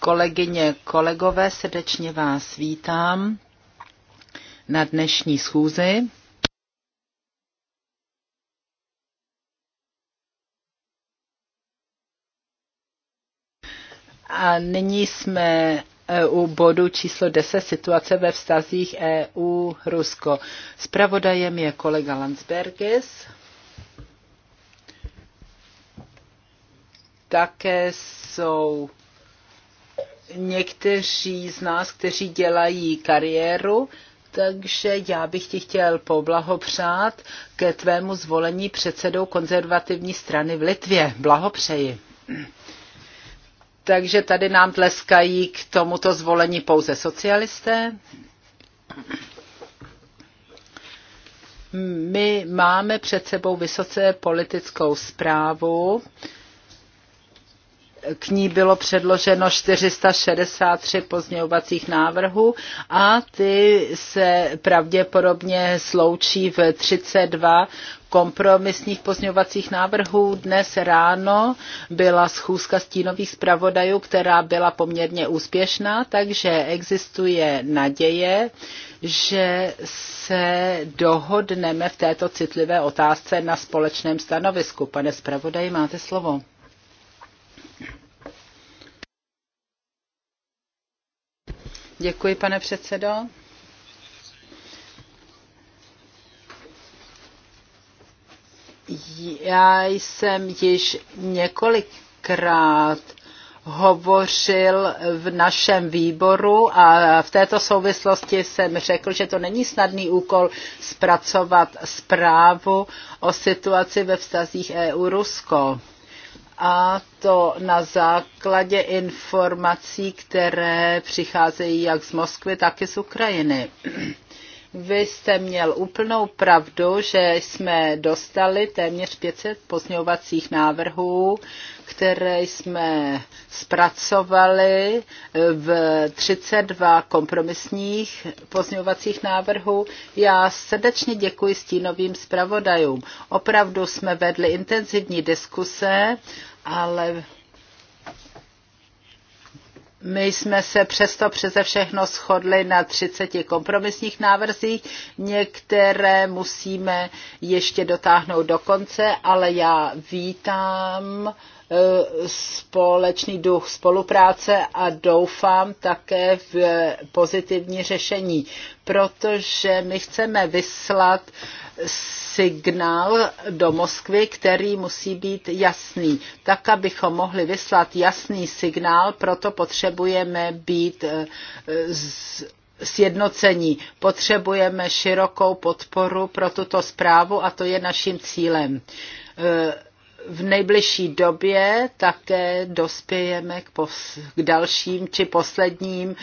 Kolegyně, kolegové, srdečně vás vítám na dnešní schůzi. A nyní jsme e, u bodu číslo 10 situace ve vztazích EU-Rusko. Spravodajem je kolega Landsbergis. také jsou někteří z nás, kteří dělají kariéru, takže já bych ti chtěl poblahopřát ke tvému zvolení předsedou konzervativní strany v Litvě. Blahopřeji. Takže tady nám tleskají k tomuto zvolení pouze socialisté. My máme před sebou vysoce politickou zprávu, k ní bylo předloženo 463 pozměňovacích návrhů a ty se pravděpodobně sloučí v 32 kompromisních pozměňovacích návrhů. Dnes ráno byla schůzka stínových zpravodajů, která byla poměrně úspěšná, takže existuje naděje, že se dohodneme v této citlivé otázce na společném stanovisku. Pane zpravodaji, máte slovo. Děkuji, pane předsedo. Já jsem již několikrát hovořil v našem výboru a v této souvislosti jsem řekl, že to není snadný úkol zpracovat zprávu o situaci ve vztazích EU-Rusko a to na základě informací, které přicházejí jak z Moskvy, tak i z Ukrajiny. Vy jste měl úplnou pravdu, že jsme dostali téměř 500 pozměňovacích návrhů, které jsme zpracovali v 32 kompromisních pozměňovacích návrhů. Já srdečně děkuji stínovým zpravodajům. Opravdu jsme vedli intenzivní diskuse ale my jsme se přesto přeze všechno shodli na 30 kompromisních návrzích. Některé musíme ještě dotáhnout do konce, ale já vítám Eh, společný duch spolupráce a doufám také v pozitivní řešení, protože my chceme vyslat signál do Moskvy, který musí být jasný. Tak, abychom mohli vyslat jasný signál, proto potřebujeme být eh, z sjednocení. Potřebujeme širokou podporu pro tuto zprávu a to je naším cílem eh, v nejbližší době také dospějeme k, pos, k dalším či posledním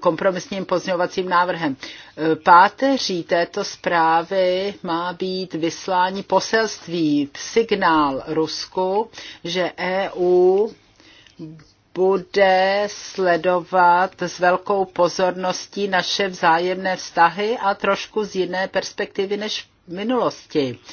kompromisním pozňovacím návrhem. Páteří této zprávy má být vyslání poselství, signál Rusku, že EU bude sledovat s velkou pozorností naše vzájemné vztahy a trošku z jiné perspektivy než v minulosti. Uh,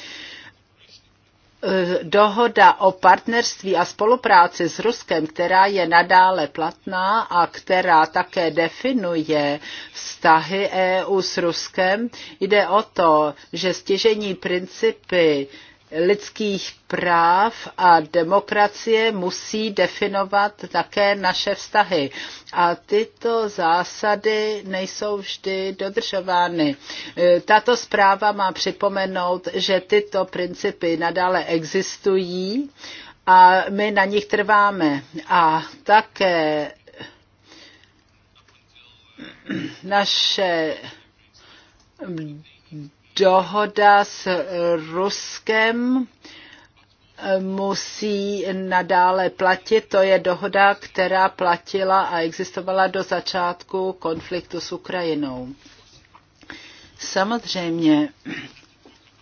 Eh, dohoda o partnerství a spolupráci s Ruskem, která je nadále platná a která také definuje vztahy EU s Ruskem, jde o to, že stěžení principy lidských práv a demokracie musí definovat také naše vztahy. A tyto zásady nejsou vždy dodržovány. E, tato zpráva má připomenout, že tyto principy nadále existují a my na nich trváme. A také naše dohoda s eh, Ruskem eh, musí nadále platit. To je dohoda, která platila a existovala do začátku konfliktu s Ukrajinou. Samozřejmě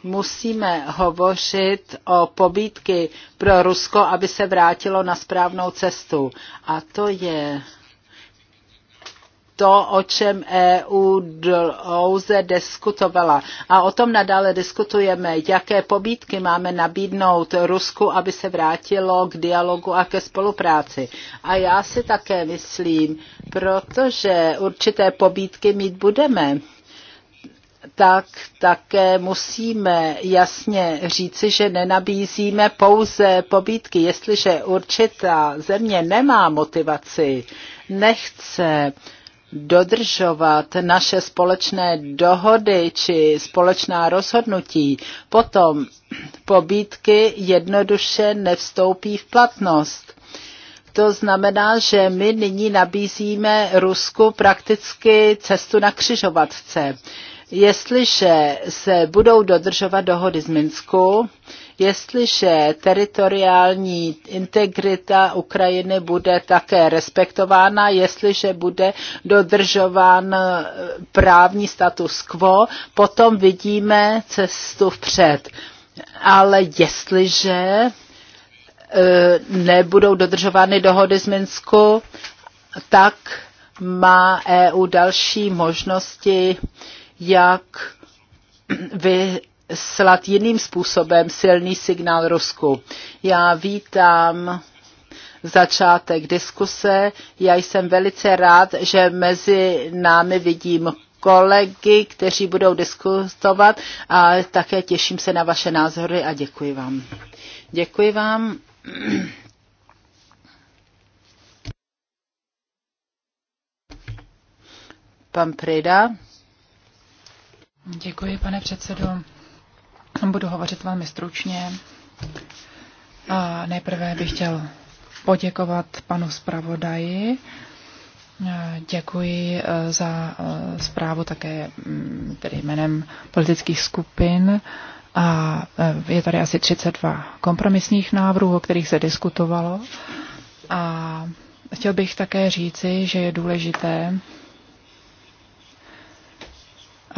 musíme hovořit o pobídky pro Rusko, aby se vrátilo na správnou cestu. A to je to, o čem EU dlouze diskutovala. A o tom nadále diskutujeme, jaké pobídky máme nabídnout Rusku, aby se vrátilo k dialogu a ke spolupráci. A já si také myslím, protože určité pobídky mít budeme, tak také musíme jasně říci, že nenabízíme pouze pobídky. Jestliže určitá země nemá motivaci, nechce dodržovat naše společné dohody či společná rozhodnutí, potom pobídky jednoduše nevstoupí v platnost. To znamená, že my nyní nabízíme Rusku prakticky cestu na křižovatce. Jestliže se budou dodržovat dohody z Minsku, Jestliže teritoriální integrita Ukrajiny bude také respektována, jestliže bude dodržován eh, právní status quo, potom vidíme cestu vpřed. Ale jestliže eh, nebudou dodržovány dohody z Minsku, tak má EU další možnosti, jak vy slat jiným způsobem silný signál Rusku. Já vítám začátek diskuse. Já jsem velice rád, že mezi námi vidím kolegy, kteří budou diskutovat a také těším se na vaše názory a děkuji vám. Děkuji vám. Pan Prida. Děkuji, pane předsedo. Budu hovořit velmi stručně. A nejprve bych chtěl poděkovat panu zpravodaji. Děkuji e, za e, zprávu také mm, tedy jménem politických skupin. A e, je tady asi 32 kompromisních návrhů, o kterých se diskutovalo. A chtěl bych také říci, že je důležité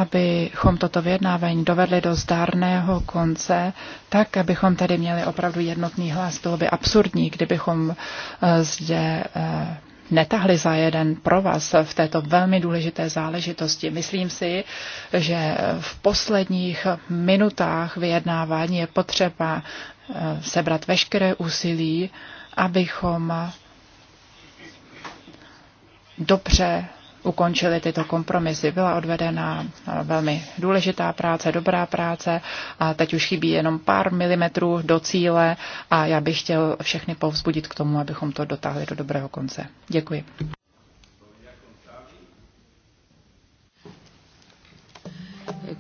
abychom toto vyjednávání dovedli do zdárného konce, tak abychom tady měli opravdu jednotný hlas. Bylo by absurdní, kdybychom eh, zde eh, netahli za jeden pro vás v této velmi důležité záležitosti. Myslím si, že v posledních minutách vyjednávání je potřeba eh, sebrat veškeré úsilí, abychom dobře ukončili tyto kompromisy. Byla odvedena eh, velmi důležitá práce, dobrá práce a teď už chybí jenom pár milimetrů do cíle a já bych chtěl všechny povzbudit k tomu, abychom to dotáhli do dobrého konce. Děkuji.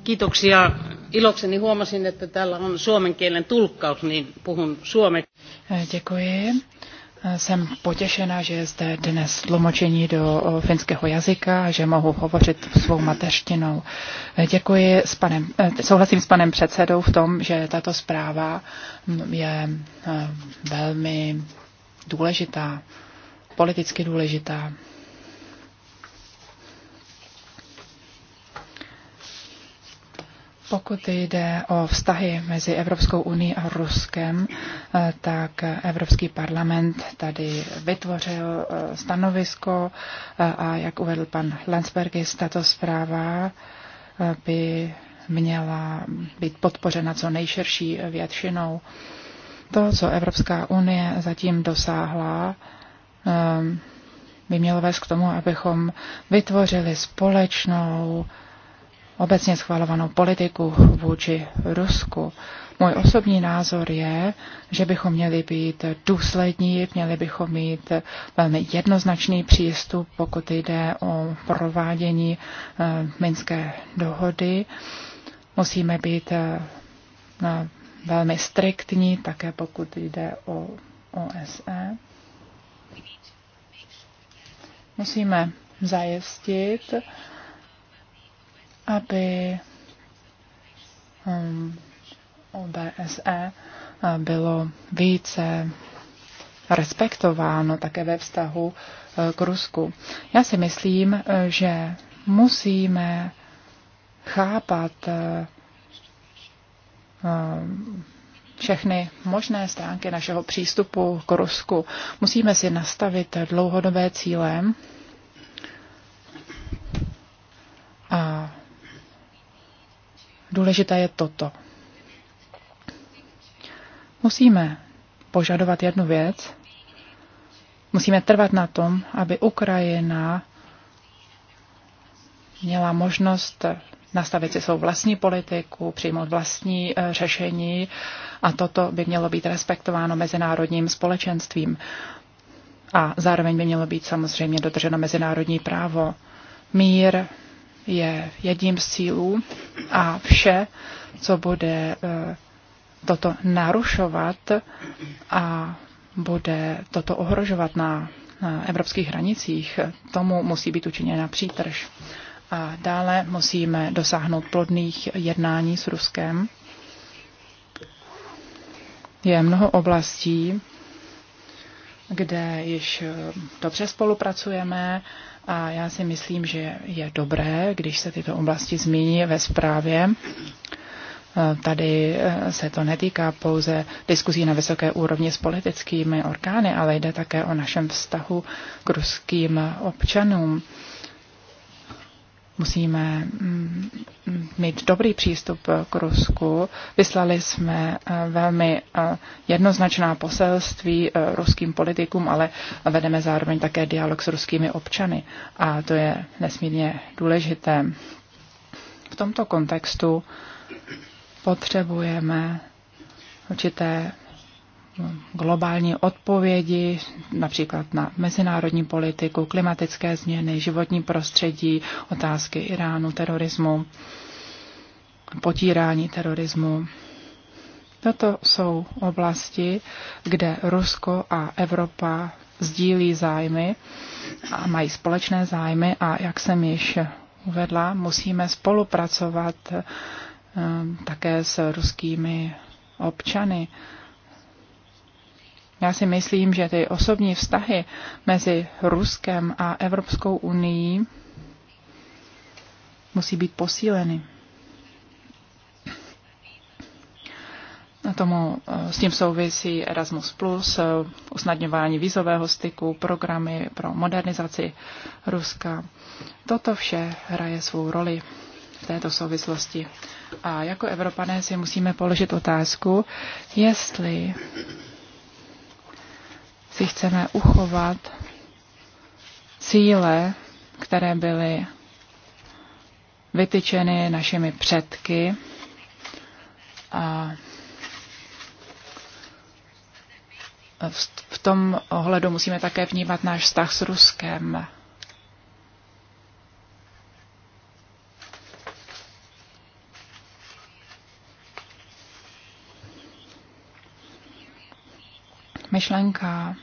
Kiitoksia. Ilokseni huomasin, että täällä on suomen kielen tulkkaus, niin puhun suomeksi. Eh, děkuji. Jsem potěšena, že je zde dnes tlumočení do finského jazyka že mohu hovořit svou mateřštinou. E, děkuji s panem, e, souhlasím s panem předsedou v tom, že tato zpráva je e, velmi důležitá, politicky důležitá. Pokud jde o vztahy mezi Evropskou unii a Ruskem, eh, tak Evropský parlament tady vytvořil eh, stanovisko eh, a jak uvedl pan Landsbergis, tato zpráva by měla být podpořena co nejširší většinou. To, co Evropská unie zatím dosáhla, by mělo vést k tomu, abychom vytvořili společnou obecně schvalovanou politiku vůči Rusku. Můj osobní názor je, že bychom měli být důslední, měli bychom mít velmi jednoznačný přístup, pokud jde o provádění eh, Minské dohody. Musíme být eh, velmi striktní, také pokud jde o OSE. Musíme zajistit, aby OBSE um, bylo více respektováno také ve vztahu e, k Rusku. Já si myslím, e, že musíme chápat e, všechny možné stránky našeho přístupu k Rusku. Musíme si nastavit dlouhodobé cíle a důležité je toto. Musíme požadovat jednu věc. Musíme trvat na tom, aby Ukrajina měla možnost nastavit si svou vlastní politiku, přijmout vlastní eh, řešení a toto by mělo být respektováno mezinárodním společenstvím. A zároveň by mělo být samozřejmě dodrženo mezinárodní právo. Mír, je jedním z cílů a vše, co bude eh, toto narušovat a bude toto ohrožovat na, na evropských hranicích, tomu musí být učiněna přítrž. A dále musíme dosáhnout plodných jednání s Ruskem. Je mnoho oblastí, kde již eh, dobře spolupracujeme a já si myslím, že je dobré, když se tyto oblasti zmíní ve zprávě. E, tady e, se to netýká pouze diskuzí na vysoké úrovni s politickými orgány, ale jde také o našem vztahu k ruským občanům. Musíme mm, mít dobrý přístup k Rusku. Vyslali jsme eh, velmi eh, jednoznačná poselství eh, ruským politikům, ale vedeme zároveň také dialog s ruskými občany. A to je nesmírně důležité. V tomto kontextu potřebujeme určité globální odpovědi, například na mezinárodní politiku, klimatické změny, životní prostředí, otázky Iránu, terorismu, potírání terorismu. Toto jsou oblasti, kde Rusko a Evropa sdílí zájmy a mají společné zájmy a jak jsem již uvedla, musíme spolupracovat eh, také s ruskými občany. Já si myslím, že ty osobní vztahy mezi Ruskem a Evropskou unii musí být posíleny. tomu eh, s tím souvisí Erasmus+, eh, usnadňování vízového styku, programy pro modernizaci Ruska. Toto vše hraje svou roli v této souvislosti. A jako Evropané si musíme položit otázku, jestli si chceme uchovat cíle, které byly vytyčeny našimi předky a v tom ohledu musíme také vnímat náš vztah s Ruskem. myšlenka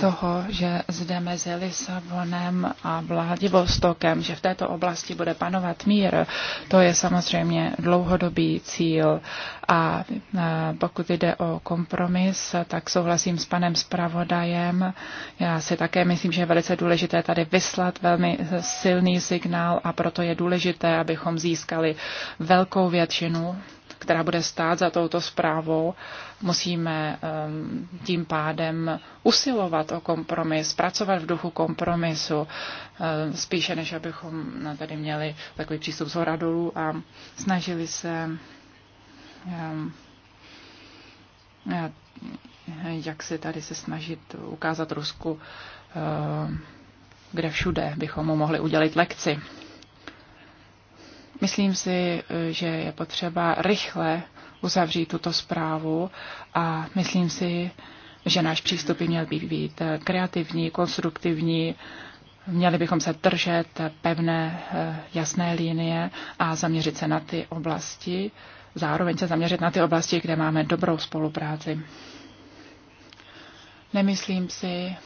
toho, že zde mezi Lisabonem a Vladivostokem, že v této oblasti bude panovat mír, to je samozřejmě dlouhodobý cíl. A e, pokud jde o kompromis, tak souhlasím s panem zpravodajem. Já si také myslím, že je velice důležité tady vyslat velmi silný signál a proto je důležité, abychom získali velkou většinu která bude stát za touto zprávou. Musíme ehm, tím pádem usilovat o kompromis, pracovat v duchu kompromisu, ehm, spíše než abychom tady měli takový přístup z hora dolů a snažili se ehm, eh, jak si tady se snažit ukázat Rusku, kde všude bychom mu mohli udělit lekci. Myslím si, eh, že je potřeba rychle uzavřít tuto zprávu a myslím si, že náš přístup by měl být, být eh, kreativní, konstruktivní, měli bychom se držet pevné, eh, jasné linie a zaměřit se na ty oblasti, zároveň se zaměřit na ty oblasti, kde máme dobrou spolupráci. Nemyslím si,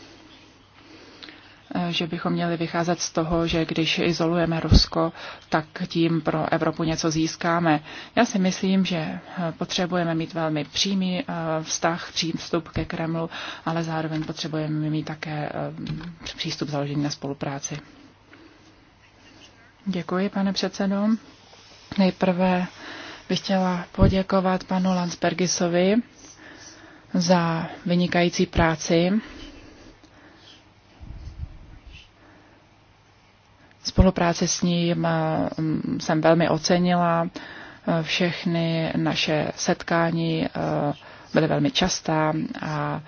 že bychom měli vycházet z toho, že když izolujeme Rusko, tak tím pro Evropu něco získáme. Já si myslím, že potřebujeme mít velmi přímý eh, vztah, přístup ke Kremlu, ale zároveň potřebujeme mít také eh, přístup založený na spolupráci. Děkuji, pane předsedo. Nejprve bych chtěla poděkovat panu Landsbergisovi za vynikající práci Spolupráce s ním mm, jsem velmi ocenila. E, všechny naše setkání e, byly velmi častá a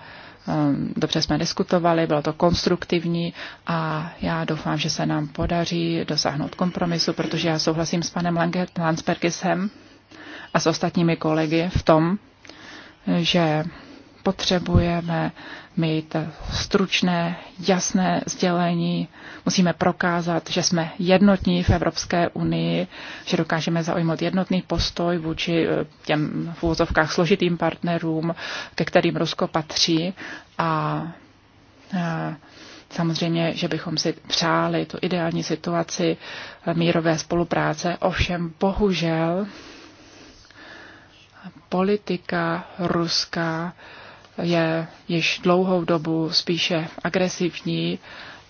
e, dobře jsme diskutovali, bylo to konstruktivní a já doufám, že se nám podaří dosáhnout kompromisu, protože já souhlasím s panem Landsbergisem a s ostatními kolegy v tom, že potřebujeme mít stručné, jasné sdělení, musíme prokázat, že jsme jednotní v Evropské unii, že dokážeme zaujmout jednotný postoj vůči eh, těm v úvozovkách složitým partnerům, ke kterým Rusko patří a eh, Samozřejmě, že bychom si přáli tu ideální situaci eh, mírové spolupráce, ovšem bohužel politika ruská je již dlouhou dobu spíše agresivní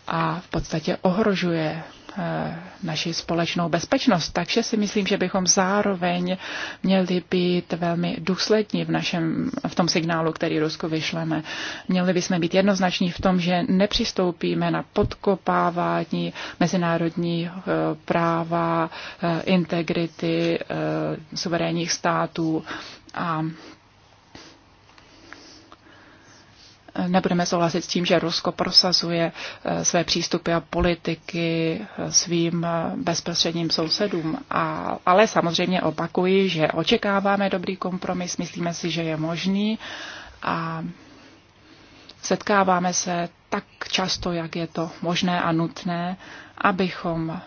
a v podstatě ohrožuje eh, naši společnou bezpečnost. Takže si myslím, že bychom zároveň měli být velmi důslední v, našem, v tom signálu, který Rusku vyšleme. Měli bychom být jednoznační v tom, že nepřistoupíme na podkopávání mezinárodní eh, práva, eh, integrity suverénních států a nebudeme souhlasit s tím, že Rusko prosazuje eh, své přístupy a politiky eh, svým eh, bezprostředním sousedům. A, ale samozřejmě opakuji, že očekáváme dobrý kompromis, myslíme si, že je možný a setkáváme se tak často, jak je to možné a nutné, abychom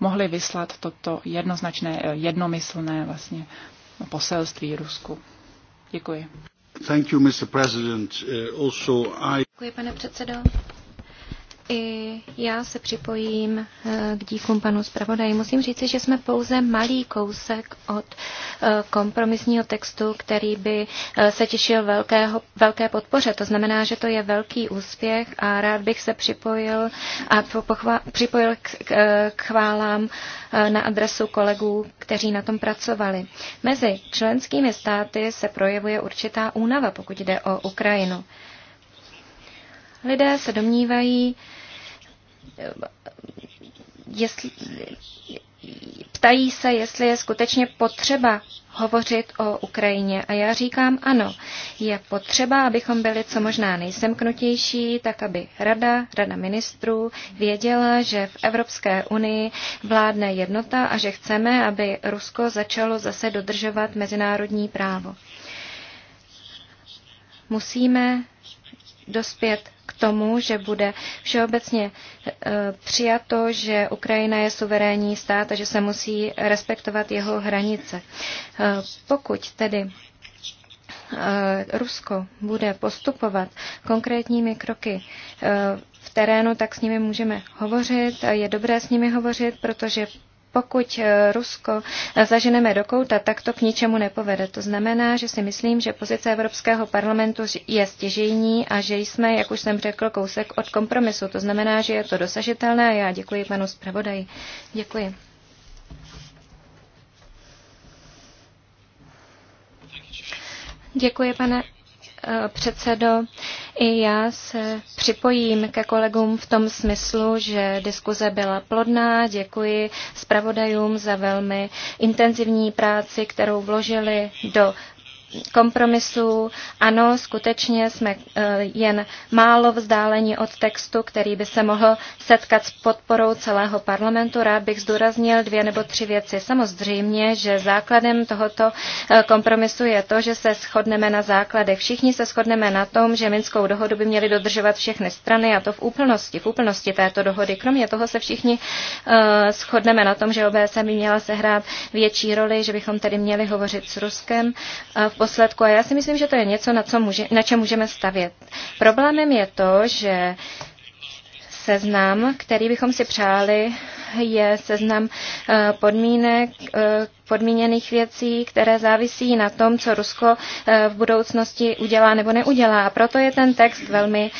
mohli vyslat toto jednoznačné, jednomyslné vlastně poselství Rusku. Děkuji já you, Mr. President. Uh, also I... Děkuji, pane předsedo. I já se připojím eh, k díkům panu zpravodaji. Musím říci, že jsme pouze malý kousek od eh, kompromisního textu, který by eh, se těšil velkého, velké podpoře. To znamená, že to je velký úspěch a rád bych se připojil a pochva, připojil k, k, k chválám na adresu kolegů, kteří na tom pracovali. Mezi členskými státy se projevuje určitá únava, pokud jde o Ukrajinu. Lidé se domnívají, jestli, ptají se, jestli je skutečně potřeba hovořit o Ukrajině. A já říkám ano, je potřeba, abychom byli co možná nejsemknutější, tak aby rada, rada ministrů věděla, že v Evropské unii vládne jednota a že chceme, aby Rusko začalo zase dodržovat mezinárodní právo. Musíme dospět tomu, že bude všeobecně e, přijato, že Ukrajina je suverénní stát a že se musí respektovat jeho hranice. E, pokud tedy e, Rusko bude postupovat konkrétními kroky v terénu, tak s nimi můžeme hovořit. Je dobré s nimi hovořit, protože pokud eh, Rusko eh, zaženeme do kouta, tak to k ničemu nepovede. To znamená, že si myslím, že pozice Evropského parlamentu je stěžejní a že jsme, jak už jsem řekl, kousek od kompromisu. To znamená, že je to dosažitelné a já děkuji panu zpravodaji. Děkuji. Děkuji, pane Eh, předsedo. I já se připojím ke kolegům v tom smyslu, že diskuze byla plodná. Děkuji zpravodajům za velmi intenzivní práci, kterou vložili do kompromisů. Ano, skutečně jsme eh, jen málo vzdáleni od textu, který by se mohl setkat s podporou celého parlamentu. Rád bych zdůraznil dvě nebo tři věci. Samozřejmě, že základem tohoto eh, kompromisu je to, že se shodneme na základech. Všichni se shodneme na tom, že Minskou dohodu by měly dodržovat všechny strany a to v úplnosti, v úplnosti této dohody. Kromě toho se všichni eh, shodneme na tom, že OBSE by měla sehrát větší roli, že bychom tedy měli hovořit s Ruskem v posledku a já si myslím, že to je něco, na, co může, na čem můžeme stavět. Problémem je to, že seznam, který bychom si přáli, je seznam eh, podmínek, eh, podmíněných věcí, které závisí na tom, co Rusko eh, v budoucnosti udělá nebo neudělá. A proto je ten text velmi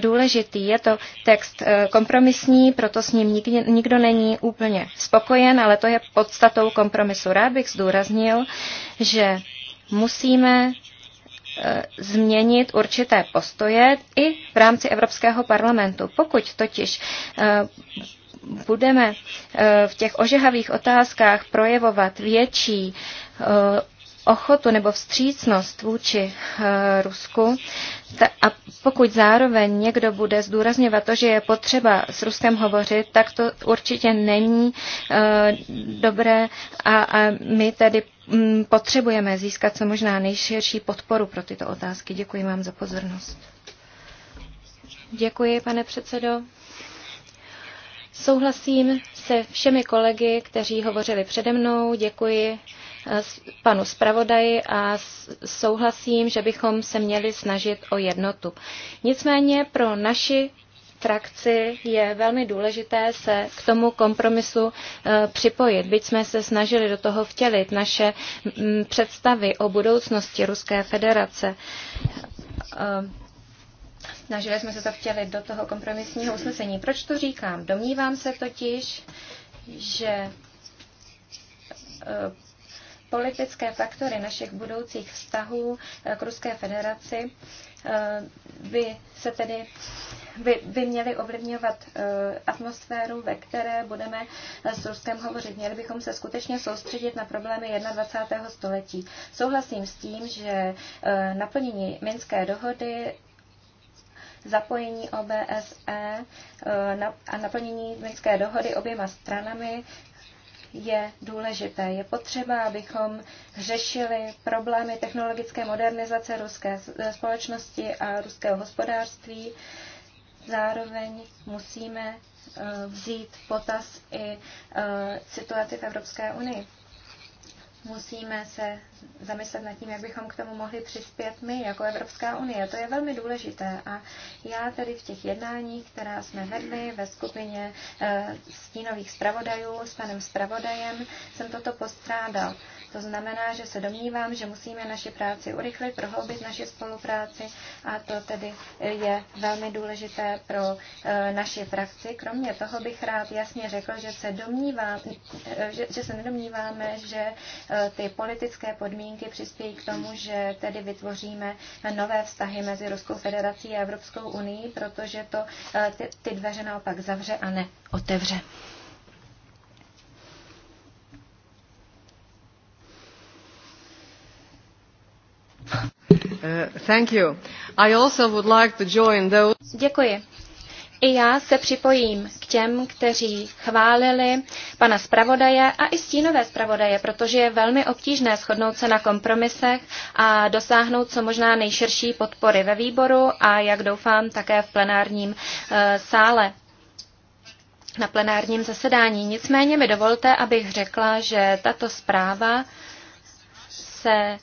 důležitý. Je to text kompromisní, proto s ním nikdo není úplně spokojen, ale to je podstatou kompromisu. Rád bych zdůraznil, že musíme e, změnit určité postoje i v rámci Evropského parlamentu. Pokud totiž e, budeme e, v těch ožehavých otázkách projevovat větší ochotu nebo vstřícnost vůči eh, Rusku a pokud zároveň někdo bude zdůrazňovat to, že je potřeba s Ruskem hovořit, tak to určitě není eh, dobré a, a my tedy mm, potřebujeme získat co možná nejširší podporu pro tyto otázky. Děkuji vám za pozornost. Děkuji, pane předsedo. Souhlasím se všemi kolegy, kteří hovořili přede mnou. Děkuji panu zpravodaji a souhlasím, že bychom se měli snažit o jednotu. Nicméně pro naši frakci je velmi důležité se k tomu kompromisu e, připojit. Byť jsme se snažili do toho vtělit naše představy o budoucnosti Ruské federace. E, snažili jsme se to vtělit do toho kompromisního usnesení. Proč to říkám? Domnívám se totiž, že e, politické faktory našich budoucích vztahů eh, k Ruské federaci eh, by se tedy by, by měly ovlivňovat eh, atmosféru, ve které budeme s Ruskem hovořit. Měli bychom se skutečně soustředit na problémy 21. století. Souhlasím s tím, že naplnění Minské dohody zapojení OBSE a naplnění Minské dohody oběma stranami je důležité. Je potřeba, abychom řešili problémy technologické modernizace ruské e, společnosti a ruského hospodářství. Zároveň musíme e, vzít potaz i e, situaci v Evropské unii musíme se zamyslet nad tím, jak bychom k tomu mohli přispět my jako Evropská unie. To je velmi důležité a já tedy v těch jednáních, která jsme vedli ve skupině eh, stínových zpravodajů s panem zpravodajem, jsem toto postrádal. To znamená, že se domnívám, že musíme naši práci urychlit, prohloubit naši spolupráci a to tedy je velmi důležité pro eh, naši frakci. Kromě toho bych rád jasně řekl, že se, domnívám, eh, že, že se nedomníváme, že eh, ty politické podmínky přispějí k tomu, že tedy vytvoříme nové vztahy mezi Ruskou federací a Evropskou unii, protože to ty, ty dveře naopak zavře a ne otevře. Eh, Děkuji. I já se připojím k těm, kteří chválili pana zpravodaje a i stínové zpravodaje, protože je velmi obtížné shodnout se na kompromisech a dosáhnout co možná nejširší podpory ve výboru a, jak doufám, také v plenárním e, sále na plenárním zasedání. Nicméně mi dovolte, abych řekla, že tato zpráva se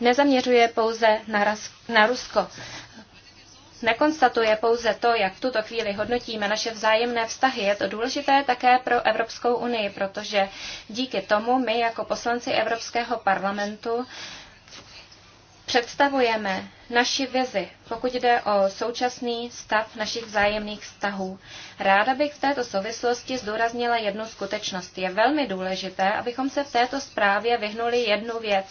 nezaměřuje pouze na, Ras- na Rusko. Nekonstatuje pouze to, jak v tuto chvíli hodnotíme naše vzájemné vztahy. Je to důležité také pro Evropskou unii, protože díky tomu my jako poslanci Evropského parlamentu představujeme naši vizi, pokud jde o současný stav našich vzájemných vztahů. Ráda bych v této souvislosti zdůraznila jednu skutečnost. Je velmi důležité, abychom se v této zprávě vyhnuli jednu věc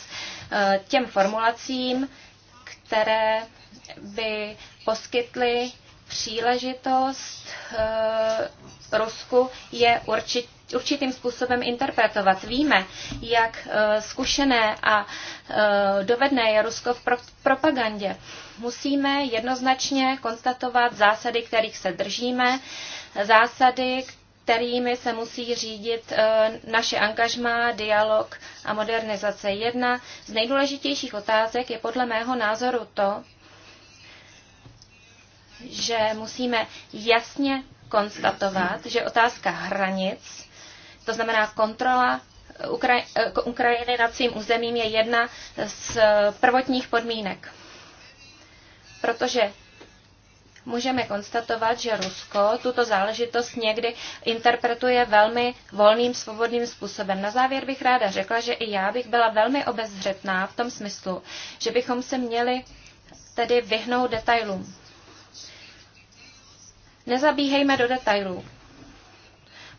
eh, těm formulacím, které by poskytly příležitost eh, Rusku je určitě určitým způsobem interpretovat. Víme, jak eh, zkušené a eh, dovedné je Rusko v propagandě. Musíme jednoznačně konstatovat zásady, kterých se držíme, zásady, kterými se musí řídit eh, naše angažmá, dialog a modernizace. Jedna z nejdůležitějších otázek je podle mého názoru to, že musíme jasně konstatovat, že otázka hranic to znamená, kontrola eh, Ukraj eh, Ukrajiny nad svým územím je jedna z eh, prvotních podmínek. Protože můžeme konstatovat, že Rusko tuto záležitost někdy interpretuje velmi volným, svobodným způsobem. Na závěr bych ráda řekla, že i já bych byla velmi obezřetná v tom smyslu, že bychom se měli tedy vyhnout detailům. Nezabíhejme do detailů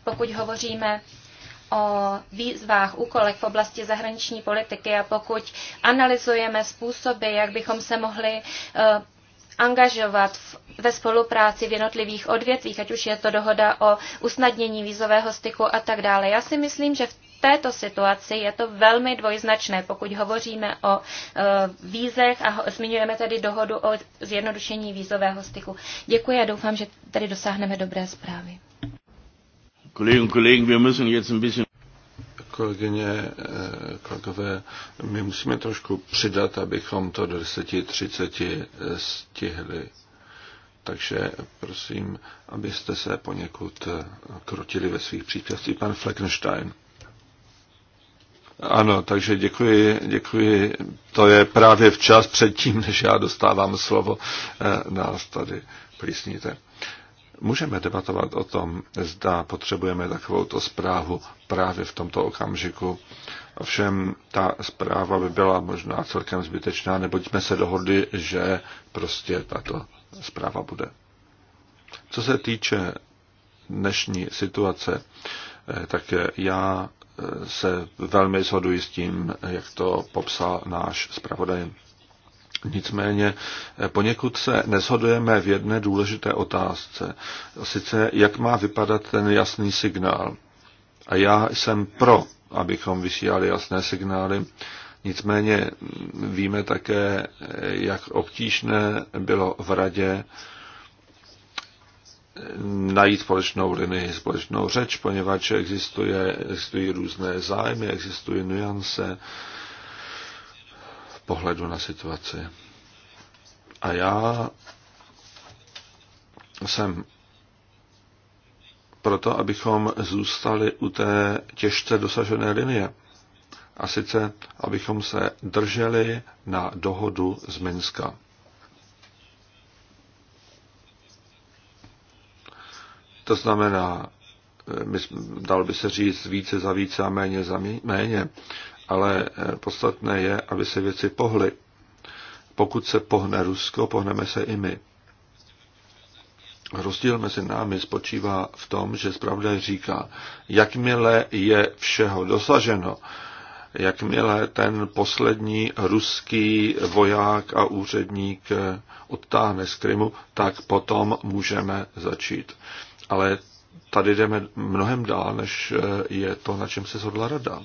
pokud hovoříme o výzvách, úkolech v oblasti zahraniční politiky a pokud analyzujeme způsoby, jak bychom se mohli eh, angažovat v, ve spolupráci v jednotlivých odvětvích, ať už je to dohoda o usnadnění vízového styku a tak dále. Já si myslím, že v této situaci je to velmi dvojznačné, pokud hovoříme o e, vízech a ho, zmiňujeme tady dohodu o zjednodušení vízového styku. Děkuji a doufám, že tady dosáhneme dobré zprávy. Kolleginnen Kollegen, wir müssen jetzt ein bisschen kolegyně, eh, kolegové, my musíme trošku přidat, abychom to do 10.30 eh, stihli. Takže prosím, abyste se poněkud eh, krotili ve svých příspěvcích. Pan Fleckenstein. Ano, takže děkuji, děkuji. To je právě včas předtím, než já dostávám slovo, nás tady plísníte. Můžeme debatovat o tom, zda potřebujeme takovouto zprávu právě v tomto okamžiku. Ovšem ta zpráva by byla možná celkem zbytečná, neboť jsme se dohodli, že prostě tato zpráva bude. Co se týče dnešní situace, eh, tak já eh, se velmi shoduji s tím, jak to popsal náš zpravodaj. Nicméně eh, poněkud se neshodujeme v jedné důležité otázce, sice jak má vypadat ten jasný signál. A já jsem pro, abychom vysílali jasné signály, nicméně mm, víme také, eh, jak obtížné bylo v radě eh, najít společnou linii, společnou řeč, poněvadž existuje, existují různé zájmy, existují nuance, pohledu na situaci. A já jsem proto, abychom zůstali u té těžce dosažené linie. A sice, abychom se drželi na dohodu z Minska. To znamená, eh, dal by se říct více za více a méně za méně, ale eh, podstatné je, aby se věci pohly. Pokud se pohne Rusko, pohneme se i my. Rozdíl mezi námi spočívá v tom, že zpravda říká, jakmile je všeho dosaženo, jakmile ten poslední ruský voják a úředník eh, odtáhne z Krymu, tak potom můžeme začít. Ale tady jdeme mnohem dál, než eh, je to, na čem se shodla rada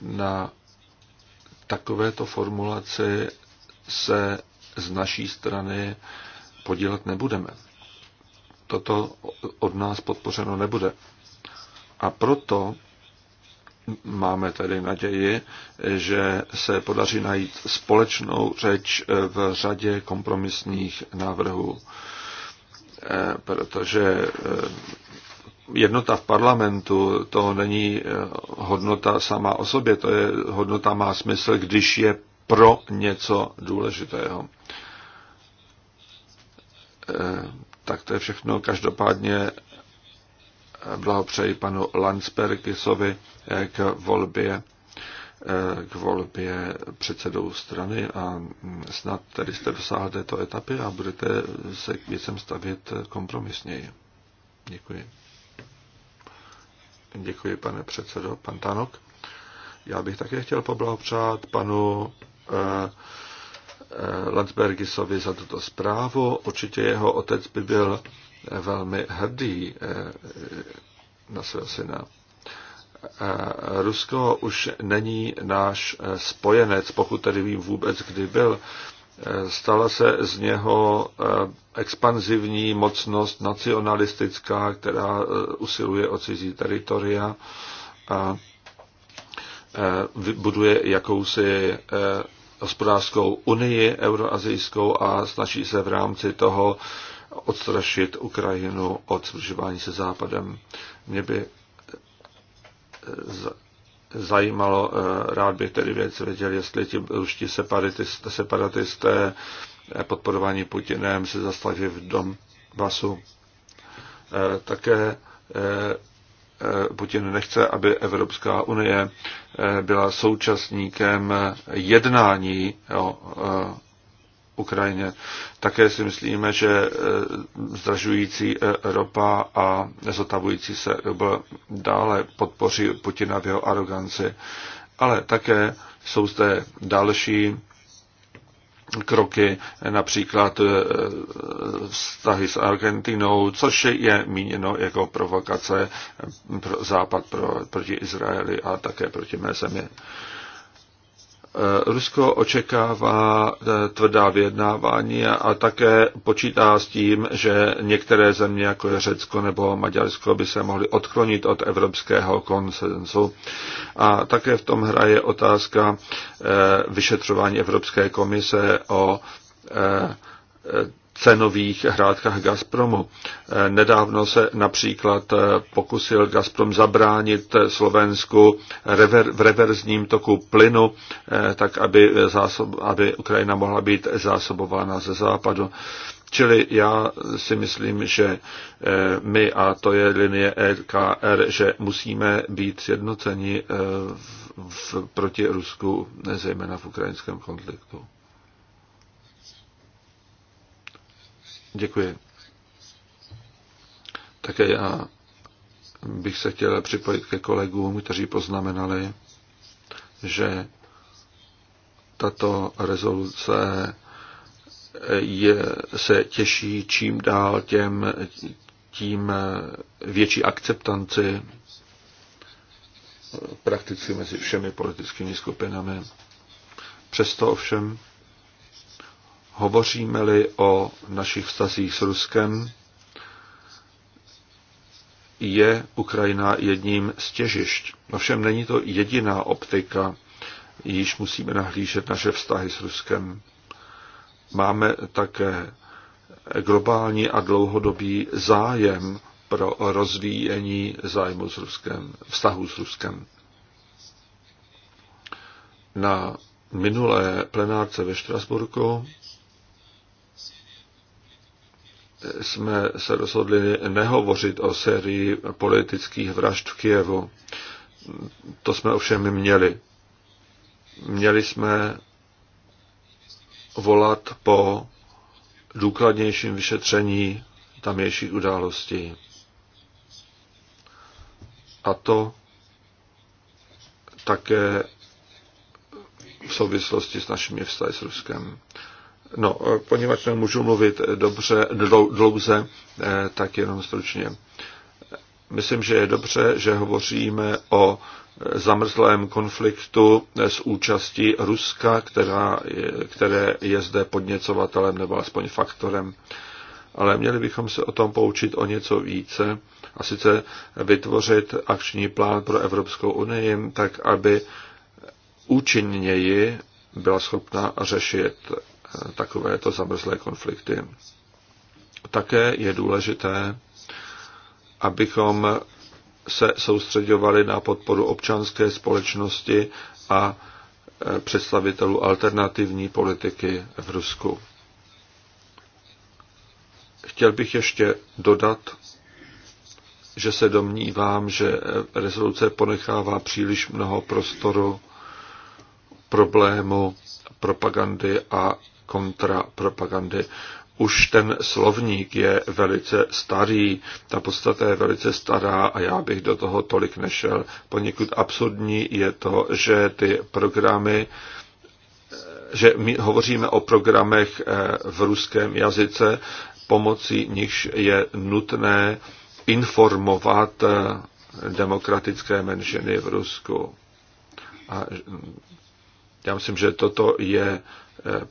na takovéto formulaci se z naší strany podílet nebudeme. Toto od nás podpořeno nebude. A proto máme tedy naději, že se podaří najít společnou řeč v řadě kompromisních návrhů, eh, protože eh, jednota v parlamentu, to není eh, hodnota sama o sobě, to je hodnota má smysl, když je pro něco důležitého. Eh, tak to je všechno. Každopádně eh, blahopřeji panu Landsbergisovi k volbě k volbě předsedou strany a mm, snad tedy jste dosáhli této etapy a budete se k věcem stavět kompromisněji. Děkuji. Děkuji, pane předsedo, pan Tanok. Já bych také chtěl poblahopřát panu eh, eh Landsbergisovi za tuto zprávu. Určitě jeho otec by byl eh, velmi hrdý eh, na svého syna. Rusko už není náš spojenec, pokud tedy vím vůbec, kdy byl. Eh, stala se z něho eh, expanzivní mocnost nacionalistická, která eh, usiluje o cizí teritoria a buduje jakousi hospodářskou unii euroazijskou a snaží se v rámci toho odstrašit Ukrajinu od sbližování se Západem. Mě by zajímalo, eh, rád bych tedy věc věděl, jestli ti ruští separatisté, separatisté eh, podporovaní Putinem se zastaví v Donbasu. Eh, také Putin nechce, aby Evropská unie byla současníkem jednání o Ukrajině. Také si myslíme, že eh, zdražující eh, ropa a nezotavující se rubl dále podpoří Putina v jeho aroganci. Ale také jsou zde další kroky, například eh, vztahy s Argentinou, což je míněno jako provokace pro Západ pro, proti Izraeli a také proti mé zemi. Eh, Rusko očekává eh, tvrdá vyjednávání a také počítá s tím, že některé země, jako je Řecko nebo Maďarsko, by se mohly odklonit od evropského konsenzu. A také v tom hraje otázka eh, vyšetřování Evropské komise o cenových hrádkách Gazpromu. Eh, nedávno se například eh, pokusil Gazprom zabránit eh, Slovensku rever, v reverzním toku plynu, tak aby, zásob, aby Ukrajina mohla být zásobována ze západu. Čili já si myslím, že my, a to je linie LKR, že musíme být sjednoceni v, v, proti Rusku, zejména v ukrajinském konfliktu. Děkuji. Také já bych se chtěl připojit ke kolegům, kteří poznamenali, že tato rezoluce je, se těší čím dál těm, tím větší akceptanci prakticky mezi všemi politickými skupinami. Přesto ovšem Hovoříme-li o našich vztazích s Ruskem, je Ukrajina jedním z těžišť. Ovšem není to jediná optika, již musíme nahlížet naše vztahy s Ruskem. Máme také globální a dlouhodobý zájem pro rozvíjení zájmu s Ruskem, vztahu s Ruskem. Na minulé plenárce ve Štrasburku jsme se rozhodli nehovořit o sérii politických vražd v Kijevu. To jsme ovšem měli. Měli jsme volat po důkladnějším vyšetření tamějších událostí. A to také v souvislosti s našimi vztahy s Ruskem. No, eh, poněvadž nemůžu mluvit dobře, dlouze, eh, tak jenom stručně. Myslím, že je dobře, že hovoříme o eh, zamrzlém konfliktu s účastí Ruska, která, které je zde podněcovatelem nebo alespoň faktorem. Ale měli bychom se o tom poučit o něco více a sice vytvořit akční plán pro Evropskou unii, tak aby účinněji byla schopna řešit takovéto zamrzlé konflikty. Také je důležité, abychom se soustředovali na podporu občanské společnosti a e, představitelů alternativní politiky v Rusku. Chtěl bych ještě dodat, že se domnívám, že rezoluce ponechává příliš mnoho prostoru problému propagandy a kontrapropagandy. Už ten slovník je velice starý, ta podstata je velice stará a já bych do toho tolik nešel. Poněkud absurdní je to, že ty programy, že my hovoříme o programech eh, v ruském jazyce, pomocí nichž je nutné informovat eh, demokratické menšiny v Rusku. A já myslím, že toto je eh,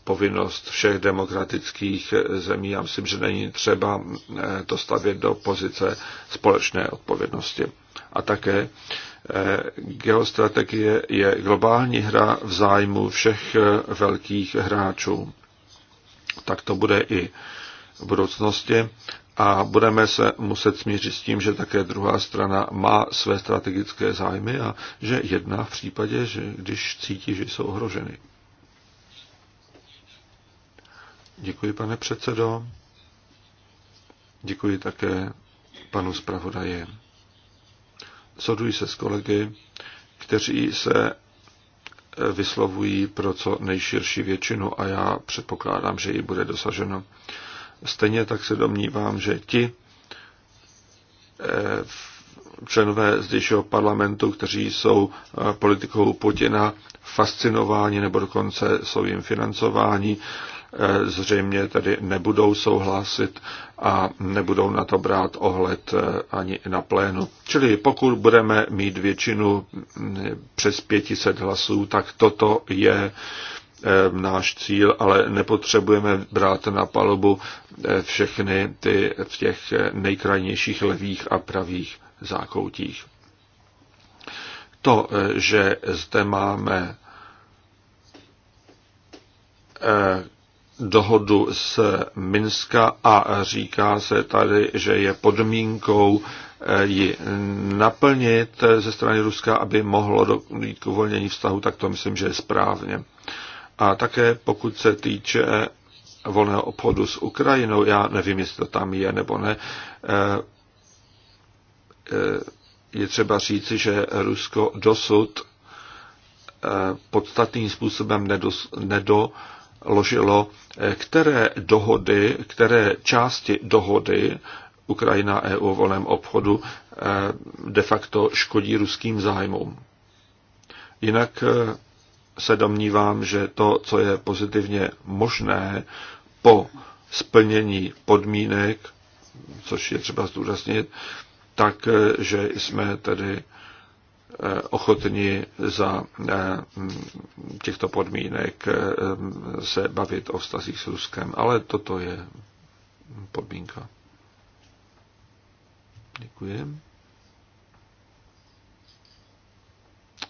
povinnost všech demokratických eh, zemí. Já myslím, že není třeba eh, to stavět do pozice společné odpovědnosti. A také geostrategie je globální hra v zájmu všech velkých hráčů. Tak to bude i v budoucnosti a budeme se muset smířit s tím, že také druhá strana má své strategické zájmy a že jedná v případě, že když cítí, že jsou ohroženy. Děkuji, pane předsedo. Děkuji také panu zpravodaji. Soduji se s kolegy, kteří se vyslovují pro co nejširší většinu a já předpokládám, že ji bude dosaženo. Stejně tak se domnívám, že ti eh, členové zdejšího parlamentu, kteří jsou eh, politikou Putina fascinováni nebo dokonce jsou jim financováni, eh, zřejmě tedy nebudou souhlasit a nebudou na to brát ohled ani na plénu. Čili pokud budeme mít většinu mm, přes 500 hlasů, tak toto je Eh, náš cíl, ale nepotřebujeme brát na palubu eh, všechny ty v těch eh, nejkrajnějších levých a pravých zákoutích. To, že zde máme dohodu z Minska a říká se tady, že je podmínkou ji naplnit ze strany Ruska, aby mohlo dojít k uvolnění vztahu, tak to myslím, že je správně. A také pokud se týče volného obchodu s Ukrajinou, já nevím, jestli to tam je nebo ne, eh, eh, je třeba říci, že Rusko dosud eh, podstatným způsobem nedoložilo, které dohody, které části dohody Ukrajina EU o volném obchodu de facto škodí ruským zájmům. Jinak se domnívám, že to, co je pozitivně možné po splnění podmínek, což je třeba zdůraznit, tak, eh, že jsme tedy eh, ochotni za eh, těchto podmínek se bavit o vztazích s Ruskem. Ale toto je podmínka. Děkuji.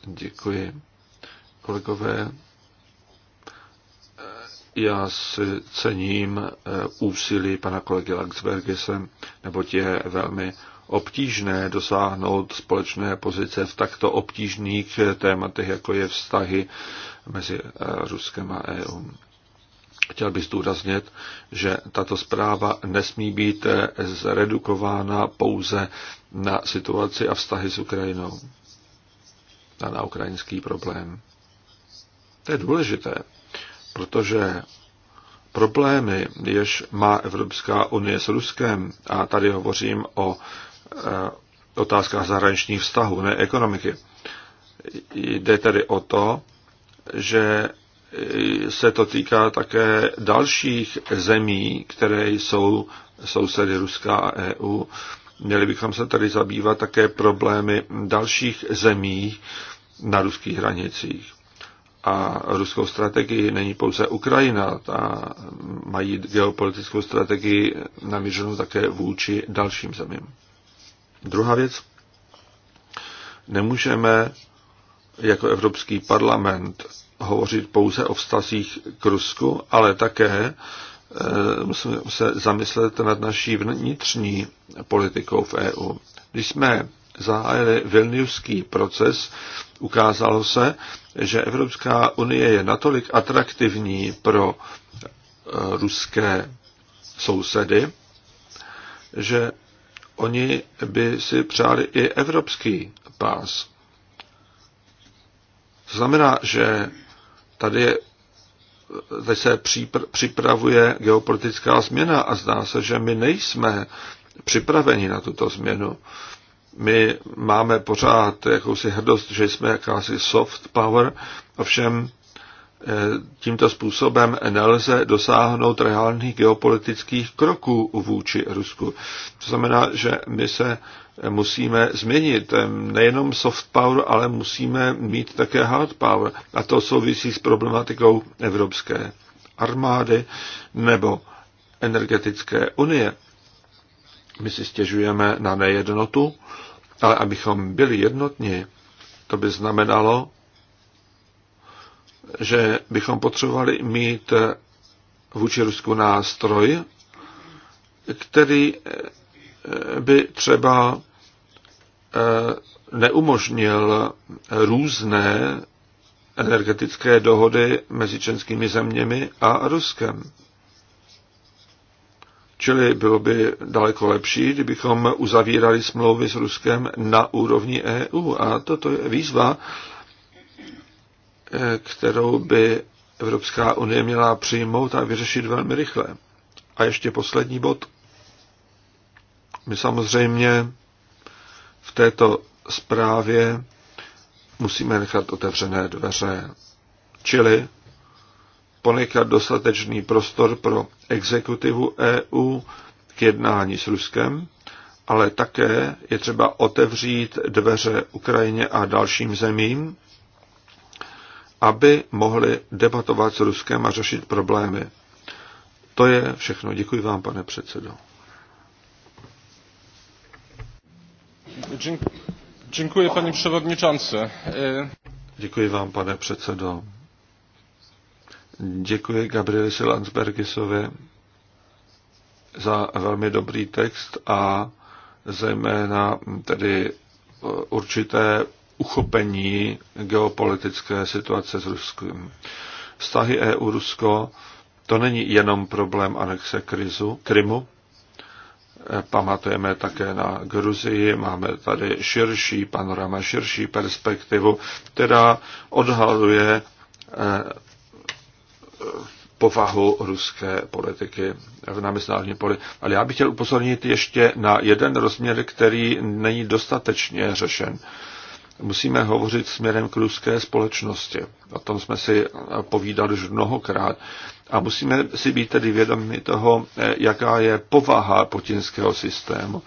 Děkuji kolegové, já si cením eh, úsilí pana kolegy Langsbergese, neboť je velmi obtížné dosáhnout společné pozice v takto obtížných eh, tématech, jako je vztahy mezi eh, Ruskem a EU. Chtěl bych zdůraznit, že tato zpráva nesmí být zredukována pouze na situaci a vztahy s Ukrajinou a na ukrajinský problém. To je důležité, protože problémy, jež má Evropská unie s Ruskem, a tady hovořím o eh, otázkách zahraničních vztahů, ne ekonomiky, jde tedy o to, že eh, se to týká také dalších zemí, které jsou sousedy Ruska a EU. Měli bychom se tady zabývat také problémy dalších zemí na ruských hranicích a ruskou strategii není pouze Ukrajina, ta mají geopolitickou strategii namířenou také vůči dalším zemím. Druhá věc. Nemůžeme jako Evropský parlament hovořit pouze o vztazích k Rusku, ale také eh, musíme se zamyslet nad naší vnitřní politikou v EU. Když jsme zahájili vilniuský proces, ukázalo se, že Evropská unie je natolik atraktivní pro eh, ruské sousedy, že oni by si přáli i evropský pás. To znamená, že tady, je, tady se připravuje geopolitická změna a zdá se, že my nejsme připraveni na tuto změnu. My máme pořád jakousi hrdost, že jsme jakási soft power, ovšem eh, tímto způsobem nelze dosáhnout reálných geopolitických kroků vůči Rusku. To znamená, že my se musíme změnit eh, nejenom soft power, ale musíme mít také hard power. A to souvisí s problematikou Evropské armády nebo energetické unie. My si stěžujeme na nejednotu, ale abychom byli jednotní, to by znamenalo, že bychom potřebovali mít vůči Rusku nástroj, který by třeba eh, neumožnil různé energetické dohody mezi českými zeměmi a Ruskem. Čili bylo by daleko lepší, kdybychom uzavírali smlouvy s Ruskem na úrovni EU. A toto je výzva, eh, kterou by Evropská unie měla přijmout a vyřešit velmi rychle. A ještě poslední bod. My samozřejmě v této zprávě musíme nechat otevřené dveře. Čili ponechat dostatečný prostor pro exekutivu EU k jednání s Ruskem, ale také je třeba otevřít dveře Ukrajině a dalším zemím, aby mohli debatovat s Ruskem a řešit problémy. To je všechno. Děkuji vám, pane předsedo. Děkuji, paní předsedající. Děkuji vám, pane předsedo. Děkuji Gabrieli Silansbergisovi za velmi dobrý text a zejména tedy eh, určité uchopení geopolitické situace s Ruskem. Vztahy EU-Rusko to není jenom problém anexe krizu, Krymu. Eh, pamatujeme také na Gruzii, máme tady širší panorama, širší perspektivu, která odhaluje eh, povahu ruské politiky na mezinárodním poli. Ale já bych chtěl upozornit ještě na jeden rozměr, který není dostatečně řešen. Musíme hovořit směrem k ruské společnosti. O tom jsme si povídali už mnohokrát. A musíme si být tedy vědomi toho, jaká je povaha putinského systému.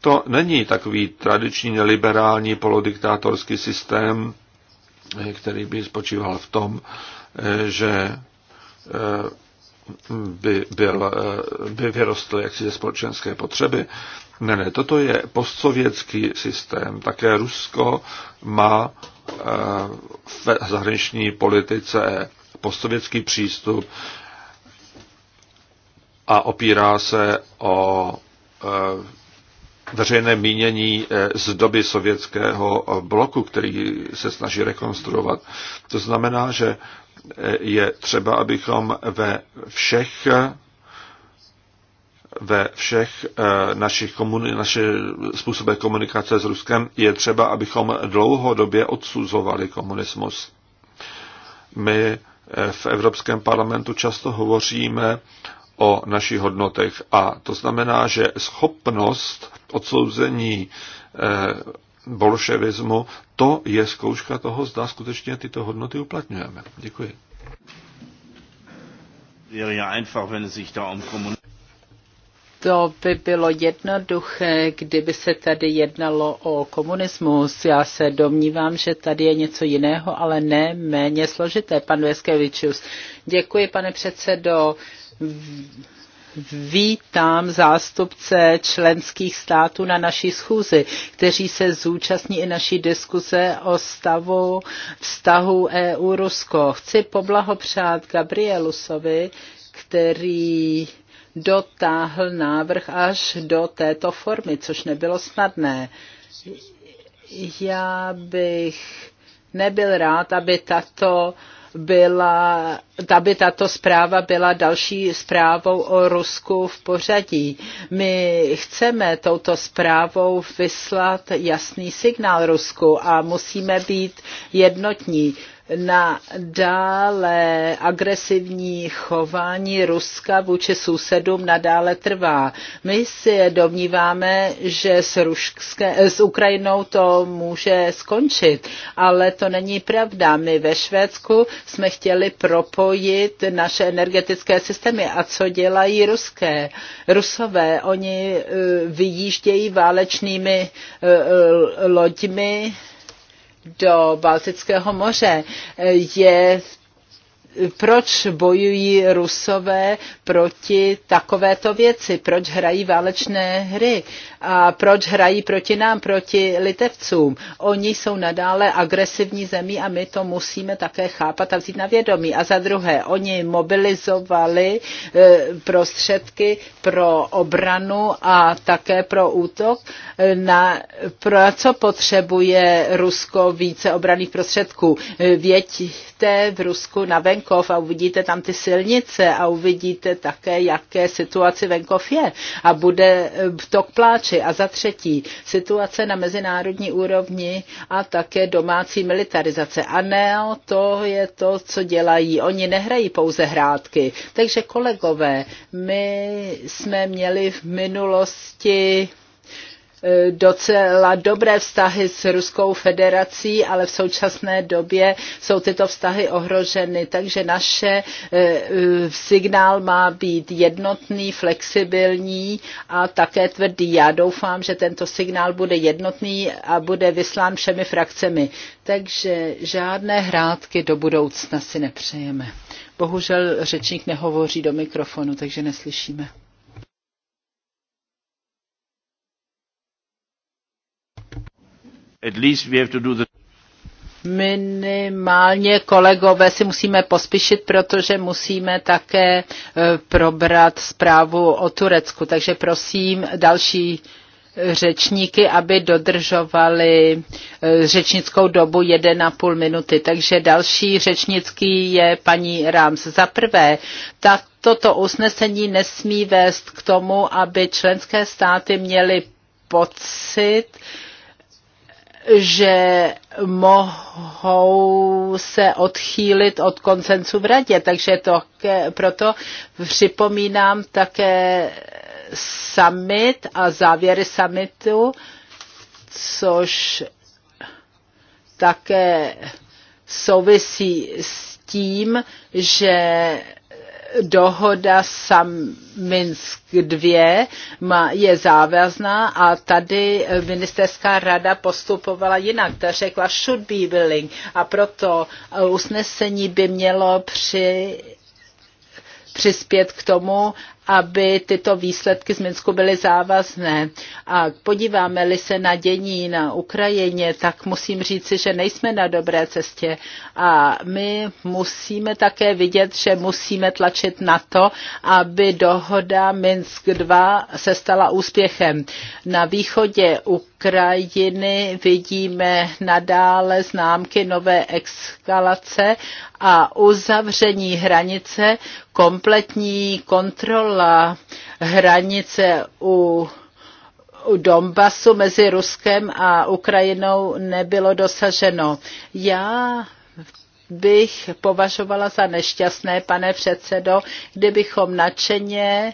To není takový tradiční liberální polodiktátorský systém, který by spočíval v tom, že by, byl, by vyrostl jaksi ze společenské potřeby. Ne, ne, toto je postsovětský systém. Také Rusko má eh, v zahraniční politice postsovětský přístup a opírá se o eh, veřejné mínění eh, z doby sovětského bloku, který se snaží rekonstruovat. To znamená, že je třeba, abychom ve všech ve všech eh, našich komuni- naše způsobech komunikace s Ruskem je třeba, abychom dlouhodobě odsuzovali komunismus. My eh, v Evropském parlamentu často hovoříme o našich hodnotech a to znamená, že schopnost odsouzení eh, bolševismu, to je zkouška toho, zda skutečně tyto hodnoty uplatňujeme. Děkuji. Um to by bylo jednoduché, kdyby se tady jednalo o komunismus. Já se domnívám, že tady je něco jiného, ale ne méně složité, pan Veskevičus. Děkuji, pane předsedo vítám zástupce členských států na naší schůzi, kteří se zúčastní i naší diskuze o stavu vztahu EU-Rusko. Chci poblahopřát Gabrielusovi, který dotáhl návrh až do této formy, což nebylo snadné. Já bych nebyl rád, aby tato uh, byla, aby tato zpráva byla další zprávou o Rusku v pořadí. My chceme touto zprávou vyslat jasný signál Rusku a musíme být jednotní na dále agresivní chování Ruska vůči sousedům nadále trvá. My si domníváme, že s, Ruské, s Ukrajinou to může skončit, ale to není pravda. My ve Švédsku jsme chtěli propojit naše energetické systémy. A co dělají ruské? Rusové, oni eh, vyjíždějí válečnými eh, eh, loďmi do Baltického moře. Je proč bojují rusové proti takovéto věci, proč hrají válečné hry a proč hrají proti nám, proti litevcům. Oni jsou nadále agresivní zemí a my to musíme také chápat a vzít na vědomí. A za druhé, oni mobilizovali e, prostředky pro obranu a také pro útok. E, na, pro co potřebuje Rusko více obraných prostředků? E, věď jezdíte v Rusku na venkov a uvidíte tam ty silnice a uvidíte také, jaké situaci venkov je a bude eh, tok pláči. A za třetí, situace na mezinárodní úrovni a také domácí militarizace. A ne, to je to, co dělají. Oni nehrají pouze hrátky. Takže kolegové, my jsme měli v minulosti Eh, docela dobré vztahy s Ruskou federací, ale v současné době jsou tyto vztahy ohroženy. Takže naše eh, signál má být jednotný, flexibilní a také tvrdý. Já doufám, že tento signál bude jednotný a bude vyslán všemi frakcemi. Takže žádné hrátky do budoucna si nepřejeme. Bohužel řečník nehovoří do mikrofonu, takže neslyšíme. Minimálně kolegové si musíme pospíšit, protože musíme také eh, probrat zprávu o Turecku. Takže prosím další řečníky, aby dodržovali eh, řečnickou dobu 1,5 minuty. Takže další řečnický je paní Rams. Za prvé, tak toto usnesení nesmí vést k tomu, aby členské státy měly pocit, že mohou se odchýlit od koncensu v radě. Takže to, proto připomínám také summit a závěry summitu, což také souvisí s tím, že dohoda sam Minsk 2 je závazná a tady eh, ministerská rada postupovala jinak. Ta řekla should be willing a proto eh, usnesení by mělo při přispět k tomu, aby tyto výsledky z Minsku byly závazné. A podíváme-li se na dění na Ukrajině, tak musím říci, že nejsme na dobré cestě. A my musíme také vidět, že musíme tlačit na to, aby dohoda Minsk 2 se stala úspěchem. Na východě Ukrajiny Ukrajiny vidíme nadále známky nové eskalace a uzavření hranice, kompletní kontrola hranice u u Donbasu mezi Ruskem a Ukrajinou nebylo dosaženo. Já bych považovala za nešťastné, pane předsedo, kdybychom nadšeně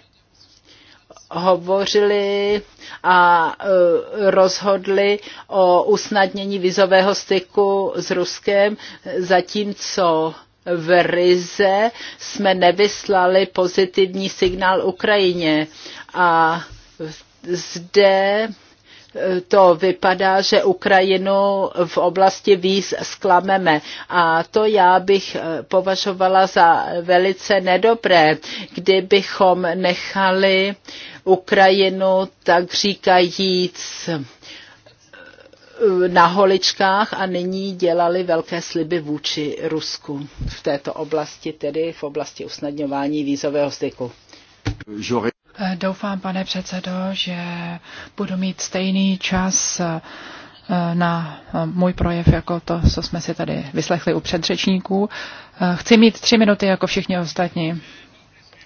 hovořili a e, rozhodli o usnadnění vizového styku s Ruskem, zatímco v Rize jsme nevyslali pozitivní signál Ukrajině. A zde e, to vypadá, že Ukrajinu v oblasti víz zklameme. A to já bych e, považovala za velice nedobré, kdybychom nechali uh, Ukrajinu, tak říkajíc na holičkách a nyní dělali velké sliby vůči Rusku v této oblasti, tedy v oblasti usnadňování vízového styku. Doufám, pane předsedo, že budu mít stejný čas eh, na eh, můj projev, jako to, co jsme si tady vyslechli u předřečníků. Eh, chci mít tři minuty, jako všichni ostatní.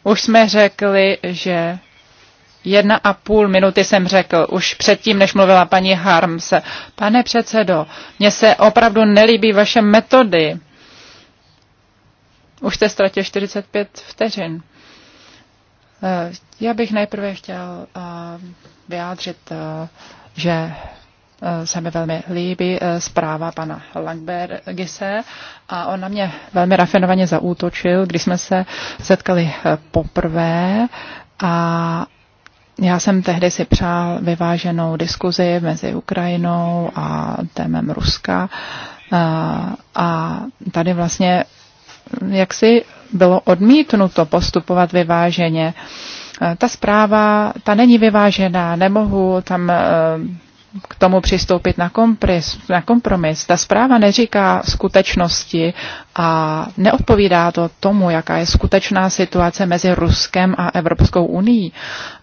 Už jsme řekli, že Jedna a půl minuty jsem řekl, už předtím, než mluvila paní Harms. Pane předsedo, mně se opravdu nelíbí vaše metody. Už jste ztratil 45 vteřin. Eh, já bych nejprve chtěl eh, vyjádřit, eh, že se mi velmi líbí zpráva pana Langbergise a on na mě velmi rafinovaně zaútočil, když jsme se setkali poprvé a já jsem tehdy si přál vyváženou diskuzi mezi Ukrajinou a témem Ruska. A, a tady vlastně jak si bylo odmítnuto postupovat vyváženě. Ta zpráva, ta není vyvážená, nemohu tam k tomu přistoupit na, kompris, na kompromis. Ta zpráva neříká skutečnosti a neodpovídá to tomu, jaká je skutečná situace mezi Ruskem a Evropskou unii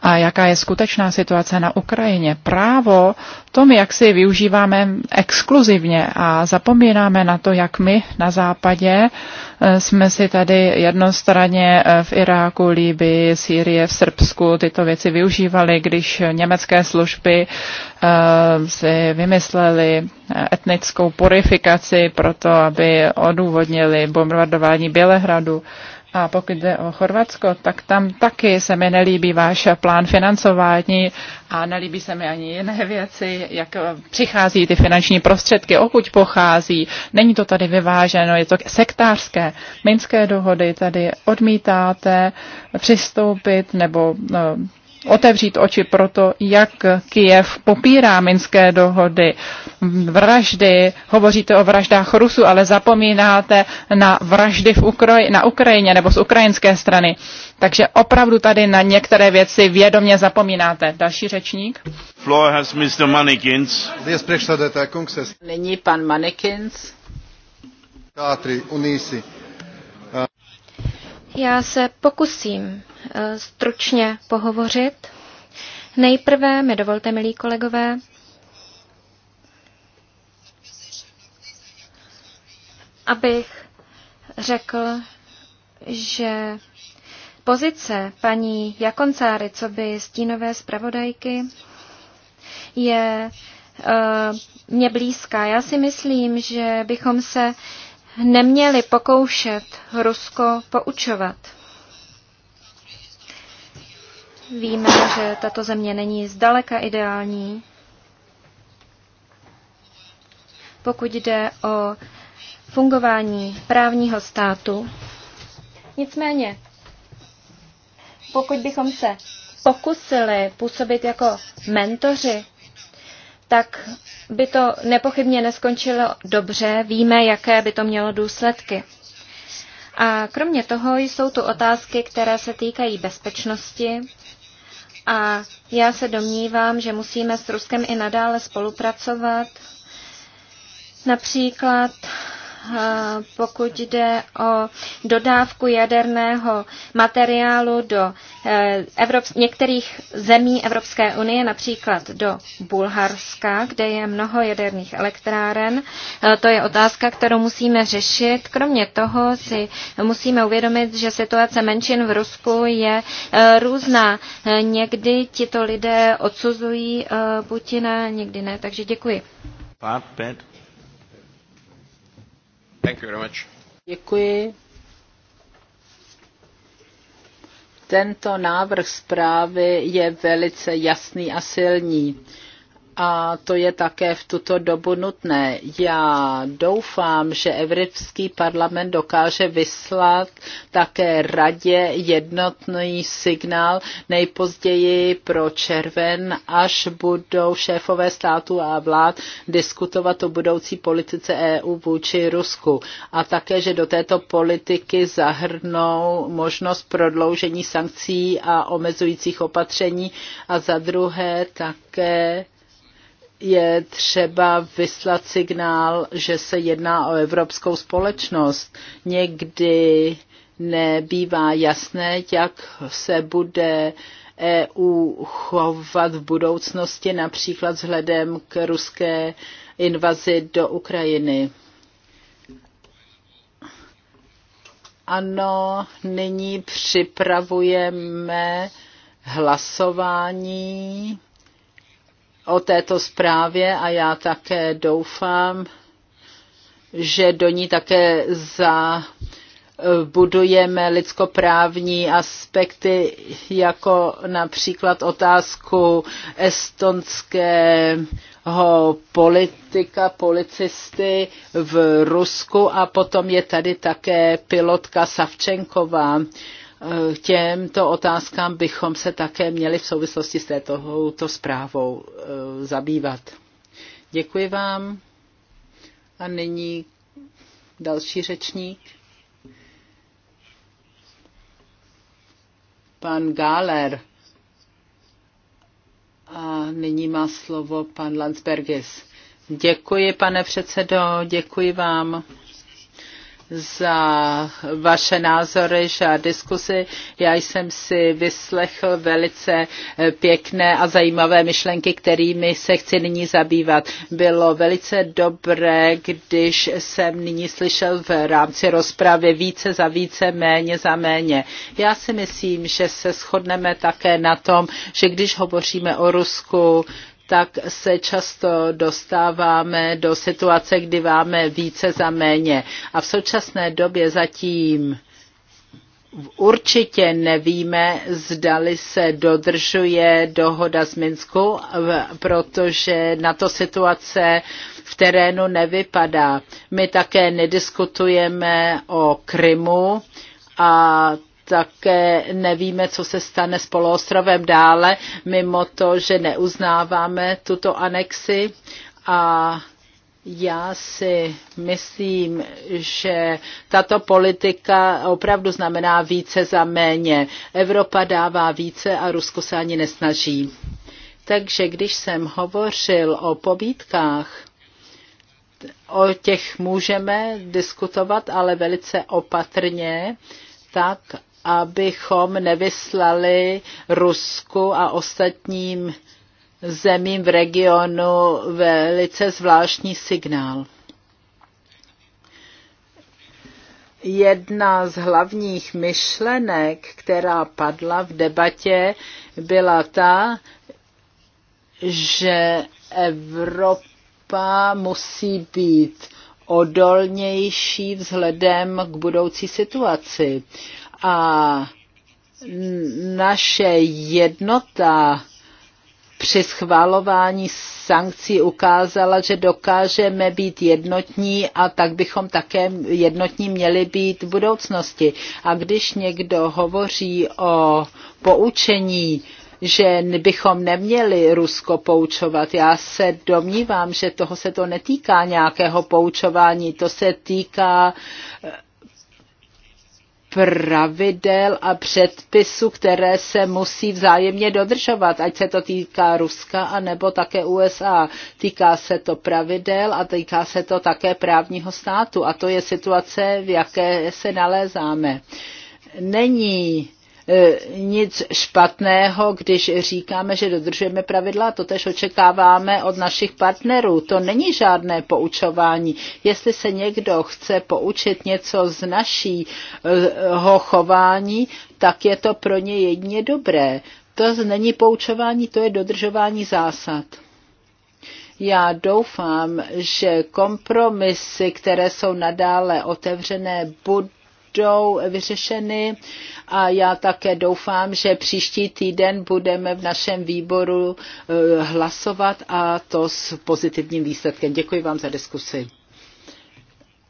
a jaká je skutečná situace na Ukrajině. Právo tom, jak si využíváme exkluzivně a zapomínáme na to, jak my na západě eh, jsme si tady jednostranně eh, v Iráku, Líbii, Sýrie, v Srbsku tyto věci využívali, když německé služby eh, si vymysleli etnickou purifikaci proto, aby odůvodnili bombardování Bělehradu a pokud jde o Chorvatsko, tak tam taky se mi nelíbí váš plán financování a nelíbí se mi ani jiné věci, jak přichází ty finanční prostředky, okud pochází. Není to tady vyváženo, je to sektářské. Minské dohody tady odmítáte přistoupit nebo no, otevřít oči pro to, jak Kijev popírá minské dohody, vraždy, hovoříte o vraždách Rusů, ale zapomínáte na vraždy v Ukroj- na Ukrajině nebo z ukrajinské strany. Takže opravdu tady na některé věci vědomě zapomínáte. Další řečník. Není pan Manikins. Já se pokusím eh, stručně pohovořit. Nejprve mi dovolte, milí kolegové, abych řekl, že pozice paní Jakoncáry, co by stínové zpravodajky, je eh, mě blízká. Já si myslím, že bychom se neměli pokoušet Rusko poučovat. Víme, že tato země není zdaleka ideální, pokud jde o fungování právního státu. Nicméně, pokud bychom se pokusili působit jako mentoři tak by to nepochybně neskončilo dobře. Víme, jaké by to mělo důsledky. A kromě toho jsou tu otázky, které se týkají bezpečnosti. A já se domnívám, že musíme s Ruskem i nadále spolupracovat. Například pokud jde o dodávku jaderného materiálu do e, Evrop- některých zemí Evropské unie, například do Bulharska, kde je mnoho jaderných elektráren. E, to je otázka, kterou musíme řešit. Kromě toho si musíme uvědomit, že situace menšin v Rusku je e, různá. Někdy tito lidé odsuzují Putina, někdy ne, takže děkuji. Pát, pět. Thank you very much. Děkuji. Tento návrh zprávy je velice jasný a silný a to je také v tuto dobu nutné. Já doufám, že Evropský parlament dokáže vyslat také radě jednotný signál nejpozději pro červen, až budou šéfové států a vlád diskutovat o budoucí politice EU vůči Rusku a také, že do této politiky zahrnou možnost prodloužení sankcí a omezujících opatření a za druhé také je třeba vyslat signál, že se jedná o evropskou společnost. Někdy nebývá jasné, jak se bude EU chovat v budoucnosti, například vzhledem k ruské invazi do Ukrajiny. Ano, nyní připravujeme hlasování o této zprávě a já také doufám, že do ní také zabudujeme lidskoprávní aspekty, jako například otázku estonského politika, policisty v Rusku a potom je tady také pilotka Savčenková. Eh, těmto otázkám bychom se také měli v souvislosti s této zprávou eh, zabývat. Děkuji vám. A nyní další řečník. Pan Gáler. A nyní má slovo pan Landsbergis. Děkuji, pane předsedo, děkuji vám za vaše názory, a diskusy. Já jsem si vyslechl velice eh, pěkné a zajímavé myšlenky, kterými se chci nyní zabývat. Bylo velice dobré, když jsem nyní slyšel v rámci rozpravy více za více, méně za méně. Já si myslím, že se shodneme také na tom, že když hovoříme o Rusku, tak se často dostáváme do situace, kdy máme více za méně. A v současné době zatím Určitě nevíme, zdali se dodržuje dohoda z Minsku, protože na to situace v terénu nevypadá. My také nediskutujeme o Krymu a také nevíme, co se stane s poloostrovem dále, mimo to, že neuznáváme tuto anexi a já si myslím, že tato politika opravdu znamená více za méně. Evropa dává více a Rusko se ani nesnaží. Takže když jsem hovořil o povídkách, o těch můžeme diskutovat, ale velice opatrně, tak, abychom nevyslali Rusku a ostatním zemím v regionu velice zvláštní signál. Jedna z hlavních myšlenek, která padla v debatě, byla ta, že Evropa musí být odolnější vzhledem k budoucí situaci. A naše jednota při schvalování sankcí ukázala, že dokážeme být jednotní a tak bychom také jednotní měli být v budoucnosti. A když někdo hovoří o poučení, že bychom neměli Rusko poučovat. Já se domnívám, že toho se to netýká nějakého poučování, to se týká pravidel a předpisů, které se musí vzájemně dodržovat, ať se to týká Ruska a nebo také USA. Týká se to pravidel a týká se to také právního státu a to je situace, v jaké se nalézáme. Není E, nic špatného, když říkáme, že dodržujeme pravidla, to tež očekáváme od našich partnerů. To není žádné poučování. Jestli se někdo chce poučit něco z našího chování, tak je to pro ně jedině dobré. To není poučování, to je dodržování zásad. Já doufám, že kompromisy, které jsou nadále otevřené, budou budou vyřešeny a já také doufám, že příští týden budeme v našem výboru eh, hlasovat a to s pozitivním výsledkem. Děkuji vám za diskusi.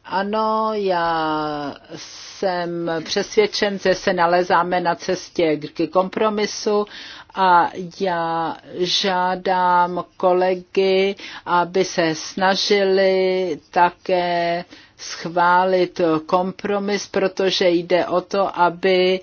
Ano, já jsem přesvědčen, že se nalezáme na cestě k kompromisu a já žádám kolegy, aby se snažili také schválit kompromis, protože jde o to, aby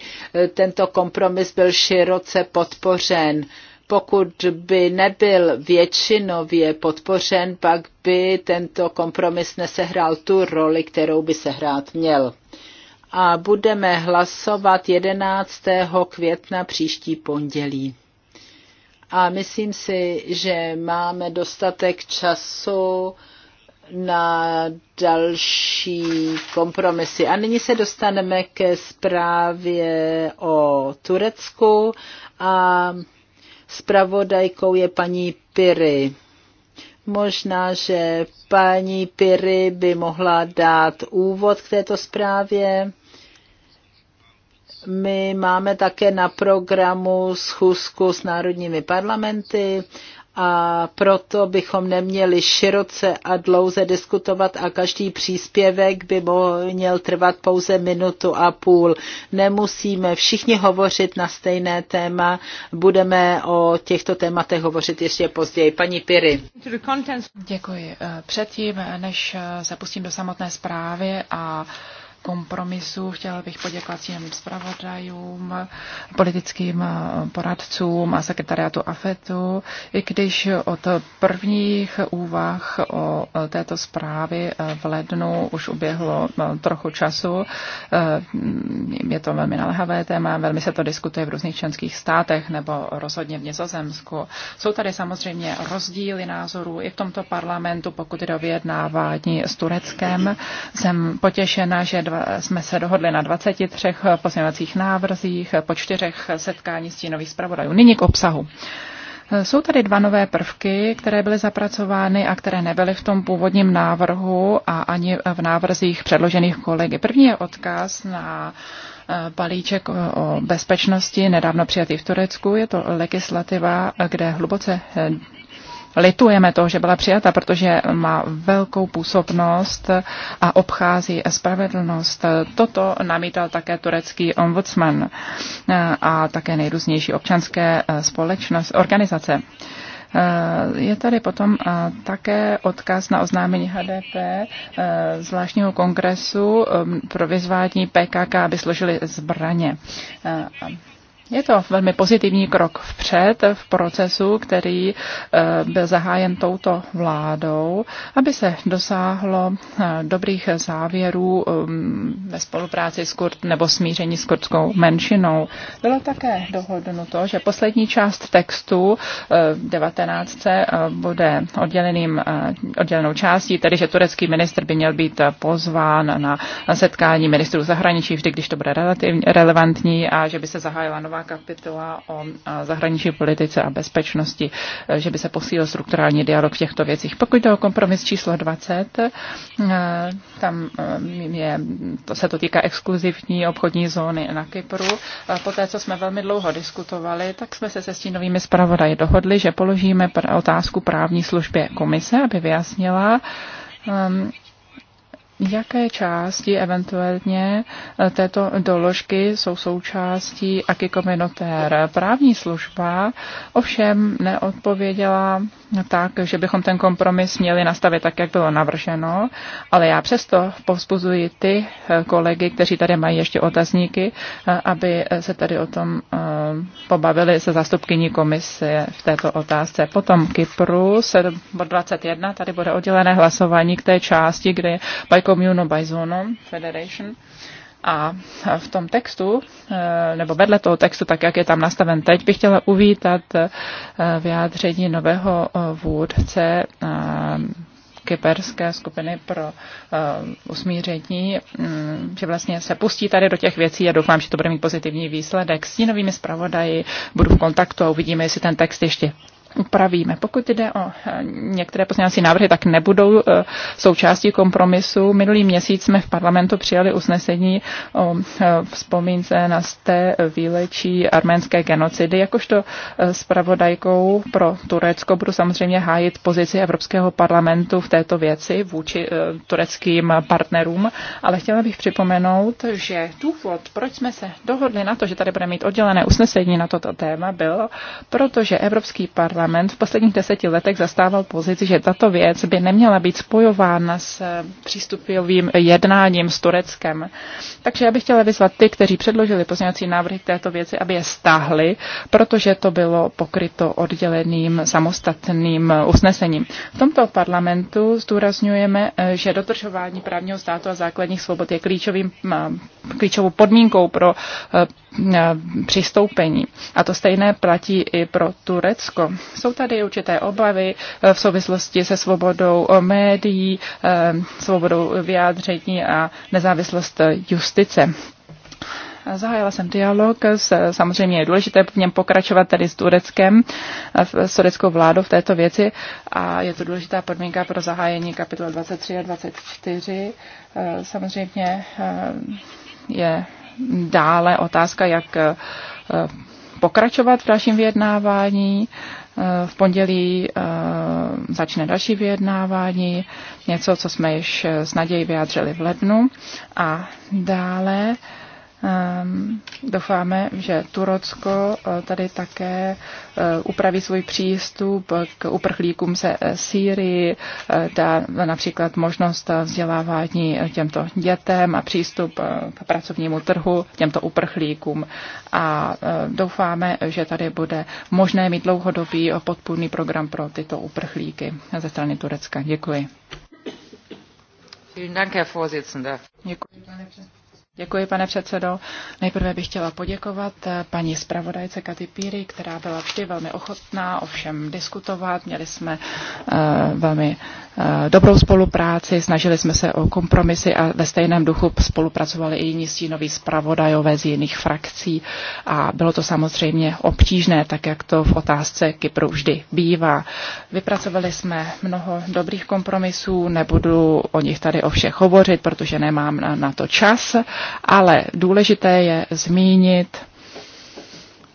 tento kompromis byl široce podpořen pokud by nebyl většinově podpořen, pak by tento kompromis nesehrál tu roli, kterou by se hrát měl. A budeme hlasovat 11. května příští pondělí. A myslím si, že máme dostatek času na další kompromisy. A nyní se dostaneme ke zprávě o Turecku a zpravodajkou je paní Piry. Možná, že paní Piry by mohla dát úvod k této zprávě. My máme také na programu schůzku s národními parlamenty a proto bychom neměli široce a dlouze diskutovat a každý příspěvek by měl trvat pouze minutu a půl. Nemusíme všichni hovořit na stejné téma, budeme o těchto tématech hovořit ještě později. Paní Piry. Děkuji. Předtím, než zapustím do samotné zprávy a kompromisu. Chtěla bych poděkovat svým zpravodajům, politickým eh, poradcům a sekretariátu AFETu, i když od prvních úvah o eh, této zprávy eh, v lednu už uběhlo trochu času. Je to velmi nalhavé téma, velmi se to diskutuje v různých členských státech nebo rozhodně v Nizozemsku. Jsou tady samozřejmě rozdíly názorů i v tomto parlamentu, pokud jde o vyjednávání s Tureckem. Jsem potěšena, že 20 jsme se dohodli na 23 pozměňovacích návrzích po čtyřech setkání stínových zpravodajů. Nyní k obsahu. Jsou tady dva nové prvky, které byly zapracovány a které nebyly v tom původním návrhu a ani v návrzích předložených kolegy. První je odkaz na eh, balíček o bezpečnosti nedávno přijatý v Turecku. Je to legislativa, kde hluboce eh, litujeme toho, že byla přijata, protože má velkou působnost a obchází spravedlnost. Toto namítal také turecký ombudsman eh, a také nejrůznější občanské eh, společnost, organizace. Eh, je tady potom také odkaz na oznámení HDP zvláštního kongresu pro vyzvání PKK, aby složili zbraně. Je to velmi pozitivní krok vpřed v procesu, který eh, byl zahájen touto vládou, aby se dosáhlo eh, dobrých závěrů ehm, ve spolupráci s Kurt, nebo smíření s kurdskou menšinou. Bylo také dohodnuto, že poslední část textu 19. Eh, bude odděleným, oddělenou částí, tedy že turecký ministr by měl být pozván na setkání ministrů zahraničí vždy, když to bude relativně relevantní a že by se zahájila nová nová kapitola o zahraniční politice a bezpečnosti, e, že by se posílil strukturální dialog v těchto věcích. Pokud jde o kompromis číslo 20, e, tam e, je, to se to týká exkluzivní obchodní zóny na Kypru. Poté, co jsme velmi dlouho diskutovali, tak jsme se se stínovými zpravodaji dohodli, že položíme otázku právní službě komise, aby vyjasnila, Jaké části eventuálně eh, této doložky jsou součástí Akiko no Právní služba ovšem neodpověděla tak, že bychom ten kompromis měli nastavit tak, jak bylo navrženo, ale já přesto povzbuzuji ty eh, kolegy, kteří tady mají ještě otazníky, eh, aby se tady o tom eh, pobavili se zástupkyní komise v této otázce. Potom Kypru, 21, tady bude oddělené hlasování k té části, kde je by Communo by Zone Federation. A v tom textu, eh, nebo vedle toho textu, tak jak je tam nastaven teď, bych chtěla uvítat eh, vyjádření nového eh, vůdce kyperské skupiny pro uh, usmíření, um, že vlastně se pustí tady do těch věcí a doufám, že to bude mít pozitivní výsledek. S novými zpravodaji budu v kontaktu a uvidíme, jestli ten text ještě upravíme. Pokud jde o eh, některé pozměňovací návrhy, tak nebudou eh, součástí kompromisu. Minulý měsíc jsme v parlamentu přijali usnesení o eh, vzpomínce na sté výlečí arménské genocidy. Jakožto spravodajkou pro Turecko budu samozřejmě hájit pozici Evropského parlamentu v této věci vůči tureckým partnerům, ale chtěla bych připomenout, že důvod, proč jsme se dohodli na to, že tady budeme mít oddělené usnesení na toto téma, bylo, protože Evropský parlament parlament v posledních deseti letech zastával pozici, že tato věc by neměla být spojována s přístupovým jednáním s Tureckem. Takže já bych chtěla vyzvat ty, kteří předložili pozměňovací návrhy k této věci, aby je stáhli, protože to bylo pokryto odděleným samostatným usnesením. V tomto parlamentu zdůrazňujeme, že dodržování právního státu a základních svobod je klíčovým, klíčovou podmínkou pro Eh, přistoupení. A to stejné platí i pro Turecko. Jsou tady určité obavy eh, v souvislosti se svobodou eh, médií, svobodou vyjádření a nezávislost justice. Zahájila jsem dialog, s, samozřejmě je důležité v něm pokračovat tady s Tureckem, s tureckou vládou v této věci a je to důležitá podmínka pro zahájení kapitola 23 a 24. Samozřejmě je dále otázka, jak eh, pokračovat v dalším vyjednávání. Eh, v pondělí eh, začne další vyjednávání, něco, co jsme již s nadějí vyjádřili v lednu. A dále Ehm, doufáme, že Turecko eh, tady také eh, upraví svůj přístup k uprchlíkům se eh, Sýrii, dá například možnost vzdělávání těmto dětem a přístup k pracovnímu trhu těmto uprchlíkům. A doufáme, že tady bude možné mít dlouhodobý podpůrný program pro tyto uprchlíky ze strany Turecka. Děkuji. Děkuji, pane Děkuji, pane předsedo. Nejprve bych chtěla poděkovat eh, paní zpravodajce Katy Píry, která byla vždy velmi ochotná o všem diskutovat. Měli jsme eh, velmi Eh, dobrou spolupráci, snažili jsme se o kompromisy a ve stejném duchu spolupracovali i jiní stínoví zpravodajové z jiných frakcí a bylo to samozřejmě obtížné, tak jak to v otázce Kypru vždy bývá. Vypracovali jsme mnoho dobrých kompromisů, nebudu o nich tady o všech hovořit, protože nemám na to čas, ale důležité je zmínit,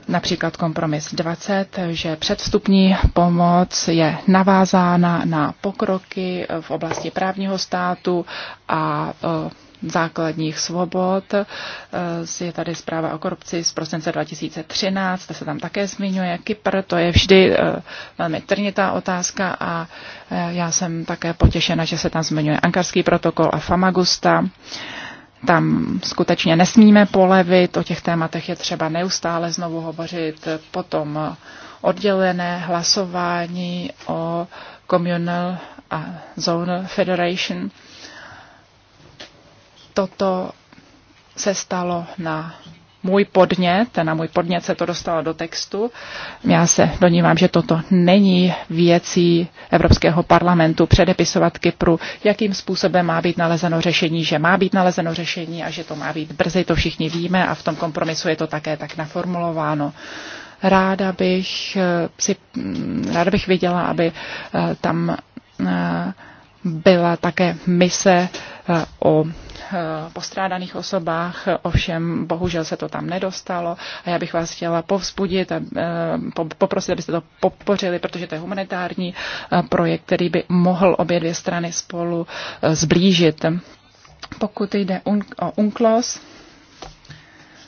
například kompromis 20, že předstupní pomoc je navázána na pokroky v oblasti právního státu a e, základních svobod. E, je tady zpráva o korupci z prosince 2013, ta se tam také zmiňuje. Kypr, to je vždy e, velmi trnitá otázka a já jsem také potěšena, že se tam zmiňuje ankarský protokol a Famagusta tam skutečně nesmíme polevit, o těch tématech je třeba neustále znovu hovořit, potom oddělené hlasování o Communal a Zonal Federation. Toto se stalo na můj podnět, na můj podnět se to dostalo do textu. Já se donívám, že toto není věcí Evropského parlamentu předepisovat Kypru, jakým způsobem má být nalezeno řešení, že má být nalezeno řešení a že to má být brzy, to všichni víme a v tom kompromisu je to také tak naformulováno ráda bych, eh, si, mm, ráda bych viděla, aby eh, tam eh, byla také mise o Eh, postrádaných osobách, ovšem bohužel se to tam nedostalo a já bych vás chtěla povzbudit a eh, poprosit, abyste to podpořili, protože to je humanitární eh, projekt, který by mohl obě dvě strany spolu zblížit. Pokud jde o UNCLOS,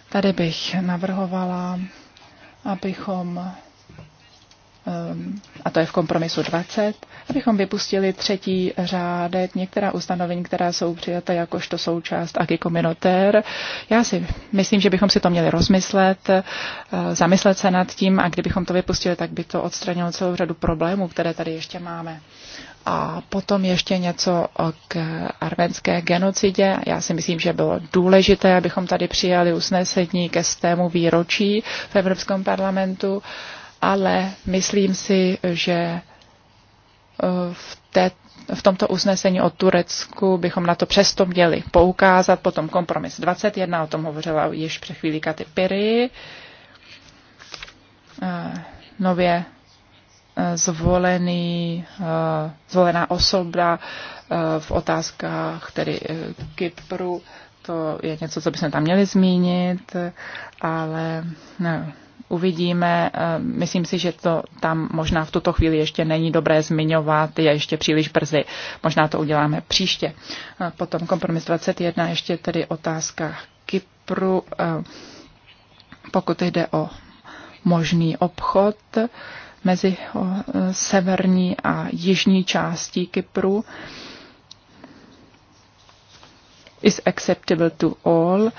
tady bych navrhovala, abychom Ehm, a to je v kompromisu 20, abychom vypustili třetí řádek, některá ustanovení, která jsou přijata jakožto součást aky komunitér. Já si myslím, že bychom si to měli rozmyslet, eh, zamyslet se nad tím a kdybychom to vypustili, tak by to odstranilo celou řadu problémů, které tady ještě máme. A potom ještě něco k arménské genocidě. Já si myslím, že bylo důležité, abychom tady přijali usnesení ke stému výročí v Evropském parlamentu ale myslím si, že eh, v, té, v tomto usnesení o Turecku bychom na to přesto měli poukázat. Potom kompromis 21, o tom hovořila již před chvílí Katy Piri, eh, Nově eh, zvolený, zvolená osoba v otázkách tedy Kypru. To je něco, co bychom tam měli zmínit, ale ne, uvidíme. Eh, myslím si, že to tam možná v tuto chvíli ještě není dobré zmiňovat, je ještě příliš brzy. Možná to uděláme příště. Eh, potom kompromis 21, ještě tedy otázka Kypru. Eh, pokud jde o možný obchod mezi severní a jižní částí Kypru, is acceptable to all.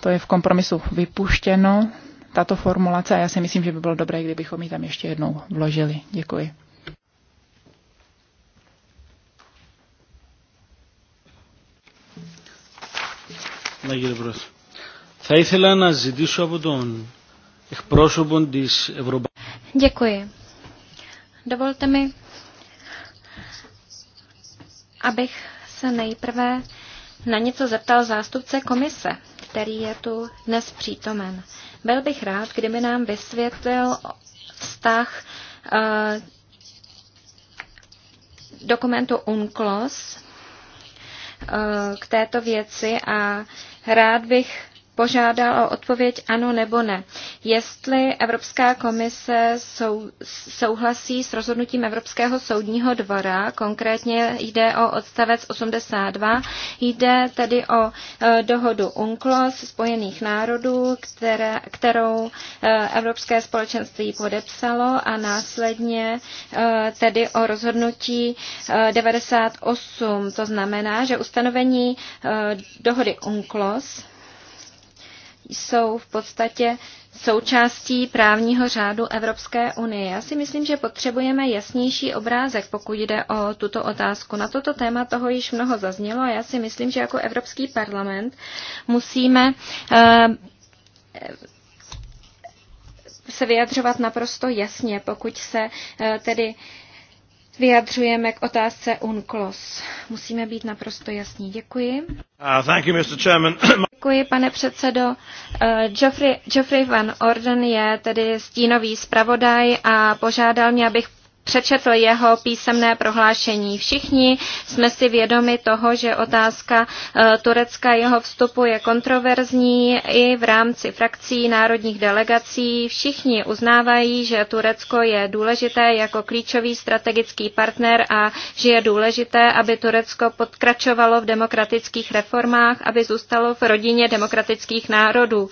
To je v kompromisu vypuštěno, tato formulace a já si myslím, že by bylo dobré, kdybychom ji tam ještě jednou vložili. Děkuji. Děkuji. Dovolte mi, abych se nejprve na něco zeptal zástupce komise který je tu dnes přítomen. Byl bych rád, kdyby nám vysvětlil vztah eh, dokumentu UNCLOS eh, k této věci a rád bych požádal o odpověď ano nebo ne. Jestli Evropská komise sou, souhlasí s rozhodnutím Evropského soudního dvora, konkrétně jde o odstavec 82, jde tedy o e, dohodu UNCLOS Spojených národů, které, kterou e, Evropské společenství podepsalo a následně e, tedy o rozhodnutí e, 98. To znamená, že ustanovení e, dohody UNCLOS jsou v podstatě součástí právního řádu Evropské unie. Já si myslím, že potřebujeme jasnější obrázek, pokud jde o tuto otázku. Na toto téma toho již mnoho zaznělo a já si myslím, že jako Evropský parlament musíme eh, se vyjadřovat naprosto jasně, pokud se eh, tedy vyjadřujeme k otázce UNCLOS. Musíme být naprosto jasní. Děkuji. Uh, thank you, Mr. Chairman. Děkuji, pane předsedo. Uh, Geoffrey, Geoffrey Van Orden je tedy stínový zpravodaj a požádal mě, abych přečetl jeho písemné prohlášení. Všichni jsme si vědomi toho, že otázka eh, Turecka jeho vstupu je kontroverzní i v rámci frakcí národních delegací. Všichni uznávají, že Turecko je důležité jako klíčový strategický partner a že je důležité, aby Turecko podkračovalo v demokratických reformách, aby zůstalo v rodině demokratických národů.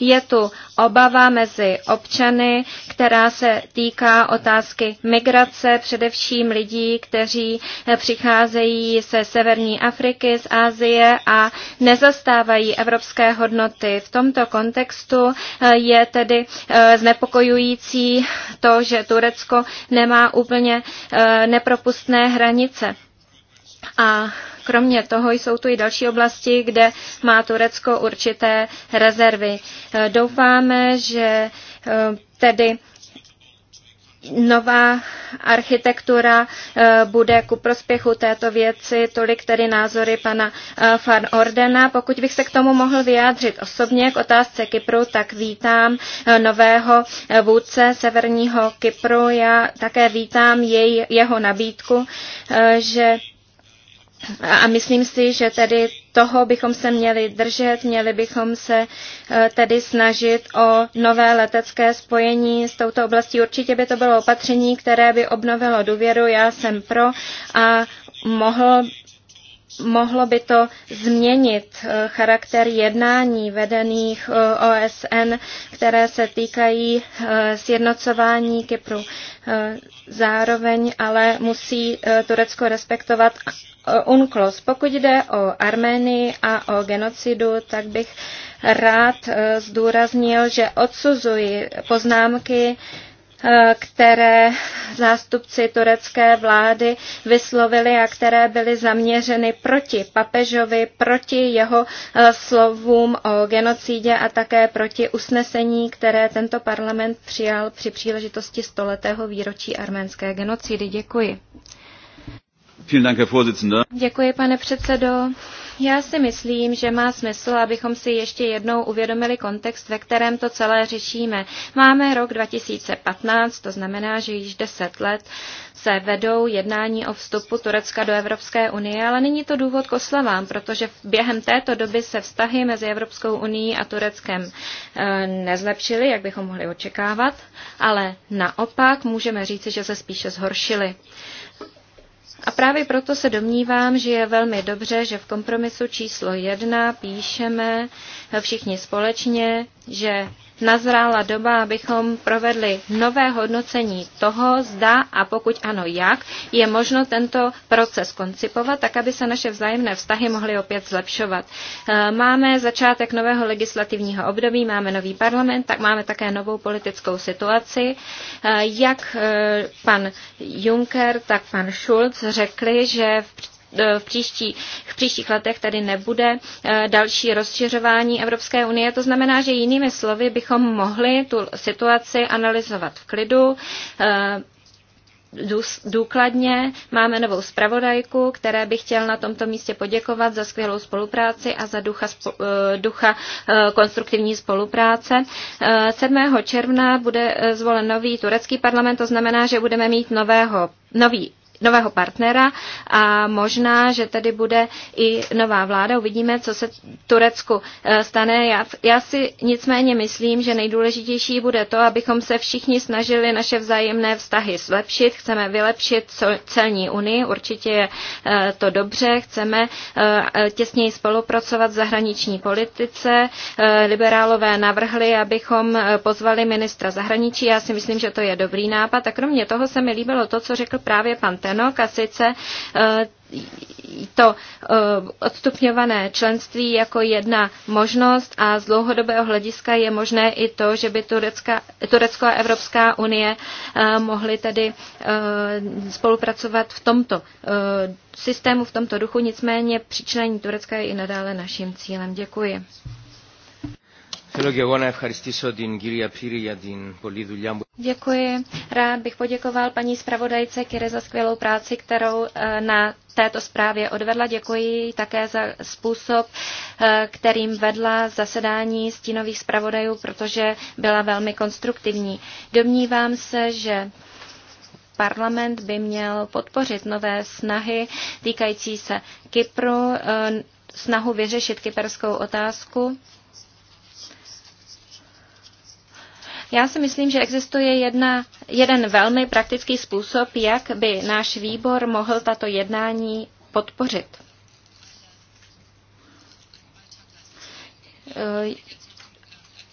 Je tu obava mezi občany, která se týká otázky migrace migrace především lidí, kteří eh, přicházejí ze severní Afriky, z Asie a nezastávají evropské hodnoty. V tomto kontextu eh, je tedy eh, znepokojující to, že Turecko nemá úplně nepropustné hranice. A kromě toho jsou tu i další oblasti, kde má Turecko určité rezervy. Doufáme, že tedy nová architektura eh, bude ku prospěchu této věci, tolik tedy názory pana eh, Van Ordena. Pokud bych se k tomu mohl vyjádřit osobně k otázce Kypru, tak vítám eh, nového vůdce severního Kypru. Já také vítám jej, jeho nabídku, že a myslím si, že tedy toho bychom se měli držet, měli bychom se eh, tedy snažit o nové letecké spojení s touto oblastí. Určitě by to bylo opatření, které by obnovilo důvěru. Já jsem pro a mohl mohlo by to změnit eh, charakter jednání vedených eh, OSN, které se týkají eh, sjednocování Kypru. Zároveň ale musí Turecko respektovat UNCLOS. Pokud jde o Arménii a o genocidu, tak bych rád zdůraznil, že odsuzuji poznámky Eh, které zástupci turecké vlády vyslovili a které byly zaměřeny proti papežovi, proti jeho eh, slovům o genocídě a také proti usnesení, které tento parlament přijal při příležitosti stoletého výročí arménské genocidy. Děkuji. Děkuji, pane předsedo. Já si myslím, že má smysl, abychom si ještě jednou uvědomili kontext, ve kterém to celé řešíme. Máme rok 2015, to znamená, že již 10 let se vedou jednání o vstupu Turecka do Evropské unie, ale není to důvod k oslavám, protože během této doby se vztahy mezi Evropskou unii a Tureckem e, nezlepšily, jak bychom mohli očekávat, ale naopak můžeme říci, že se spíše zhoršily. A právě proto se domnívám, že je velmi dobře, že v kompromisu číslo jedna píšeme všichni společně že nazrála doba, abychom provedli nové hodnocení toho, zda a pokud ano, jak je možno tento proces koncipovat, tak aby se naše vzájemné vztahy mohly opět zlepšovat. Eh, máme začátek nového legislativního období, máme nový parlament, tak máme také novou politickou situaci. Eh, jak eh, pan Juncker, tak pan Schulz řekli, že v E, v příštích, v příštích letech tady nebude e, další rozšiřování Evropské unie. To znamená, že jinými slovy bychom mohli tu situaci analyzovat v klidu, e, důkladně. Máme novou zpravodajku, které bych chtěl na tomto místě poděkovat za skvělou spolupráci a za ducha, ducha konstruktivní spolupráce. 7. června bude zvolen nový turecký parlament, to znamená, že budeme mít nového, nový nového partnera a možná, že tedy bude i nová vláda. Uvidíme, co se Turecku eh, stane. Já, já si nicméně myslím, že nejdůležitější bude to, abychom se všichni snažili naše vzájemné vztahy zlepšit. Chceme vylepšit celní unii, určitě je eh, to dobře. Chceme eh, těsněji spolupracovat v zahraniční politice. Liberálové navrhli, abychom pozvali ministra zahraničí. Já si myslím, že to je dobrý nápad. A kromě toho se mi líbilo to, co řekl právě pan Ten členok a sice eh, to eh, odstupňované členství jako jedna možnost a z dlouhodobého hlediska je možné i to, že by Turecka, Turecko a Evropská unie eh, mohly tedy spolupracovat v tomto systému, v tomto duchu, nicméně přičlení Turecka je i nadále naším cílem. Děkuji. Děkuji. Rád bych poděkoval paní zpravodajce Kyry za skvělou práci, kterou eh, na této zprávě odvedla. Děkuji také za způsob, eh, kterým vedla zasedání stínových zpravodajů, protože byla velmi konstruktivní. Domnívám se, že parlament by měl podpořit nové snahy týkající se Kypru, eh, snahu vyřešit kyperskou otázku Já si myslím, že existuje jedna, jeden velmi praktický způsob, jak by náš výbor mohl tato jednání podpořit. Eh,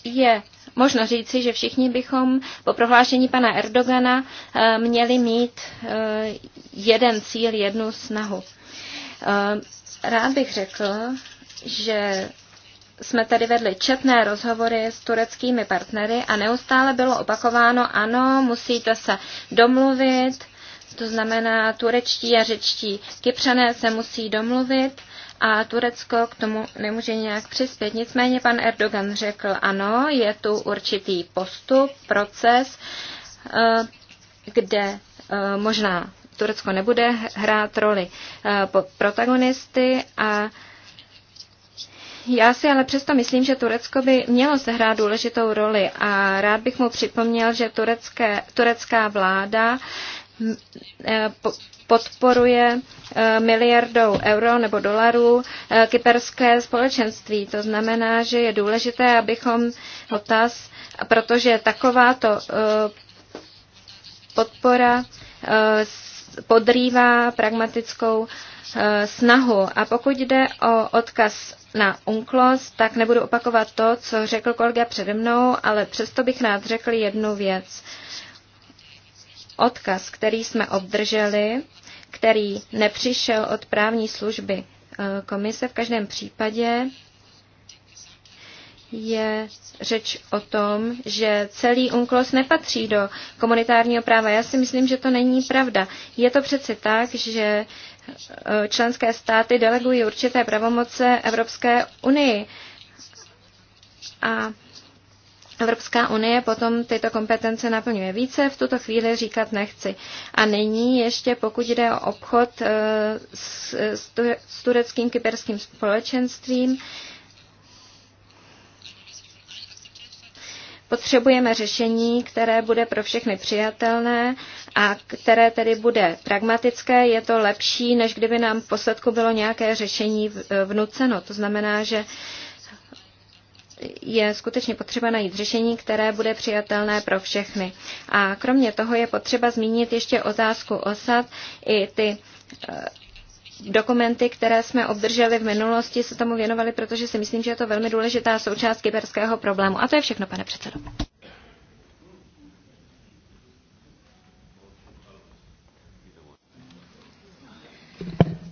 je možno říci, že všichni bychom po prohlášení pana Erdogana eh, měli mít eh, jeden cíl, jednu snahu. Rád bych řekl, že jsme tedy vedli četné rozhovory s tureckými partnery a neustále bylo opakováno, ano, musíte se domluvit, to znamená, turečtí a řečtí kypřané se musí domluvit a Turecko k tomu nemůže nějak přispět. Nicméně pan Erdogan řekl, ano, je tu určitý postup, proces, eh, kde eh, možná Turecko nebude hrát roli eh, protagonisty a já si ale přesto myslím, že Turecko by mělo sehrát důležitou roli a rád bych mu připomněl, že turecké, turecká vláda eh, podporuje eh, miliardou euro nebo dolarů eh, kyperské společenství. To znamená, že je důležité, abychom otaz, protože takováto podpora podrývá pragmatickou eh, snahu. A pokud jde o odkaz na UNCLOS, tak nebudu opakovat to, co řekl kolega přede mnou, ale přesto bych rád řekl jednu věc. Odkaz, který jsme obdrželi, který nepřišel od právní služby eh, komise, v každém případě je řeč o tom, že celý UNCLOS nepatří do komunitárního práva. Já si myslím, že to není pravda. Je to přece tak, že e, členské státy delegují určité pravomoce Evropské unii. A Evropská unie potom tyto kompetence naplňuje více, v tuto chvíli říkat nechci. A nyní ještě, pokud jde o obchod e, s, e, s tureckým kyperským společenstvím, Potřebujeme řešení, které bude pro všechny přijatelné a které tedy bude pragmatické. Je to lepší, než kdyby nám v posledku bylo nějaké řešení e, vnuceno. To znamená, že je skutečně potřeba najít řešení, které bude přijatelné pro všechny. A kromě toho je potřeba zmínit ještě otázku osad. I ty e, dokumenty, které jsme obdrželi v minulosti, se tomu věnovali, protože si myslím, že je to velmi důležitá součást kyberského problému. A to je všechno, pane předsedo.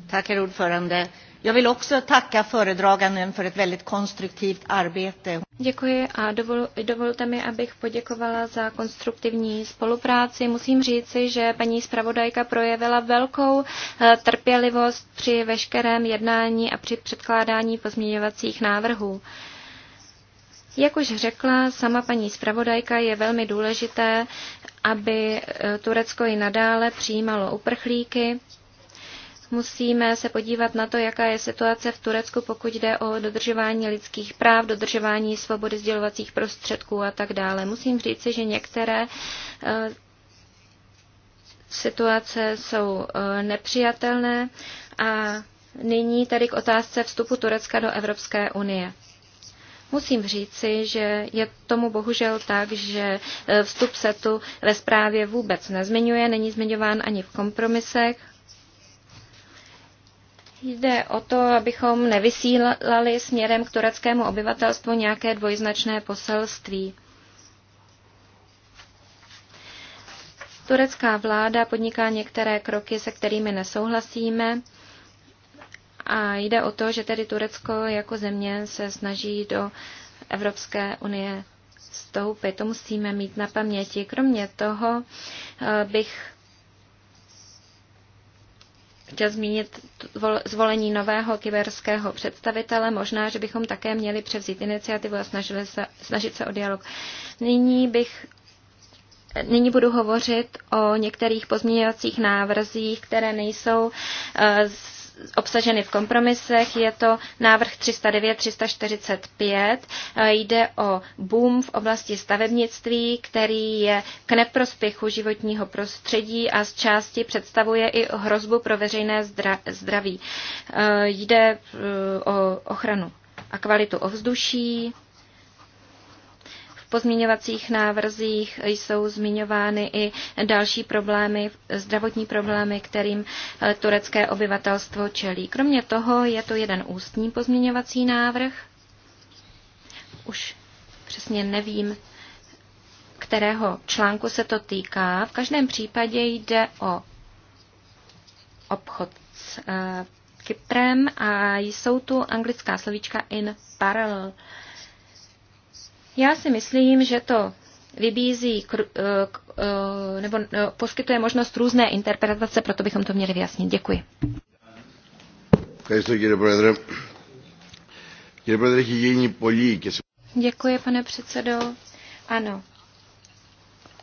Tak, herr Jag vill också tacka föredraganden för ett väldigt konstruktivt arbete. Děkuji a dovol, dovolte mi, abych poděkovala za konstruktivní spolupráci. Musím říci, že paní zpravodajka projevila velkou eh, trpělivost při veškerém jednání a při předkládání pozměňovacích návrhů. Jak už řekla sama paní zpravodajka, je velmi důležité, aby eh, Turecko i nadále přijímalo uprchlíky Musíme se podívat na to, jaká je situace v Turecku, pokud jde o dodržování lidských práv, dodržování svobody sdělovacích prostředků a tak dále. Musím říci, že některé eh, situace jsou eh, nepřijatelné a nyní tady k otázce vstupu Turecka do Evropské unie. Musím říci, že je tomu bohužel tak, že eh, vstup se tu ve zprávě vůbec nezmiňuje, není zmiňován ani v kompromisech. Jde o to, abychom nevysílali směrem k tureckému obyvatelstvu nějaké dvojznačné poselství. Turecká vláda podniká některé kroky, se kterými nesouhlasíme. A jde o to, že tedy Turecko jako země se snaží do Evropské unie vstoupit. To musíme mít na paměti. Kromě toho eh, bych chtěl zmínit zvolení nového kyberského představitele. Možná, že bychom také měli převzít iniciativu a snažili se, snažit se o dialog. Nyní bych Nyní budu hovořit o některých pozměňovacích návrzích, které nejsou eh, z obsaženy v kompromisech. Je to návrh 309-345. Eh, jde o boom v oblasti stavebnictví, který je k neprospěchu životního prostředí a z části představuje i hrozbu pro veřejné zdraví. Eh, jde eh, o ochranu a kvalitu ovzduší, pozměňovacích návrzích jsou zmiňovány i další problémy, zdravotní problémy, kterým eh, turecké obyvatelstvo čelí. Kromě toho je to jeden ústní pozměňovací návrh. Už přesně nevím, kterého článku se to týká. V každém případě jde o obchod s eh, Kyprem a jsou tu anglická slovíčka in parallel. Já si myslím, že to vybízí eh, eh, nebo eh, poskytuje možnost různé interpretace, proto bychom to měli vyjasnit. Děkuji. Děkuji, pane předsedo. Ano,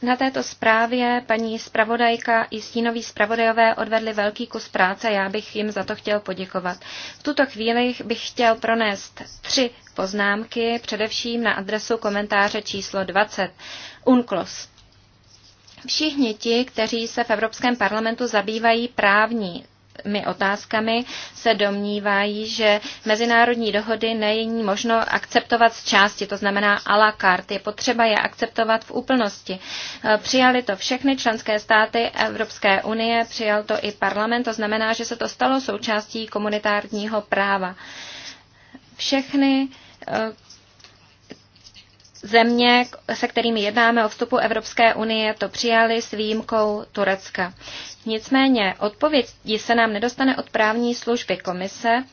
na této zprávě paní zpravodajka i stínoví zpravodajové odvedli velký kus práce, já bych jim za to chtěl poděkovat. V tuto chvíli bych chtěl pronést tři poznámky, především na adresu komentáře číslo 20. UNCLOS. Všichni ti, kteří se v Evropském parlamentu zabývají právní mi otázkami se domnívají, že mezinárodní dohody není možno akceptovat z části, to znamená a la carte. Je potřeba je akceptovat v úplnosti. E, přijali to všechny členské státy Evropské unie, přijal to i parlament, to znamená, že se to stalo součástí komunitárního práva. Všechny e, Země, se kterými jednáme o vstupu Evropské unie, to přijali s výjimkou Turecka. Nicméně odpovědi se nám nedostane od právní služby komise.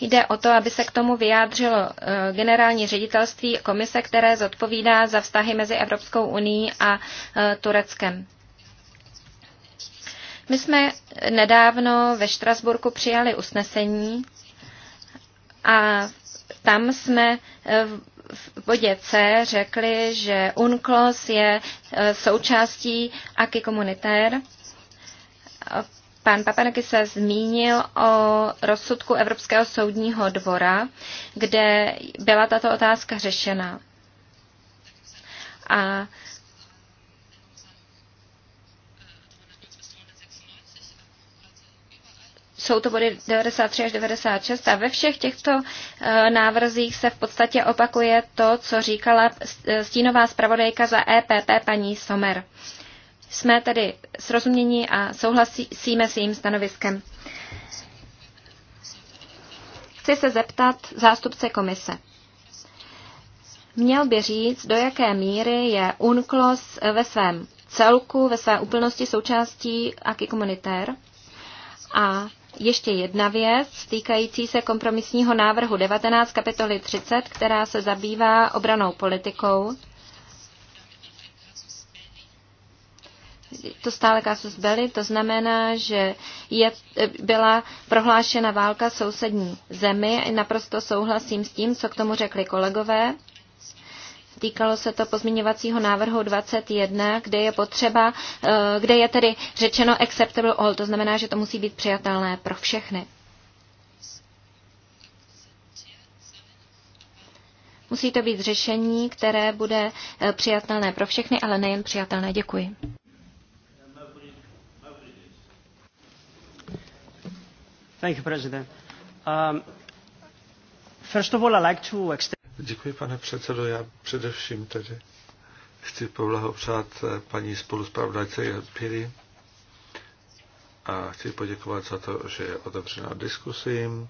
Jde o to, aby se k tomu vyjádřilo eh, generální ředitelství komise, které zodpovídá za vztahy mezi Evropskou unii a eh, Tureckem. My jsme nedávno ve Štrasburku přijali usnesení a v tam jsme eh, v bodě C řekli, že UNCLOS je eh, součástí AKI komunitér. Pan Papanaky se zmínil o rozsudku Evropského soudního dvora, kde byla tato otázka řešena. A jsou to body 93 až 96 a ve všech těchto eh, návrzích se v podstatě opakuje to, co říkala eh, stínová zpravodajka za EPP paní Somer. Jsme tedy srozumění a souhlasíme s jejím stanoviskem. Chci se zeptat zástupce komise měl by říct, do jaké míry je UNCLOS ve svém celku, ve své úplnosti součástí AKI komunitér a ještě jedna věc týkající se kompromisního návrhu 19 kapitoly 30, která se zabývá obranou politikou. To stále kasus byly, to znamená, že je, byla prohlášena válka sousední zemi. Naprosto souhlasím s tím, co k tomu řekli kolegové. Týkalo se to pozměňovacího návrhu 21, kde je potřeba, eh, kde je tedy řečeno acceptable all, to znamená, že to musí být přijatelné pro všechny. Musí to být řešení, které bude eh, přijatelné pro všechny, ale nejen přijatelné. Děkuji. Thank you, President. Um, first of all, I'd like to extend Děkuji, pane předsedo. Já především tedy chci poblahopřát eh, paní spoluspravodajce Piri a chci poděkovat za to, že je otevřená diskusím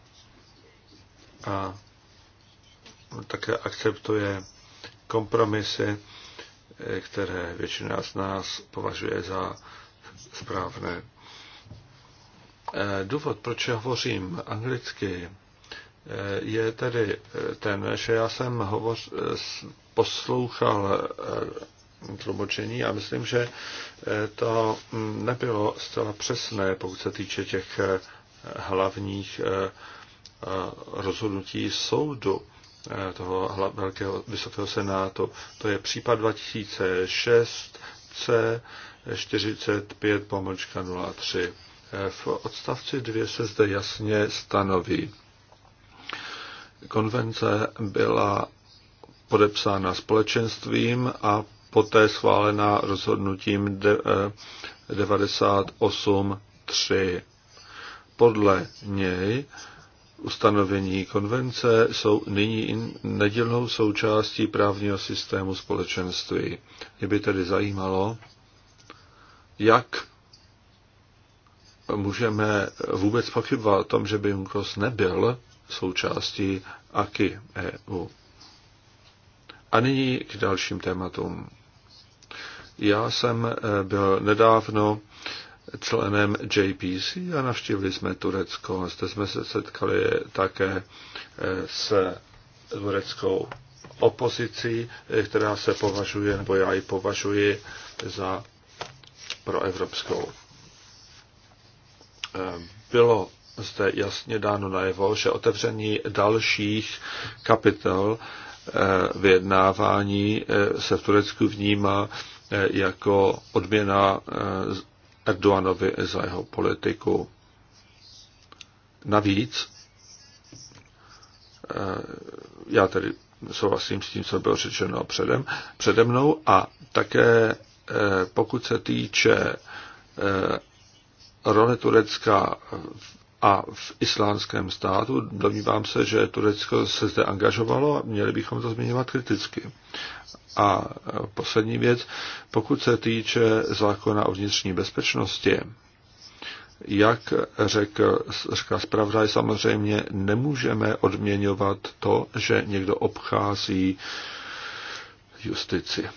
a také akceptuje kompromisy, eh, které většina z nás považuje za správné. Eh, důvod, proč já hovořím anglicky, je tedy eh, ten, že já jsem hovoř, eh, poslouchal eh, tlumočení a myslím, že to mm, nebylo zcela přesné, pokud se týče těch hlavních rozhodnutí soudu toho velkého vysokého senátu. To je případ 2006 C 45 pomlčka 03. V odstavci 2 se zde jasně stanoví. Konvence byla podepsána společenstvím a poté schválená rozhodnutím 98.3. Eh, Podle něj ustanovení konvence jsou nyní nedělnou součástí právního systému společenství. Mě by tedy zajímalo, jak můžeme vůbec pochybovat o tom, že by UNCLOS nebyl součástí AKI EU. A nyní k dalším tématům. Já jsem eh, byl nedávno členem JPC a navštívili jsme Turecko. Zde jsme se setkali také eh, s tureckou opozicí, eh, která se považuje, nebo já ji považuji za proevropskou. Bylo zde jasně dáno najevo, že otevření dalších kapitol eh, vyjednávání eh, se v Turecku vnímá eh, jako odměna Erdoganovi za jeho politiku. Navíc, já tedy souhlasím s tím, co bylo řečeno předem, přede mnou, a také pokud se týče role Turecka a v islámském státu. Domnívám se, že Turecko se zde angažovalo a měli bychom to zmiňovat kriticky. A poslední věc, pokud se týče zákona o vnitřní bezpečnosti, jak řekl, říká zpravodaj, samozřejmě nemůžeme odměňovat to, že někdo obchází justici.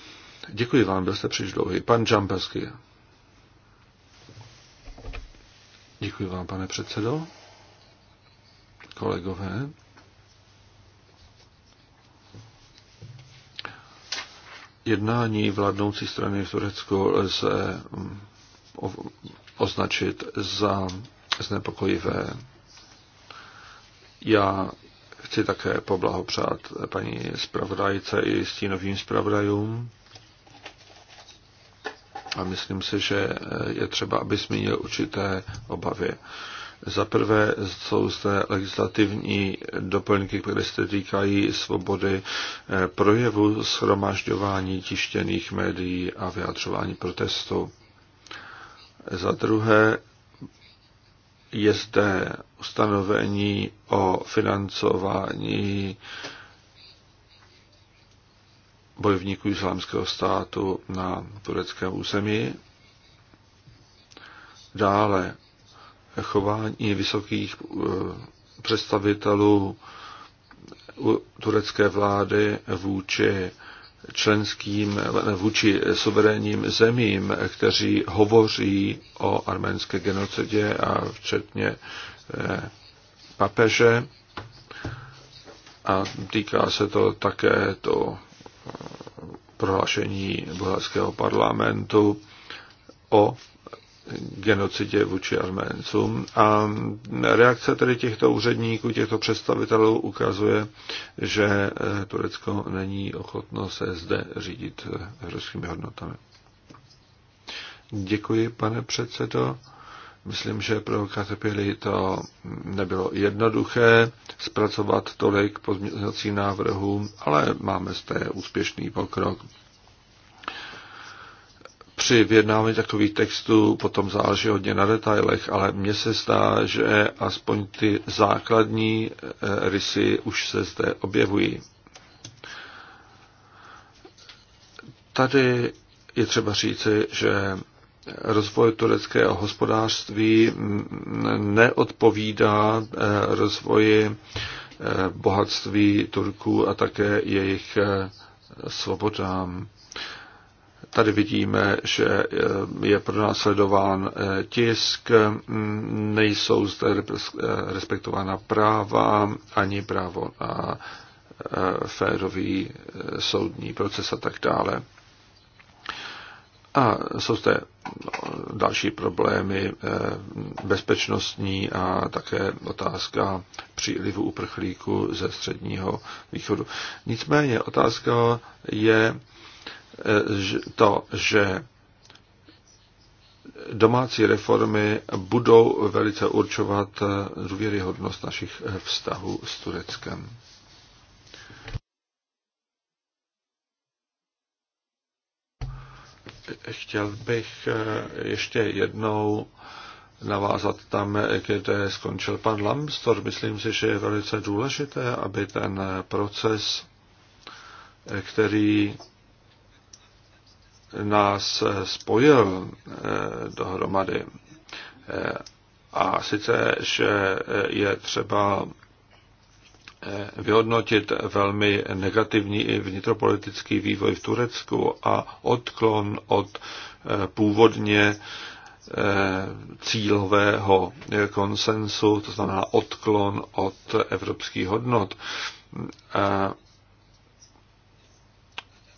Děkuji vám, byl jste příliš dlouhý. Pan Džambesky. Děkuji vám, pane předsedo. Kolegové. Jednání vládnoucí strany v Turecku lze mm, označit za znepokojivé. Já chci také poblahopřát paní zpravodajce i stínovým zpravodajům a myslím si, že eh, je třeba, aby zmínil určité obavy. Za prvé jsou zde legislativní doplňky, které se týkají svobody eh, projevu, schromažďování tištěných médií a vyjadřování protestu. Za druhé je zde ustanovení o financování bojovníků islámského státu na tureckém území. Dále chování vysokých eh, představitelů turecké vlády vůči členským, vůči suverénním zemím, kteří hovoří o arménské genocidě a včetně eh, papeže. A týká se to také to prohlášení bulharského parlamentu o genocidě vůči Arméncům. A reakce tedy těchto úředníků, těchto představitelů ukazuje, že eh, Turecko není ochotno se zde řídit eh, evropskými hodnotami. Děkuji, pane předsedo. Myslím, že pro Caterpilly to nebylo jednoduché zpracovat tolik pozměňovacích návrhů, ale máme zde úspěšný pokrok. Při vyjednávání takových textů potom záleží hodně na detailech, ale mně se zdá, že aspoň ty základní eh, rysy už se zde objevují. Tady je třeba říci, že rozvoj tureckého hospodářství neodpovídá eh, rozvoji eh, bohatství Turků a také jejich eh, svobodám. Tady vidíme, že je pronásledován tisk, nejsou zde respektována práva ani právo na férový soudní proces a tak dále. A jsou zde další problémy eh, bezpečnostní a také otázka přílivu uprchlíků ze středního východu. Nicméně otázka je eh, to, že domácí reformy budou velice určovat eh, důvěryhodnost našich vztahů s Tureckem. chtěl bych eh, ještě jednou navázat tam, kde skončil pan Lambstor. Myslím si, že je velice důležité, aby ten proces, eh, který nás eh, spojil dohromady, a sice, že je třeba Eh, vyhodnotit velmi negativní i vnitropolitický vývoj v Turecku a odklon od eh, původně eh, cílového konsensu, to znamená odklon od evropských hodnot.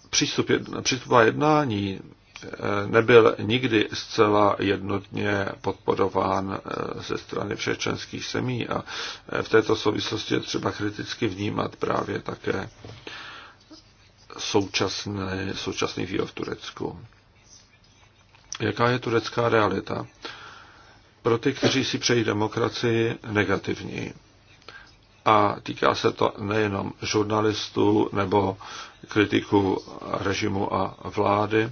Přístup, přístupová jednání nebyl nikdy zcela jednotně podporován eh, ze strany všech členských semí a eh, v této souvislosti je třeba kriticky vnímat právě také současný, současný vývoj v Turecku. Jaká je turecká realita? Pro ty, kteří si přejí demokracii, negativní. A týká se to nejenom žurnalistů nebo kritiků režimu a vlády,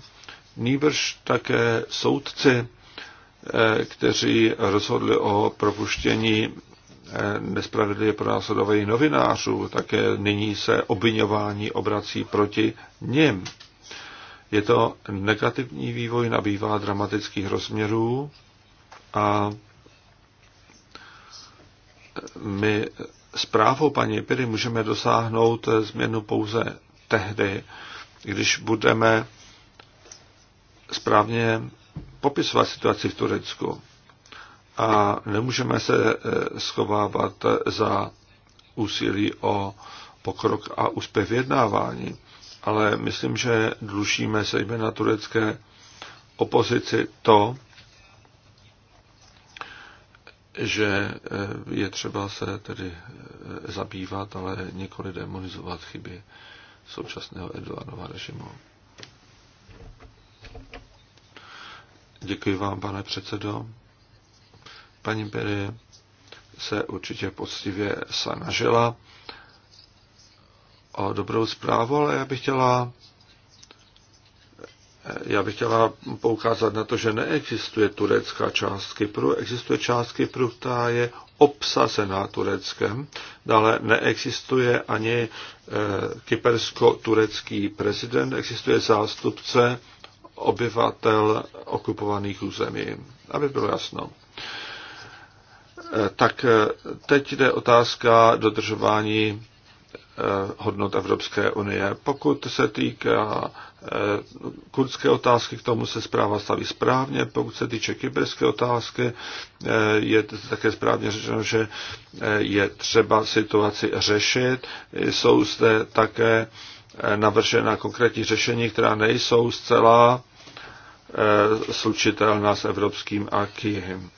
nýbrž také soudci, eh, kteří rozhodli o propuštění eh, nespravedlivě pronásledovaných novinářů, také nyní se obvinování obrací proti nim. Je to negativní vývoj, nabývá dramatických rozměrů a my zprávou paní Piry můžeme dosáhnout změnu pouze tehdy, když budeme správně popisovat situaci v Turecku a nemůžeme se e, schovávat za úsilí o pokrok a úspěch vyjednávání. Ale myslím, že dlužíme na turecké opozici to, že e, je třeba se tedy e, zabývat, ale nikoli demonizovat chyby současného Erdoganova režimu. Děkuji vám, pane předsedo. Paní Peri se určitě poctivě snažila o dobrou zprávu, ale já bych chtěla já bych chtěla poukázat na to, že neexistuje turecká část Kypru, existuje část Kypru, která je obsazená Tureckem, dále neexistuje ani eh, kypersko-turecký prezident, existuje zástupce obyvatel okupovaných území. Aby bylo jasno. Eh, tak eh, teď jde otázka dodržování eh, hodnot Evropské unie. Pokud se týká kurdské otázky, k tomu se zpráva staví správně. Pokud se týče kyberské otázky, je také správně řečeno, že je třeba situaci řešit. Jsou zde také navržena konkrétní řešení, která nejsou zcela Eh, slučitelná s evropským akihem.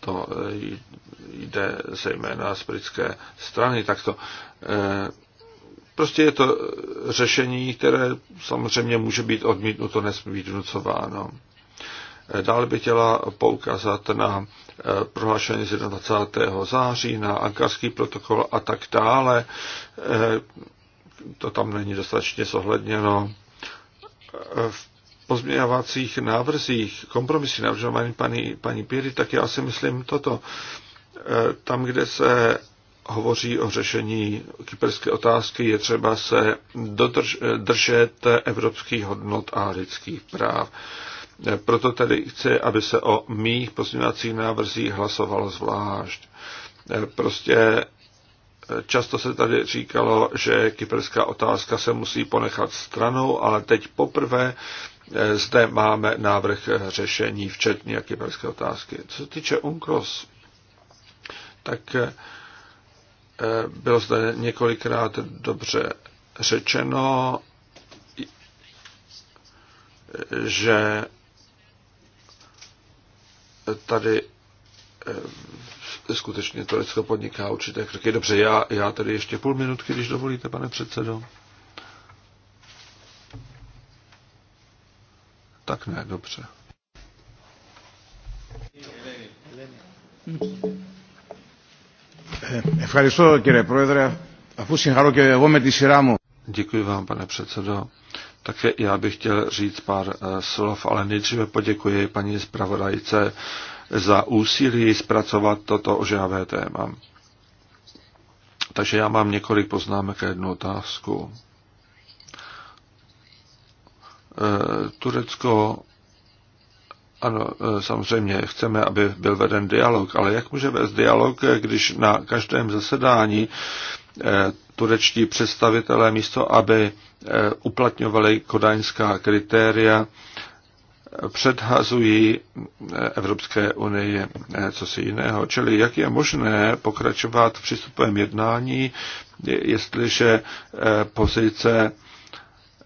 To eh, jde zejména z britské strany, tak to eh, prostě je to řešení, které samozřejmě může být odmítnuto, nesmí být vnucováno. Dále bych chtěla poukázat na prohlášení z 21. září, na ankarský protokol a tak dále. To tam není dostatečně zohledněno. V pozměňovacích návrzích, kompromisy navržených paní, paní Píry, tak já si myslím toto. E, tam, kde se hovoří o řešení kyperské otázky, je třeba se dodrž, držet evropských hodnot a lidských práv. E, proto tedy chci, aby se o mých pozměňovacích návrzích hlasovalo zvlášť. E, prostě Často se tady říkalo, že kyperská otázka se musí ponechat stranou, ale teď poprvé Eh, zde máme návrh řešení, včetně kyberské otázky. Co se týče UNCROS, tak eh, bylo zde několikrát dobře řečeno, že tady eh, skutečně Turecko podniká určité kroky. Dobře, já, já tady ještě půl minutky, když dovolíte, pane předsedo. Tak ne, dobře. Eh, Děkuji vám, pane předsedo. Také já bych chtěl říct pár eh, slov, ale nejdříve poděkuji paní zpravodajce za úsilí zpracovat toto ožávé téma. Takže já mám několik poznámek a jednu otázku. Eh, Turecko, ano, eh, samozřejmě chceme, aby byl veden dialog, ale jak může vést dialog, eh, když na každém zasedání turečtí představitelé místo, aby uplatňovali kodaňská kritéria, předhazují Evropské unii co si jiného. Čili jak je možné pokračovat v přístupovém jednání, jestliže pozice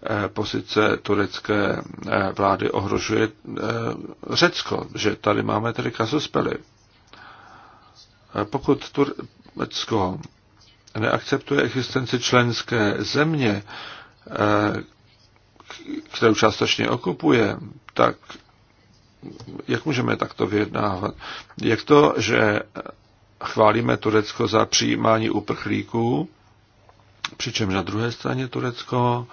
Eh, pozice turecké eh, vlády ohrožuje eh, Řecko, že tady máme tedy kazuspely. Pokud Turecko neakceptuje existenci členské země, kterou částečně okupuje, tak jak můžeme takto vyjednávat? Jak to, že chválíme Turecko za přijímání uprchlíků, přičemž na druhé straně Turecko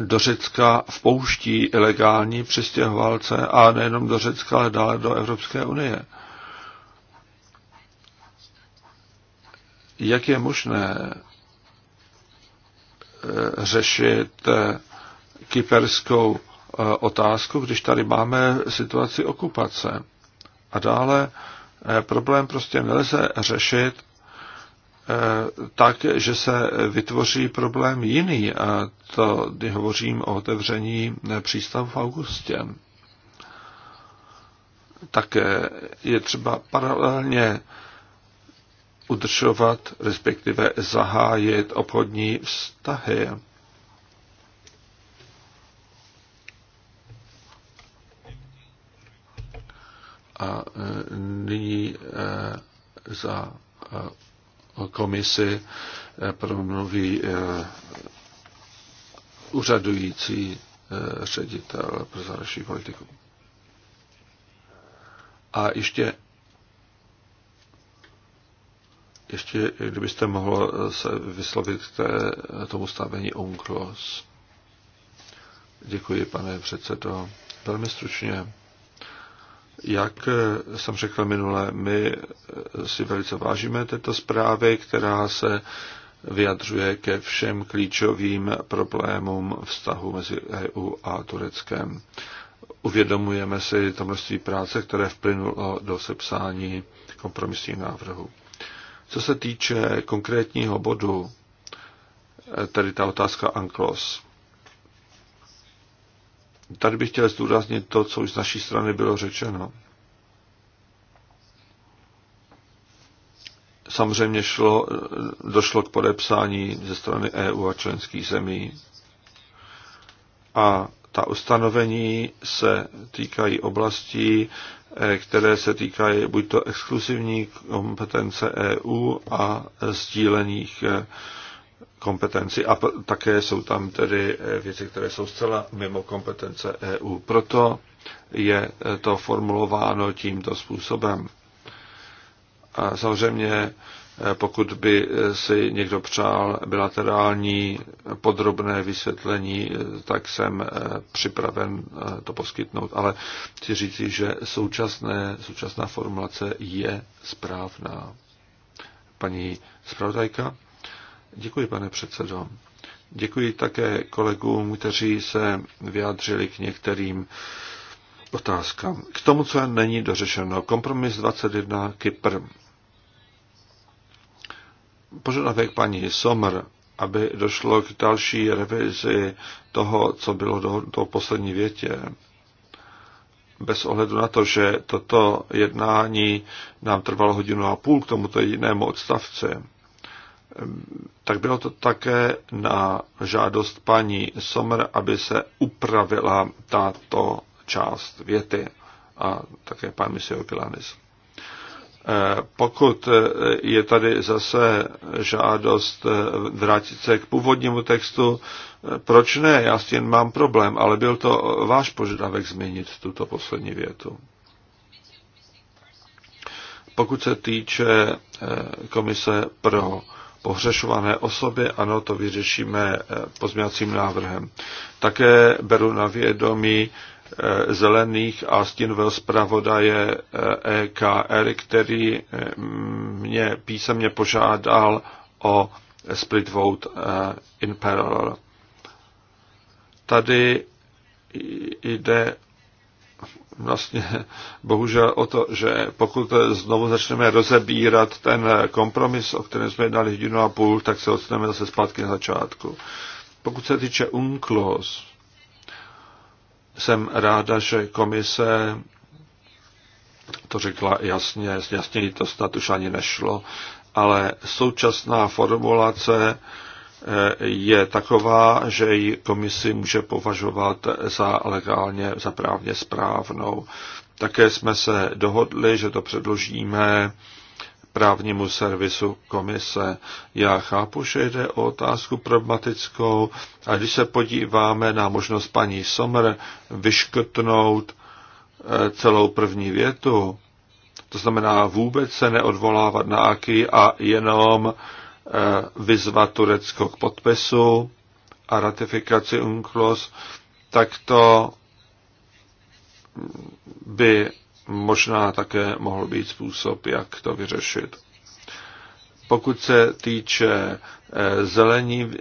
do Řecka vpouští ilegální přistěhovalce a nejenom do Řecka, ale dále do Evropské unie. Jak je možné eh, řešit eh, kyperskou eh, otázku, když tady máme situaci okupace? A dále problém prostě nelze řešit Eh, tak, že se vytvoří problém jiný. A to hovořím o otevření přístavu v Augustě. Tak je třeba paralelně udržovat, respektive zahájit obchodní vztahy. A eh, nyní eh, za komisi eh, promluví eh, úřadující eh, ředitel pro zahraniční politiku. A ještě, ještě kdybyste mohl se vyslovit k té, tomu stavení UNCLOS. Děkuji, pane předsedo. Velmi stručně. Jak eh, jsem řekl minule, my eh, si velice vážíme této zprávy, která se vyjadřuje ke všem klíčovým problémům vztahu mezi EU a Tureckem. Uvědomujeme si to množství práce, které vplynulo do sepsání kompromisních návrhů. Co se týče konkrétního bodu, eh, tedy ta otázka ANKLOS, Tady bych chtěl zdůraznit to, co už z naší strany bylo řečeno. Samozřejmě šlo, došlo k podepsání ze strany EU a členských zemí. A ta ustanovení se týkají oblastí, eh, které se týkají buď to exkluzivní kompetence EU a sdílených eh, kompetenci a také jsou tam tedy eh, věci, které jsou zcela mimo kompetence EU. Proto je eh, to formulováno tímto způsobem. A samozřejmě, eh, pokud by si někdo přál bilaterální podrobné vysvětlení, tak jsem připraven to poskytnout. Ale chci říci, že současné, současná formulace je správná. Paní zpravodajka? Děkuji, pane předsedo. Děkuji také kolegům, kteří se vyjádřili k některým otázkám. K tomu, co není dořešeno. Kompromis 21 Kypr. Požadavek paní Sommer, aby došlo k další revizi toho, co bylo do, do poslední větě, bez ohledu na to, že toto jednání nám trvalo hodinu a půl k tomuto jinému odstavci, tak bylo to také na žádost paní Sommer, aby se upravila tato část věty a také pan Misio Pilanis. Eh, pokud je tady zase žádost eh, vrátit se k původnímu textu, eh, proč ne? Já s tím mám problém, ale byl to váš požadavek změnit tuto poslední větu. Pokud se týče komise pro pohřešované osoby, ano, to vyřešíme eh, pozměňovacím návrhem. Také beru na vědomí eh, zelených a stínového zpravodaje EKR, eh, e který mě písemně požádal o split vote in parallel. Tady jde vlastně bohužel o to, že pokud znovu začneme rozebírat ten kompromis, o kterém jsme jednali hodinu a půl, tak se odstaneme zase zpátky na začátku. Pokud se týče UNCLOS, jsem ráda, že komise to řekla jasně, jasně to snad už ani nešlo, ale současná formulace je taková, že ji komisi může považovat za legálně, za právně správnou. Také jsme se dohodli, že to předložíme právnímu servisu komise. Já chápu, že jde o otázku problematickou a když se podíváme na možnost paní Sommer vyškrtnout eh, celou první větu, to znamená vůbec se neodvolávat na AKI a jenom Eh, vyzvat Turecko k podpisu a ratifikaci UNCLOS, tak to by možná také mohl být způsob, jak to vyřešit. Pokud se týče eh, zelení, eh,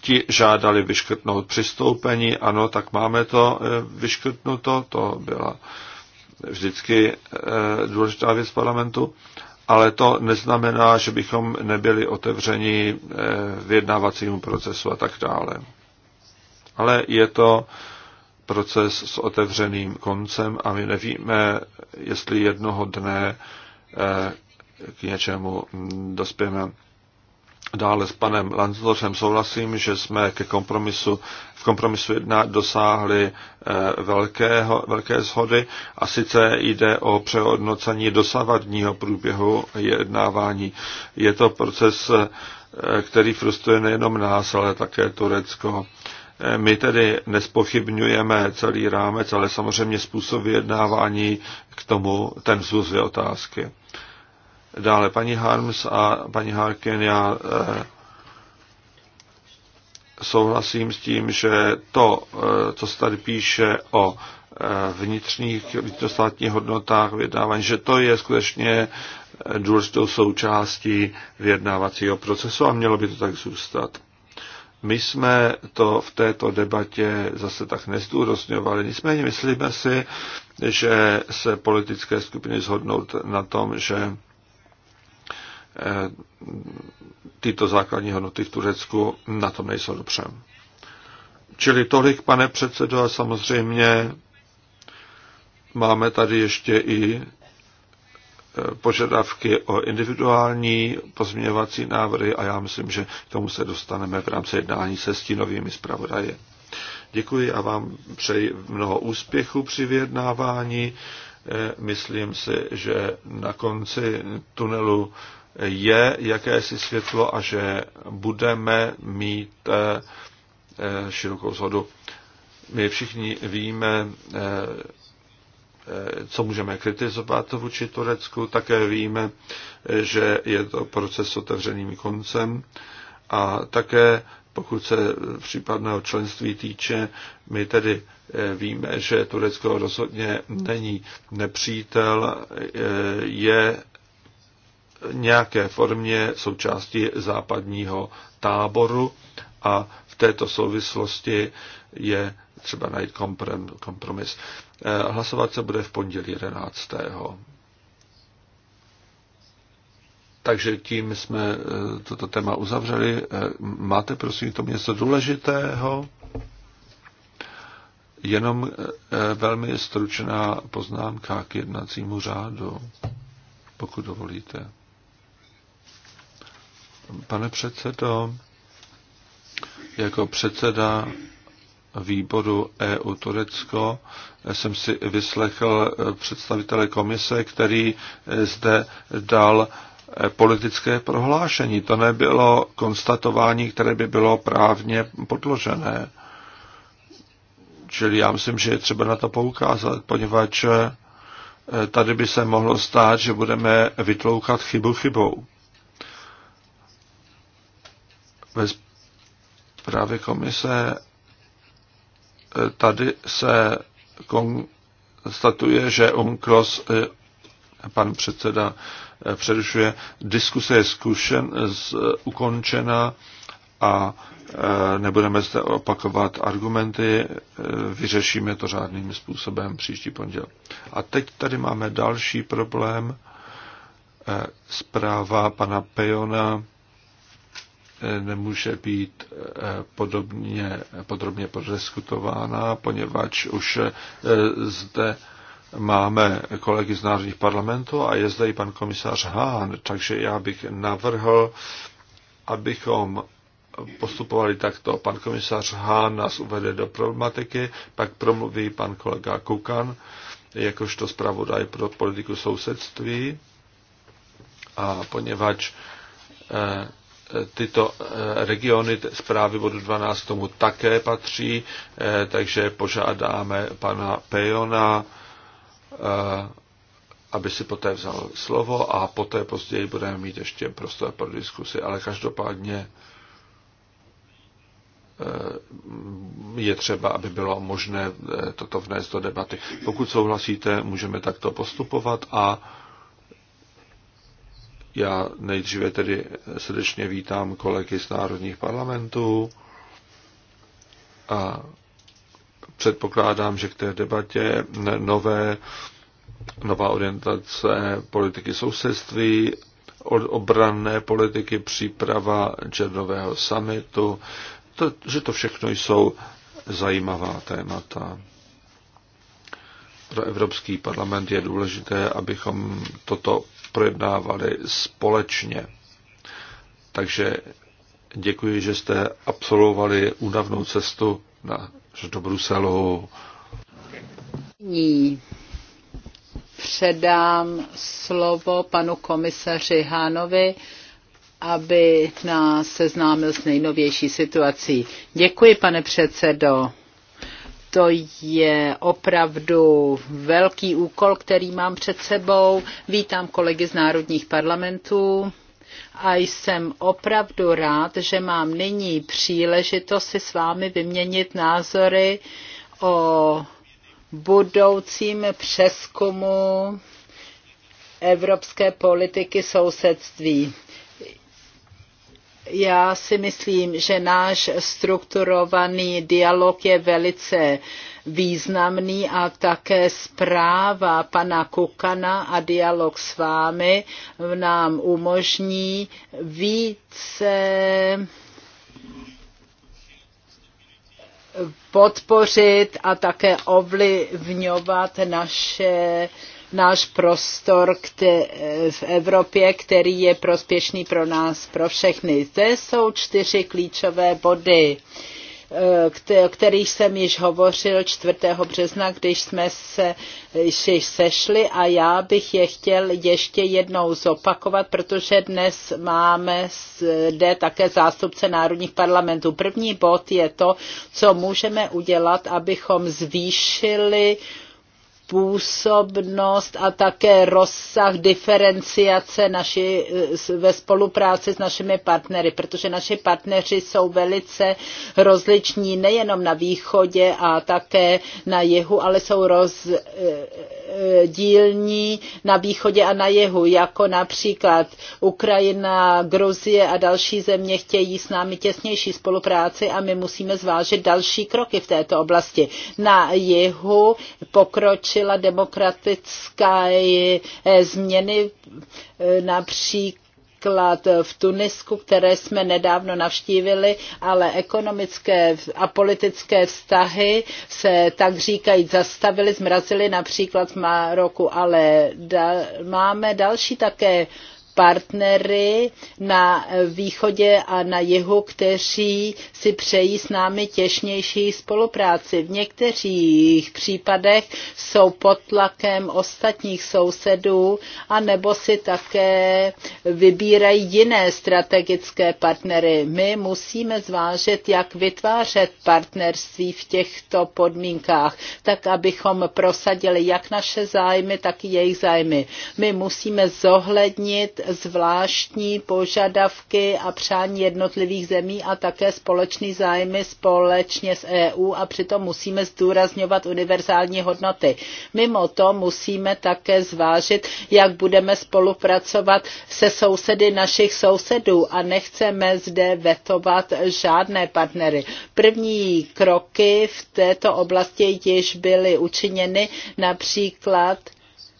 ti žádali vyškrtnout přistoupení, ano, tak máme to vyškrtnuto, to byla vždycky důležitá věc parlamentu ale to neznamená, že bychom nebyli otevřeni eh, vyjednávacímu procesu a tak dále. Ale je to proces s otevřeným koncem a my nevíme, jestli jednoho dne eh, k něčemu dospějeme. Dále s panem Lanzlořem souhlasím, že jsme ke kompromisu, v kompromisu jedna dosáhli eh, velkého, velké shody a sice jde o přehodnocení dosavadního průběhu jednávání. Je to proces, eh, který frustruje nejenom nás, ale také Turecko. Eh, my tedy nespochybňujeme celý rámec, ale samozřejmě způsob vyjednávání k tomu ten vzůz je otázky. Dále paní Harms a paní Harkin, já eh, souhlasím s tím, že to, eh, co se tady píše o eh, vnitřních vnitrostátních hodnotách vyjednávání, že to je skutečně důležitou součástí vyjednávacího procesu a mělo by to tak zůstat. My jsme to v této debatě zase tak nezdůrazňovali, nicméně myslíme si, že se politické skupiny zhodnout na tom, že Eh, tyto základní hodnoty v Turecku na tom nejsou dobře. Čili tolik, pane předsedo, a samozřejmě máme tady ještě i eh, požadavky o individuální pozměňovací návrhy a já myslím, že k tomu se dostaneme v rámci jednání se stínovými zpravodaje. Děkuji a vám přeji mnoho úspěchu při vyjednávání. Eh, myslím si, že na konci tunelu je jakési světlo a že budeme mít eh, eh, širokou zhodu. My všichni víme, eh, co můžeme kritizovat vůči Turecku, také víme, že je to proces s otevřeným koncem a také pokud se případného členství týče, my tedy víme, že Turecko rozhodně není nepřítel, je nějaké formě součástí západního táboru a v této souvislosti je třeba najít kompromis. Eh, hlasovat se bude v pondělí 11. Takže tím jsme eh, toto téma uzavřeli. Eh, máte prosím to něco důležitého? Jenom velmi stručná poznámka k jednacímu řádu, pokud dovolíte. Pane předsedo, jako předseda výboru EU Turecko jsem si vyslechl představitele komise, který zde dal politické prohlášení. To nebylo konstatování, které by bylo právně podložené. Čili já myslím, že je třeba na to poukázat, poněvadž tady by se mohlo stát, že budeme vytloukat chybu chybou. Ve zprávě komise eh, tady se konstatuje, že UNCLOS, umm eh, pan předseda eh, přerušuje, diskuse je zkušen, z, ukončena a nebudeme zde opakovat argumenty, vyřešíme to řádným způsobem příští pondělí. A teď tady máme další problém, zpráva pana Pejona nemůže být eh, podobně, podrobně prodiskutována, poněvadž už eh, zde máme kolegy z národních parlamentů a je zde i pan komisař Hahn, takže já bych navrhl, abychom postupovali takto. Pan komisař Hahn nás uvede do problematiky, pak promluví pan kolega Kukan, jakožto zpravodaj pro politiku sousedství. A poněvadž eh, tyto eh, regiony zprávy bodu 12 tomu také patří, eh, takže požádáme pana Pejona, eh, aby si poté vzal slovo a poté později budeme mít ještě prostor pro diskusi, ale každopádně je třeba, aby bylo možné toto vnést do debaty. Pokud souhlasíte, můžeme takto postupovat a já nejdříve tedy srdečně vítám kolegy z národních parlamentů a předpokládám, že k té debatě nové, nová orientace politiky sousedství, od obranné politiky, příprava černového summitu, to, že to všechno jsou zajímavá témata. Pro Evropský parlament je důležité, abychom toto projednávali společně. Takže děkuji, že jste absolvovali údavnou cestu na, do Bruselu. Ní. Předám slovo panu komisaři Hánovi, aby nás seznámil s nejnovější situací. Děkuji, pane předsedo to je opravdu velký úkol, který mám před sebou. Vítám kolegy z národních parlamentů a jsem opravdu rád, že mám nyní příležitost si s vámi vyměnit názory o budoucím přeskumu evropské politiky sousedství já si myslím, že náš strukturovaný dialog je velice významný a také zpráva pana Kukana a dialog s vámi nám umožní více podpořit a také ovlivňovat naše náš prostor v Evropě, který je prospěšný pro nás, pro všechny. Zde jsou čtyři klíčové body o kterých jsem již hovořil 4. března, když jsme se již sešli a já bych je chtěl ještě jednou zopakovat, protože dnes máme zde také zástupce národních parlamentů. První bod je to, co můžeme udělat, abychom zvýšili působnost a také rozsah diferenciace naši, ve spolupráci s našimi partnery, protože naši partneři jsou velice rozliční nejenom na východě a také na jihu, ale jsou rozdílní e, e, na východě a na jihu, jako například Ukrajina, Gruzie a další země chtějí s námi těsnější spolupráci a my musíme zvážit další kroky v této oblasti. Na jihu pokročil podpořila demokratické eh, změny eh, například v Tunisku, které jsme nedávno navštívili, ale ekonomické a politické vztahy se tak říkají zastavily, zmrazily například v Maroku, ale da, máme další také partnery na východě a na jihu, kteří si přejí s námi těžnější spolupráci. V některých případech jsou pod tlakem ostatních sousedů a nebo si také vybírají jiné strategické partnery. My musíme zvážit, jak vytvářet partnerství v těchto podmínkách, tak abychom prosadili jak naše zájmy, tak i jejich zájmy. My musíme zohlednit zvláštní požadavky a přání jednotlivých zemí a také společný zájmy společně s EU a přitom musíme zdůrazňovat univerzální hodnoty. Mimo to musíme také zvážit, jak budeme spolupracovat se sousedy našich sousedů a nechceme zde vetovat žádné partnery. První kroky v této oblasti již byly učiněny, například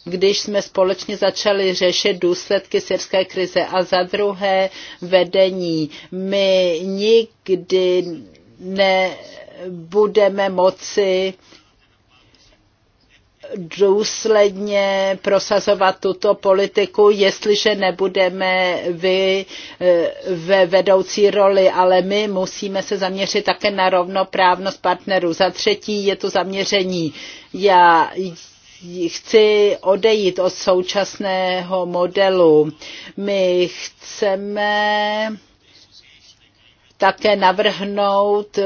když jsme společně začali řešit důsledky syrské krize. A za druhé vedení. My nikdy nebudeme moci důsledně prosazovat tuto politiku, jestliže nebudeme vy e, ve vedoucí roli, ale my musíme se zaměřit také na rovnoprávnost partnerů. Za třetí je to zaměření. Já chci odejít od současného modelu. My chceme také navrhnout eh,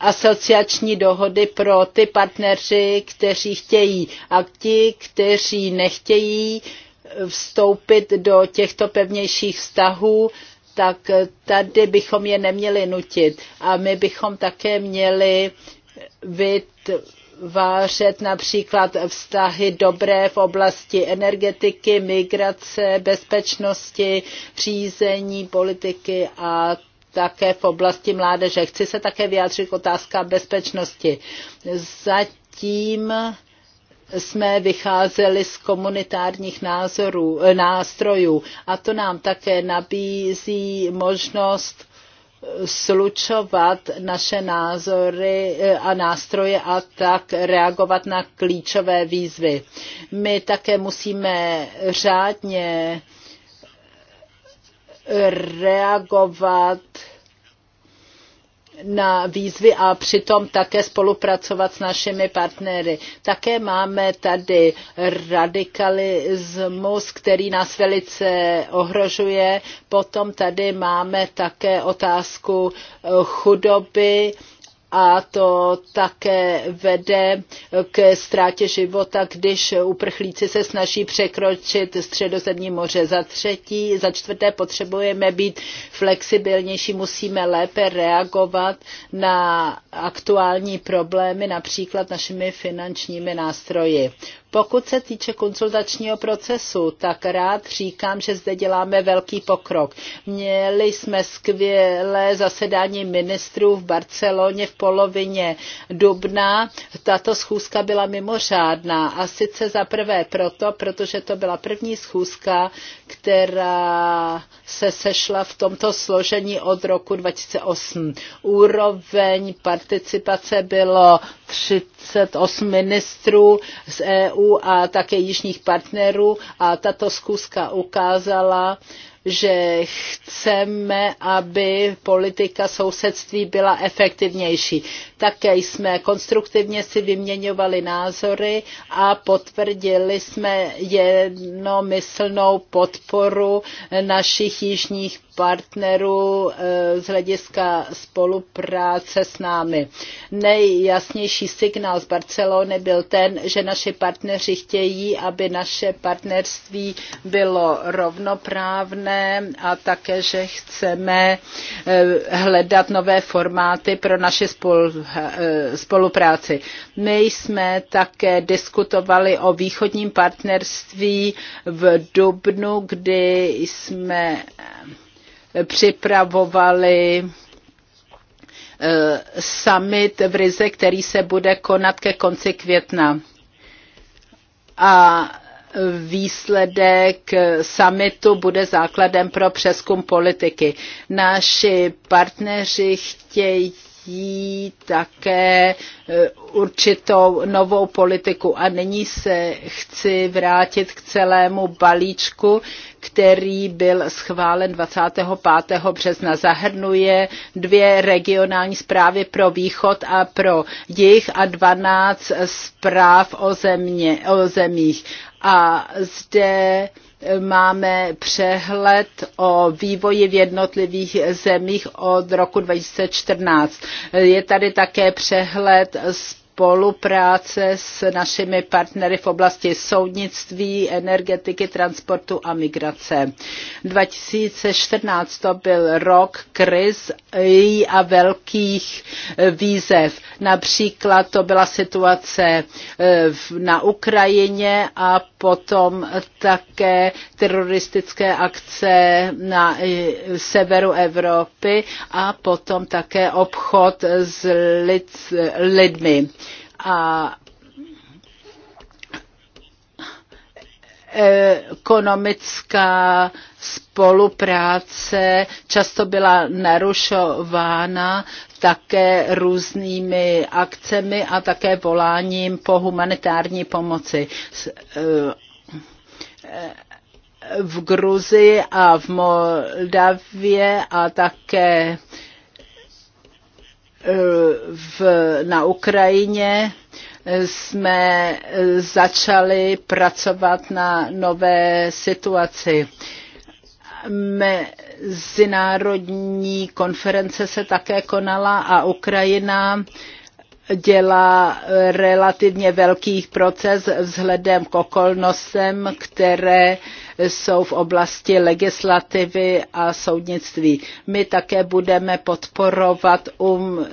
asociační dohody pro ty partneři, kteří chtějí a ti, kteří nechtějí vstoupit do těchto pevnějších vztahů, tak tady bychom je neměli nutit. A my bychom také měli vytvořit vytvářet například vztahy dobré v oblasti energetiky, migrace, bezpečnosti, řízení, politiky a také v oblasti mládeže. Chci se také vyjádřit k otázka bezpečnosti. Zatím jsme vycházeli z komunitárních názorů, nástrojů a to nám také nabízí možnost slučovat naše názory eh, a nástroje a tak reagovat na klíčové výzvy. My také musíme řádně reagovat na výzvy a přitom také spolupracovat s našimi partnery. Také máme tady radikalismus, který nás velice ohrožuje. Potom tady máme také otázku chudoby, a to také vede k ztrátě života, když uprchlíci se snaží překročit středozemní moře. Za třetí, za čtvrté potřebujeme být flexibilnější, musíme lépe reagovat na aktuální problémy, například našimi finančními nástroji. Pokud se týče konzultačního procesu, tak rád říkám, že zde děláme velký pokrok. Měli jsme skvělé zasedání ministrů v Barceloně v polovině dubna. Tato schůzka byla mimořádná a sice za prvé proto, protože to byla první schůzka, která se sešla v tomto složení od roku 2008. Úroveň participace bylo 38 ministrů z EU EU a také jižních partnerů a tato zkuska ukázala, že chceme, aby politika sousedství byla efektivnější. Také jsme konstruktivně si vyměňovali názory a potvrdili jsme jednomyslnou podporu našich jižních partnerů eh, z hlediska spolupráce s námi. Nejjasnější signál z Barcelony byl ten, že naši partneři chtějí, aby naše partnerství bylo rovnoprávné a také, že chceme eh, hledat nové formáty pro naše spol- Eh, spolupráci. My jsme také diskutovali o východním partnerství v Dubnu, kdy jsme eh, připravovali eh, summit v Rize, který se bude konat ke konci května. A výsledek summitu bude základem pro přeskum politiky. Naši partneři chtějí jí také eh, určitou novou politiku. A nyní se chci vrátit k celému balíčku, který byl schválen 25. března. Zahrnuje dvě regionální zprávy pro východ a pro jih a 12 zpráv o, země, o zemích. A zde máme přehled o vývoji v jednotlivých zemích od roku 2014. Je tady také přehled z spolupráce s našimi partnery v oblasti soudnictví, energetiky, transportu a migrace. 2014 to byl rok kriz a velkých výzev. Například to byla situace eh, na Ukrajině a potom také teroristické akce na eh, severu Evropy a potom také obchod s lidmi a e, ekonomická spolupráce často byla narušována také různými akcemi a také voláním po humanitární pomoci. E, e, v Gruzii a v Moldavě a také v, na Ukrajině jsme začali pracovat na nové situaci. Mezinárodní konference se také konala a Ukrajina dělá eh, relativně velký proces vzhledem k okolnostem, které jsou v oblasti legislativy a soudnictví. My také budeme podporovat um,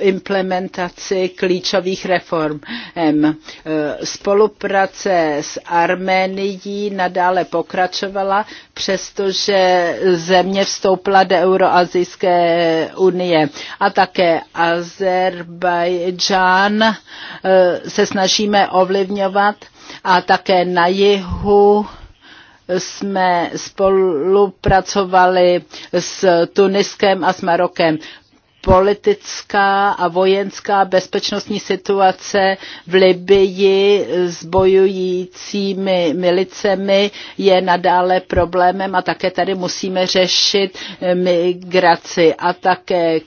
implementaci klíčových reform. Eh, spolupráce s Arménií nadále pokračovala, přestože země vstoupila do Euroazijské unie. A také Azerbajdžán eh, se snažíme ovlivňovat a také na jihu jsme spolupracovali s Tuniskem a s Marokem politická a vojenská bezpečnostní situace v Libii s bojujícími milicemi je nadále problémem a také tady musíme řešit migraci a také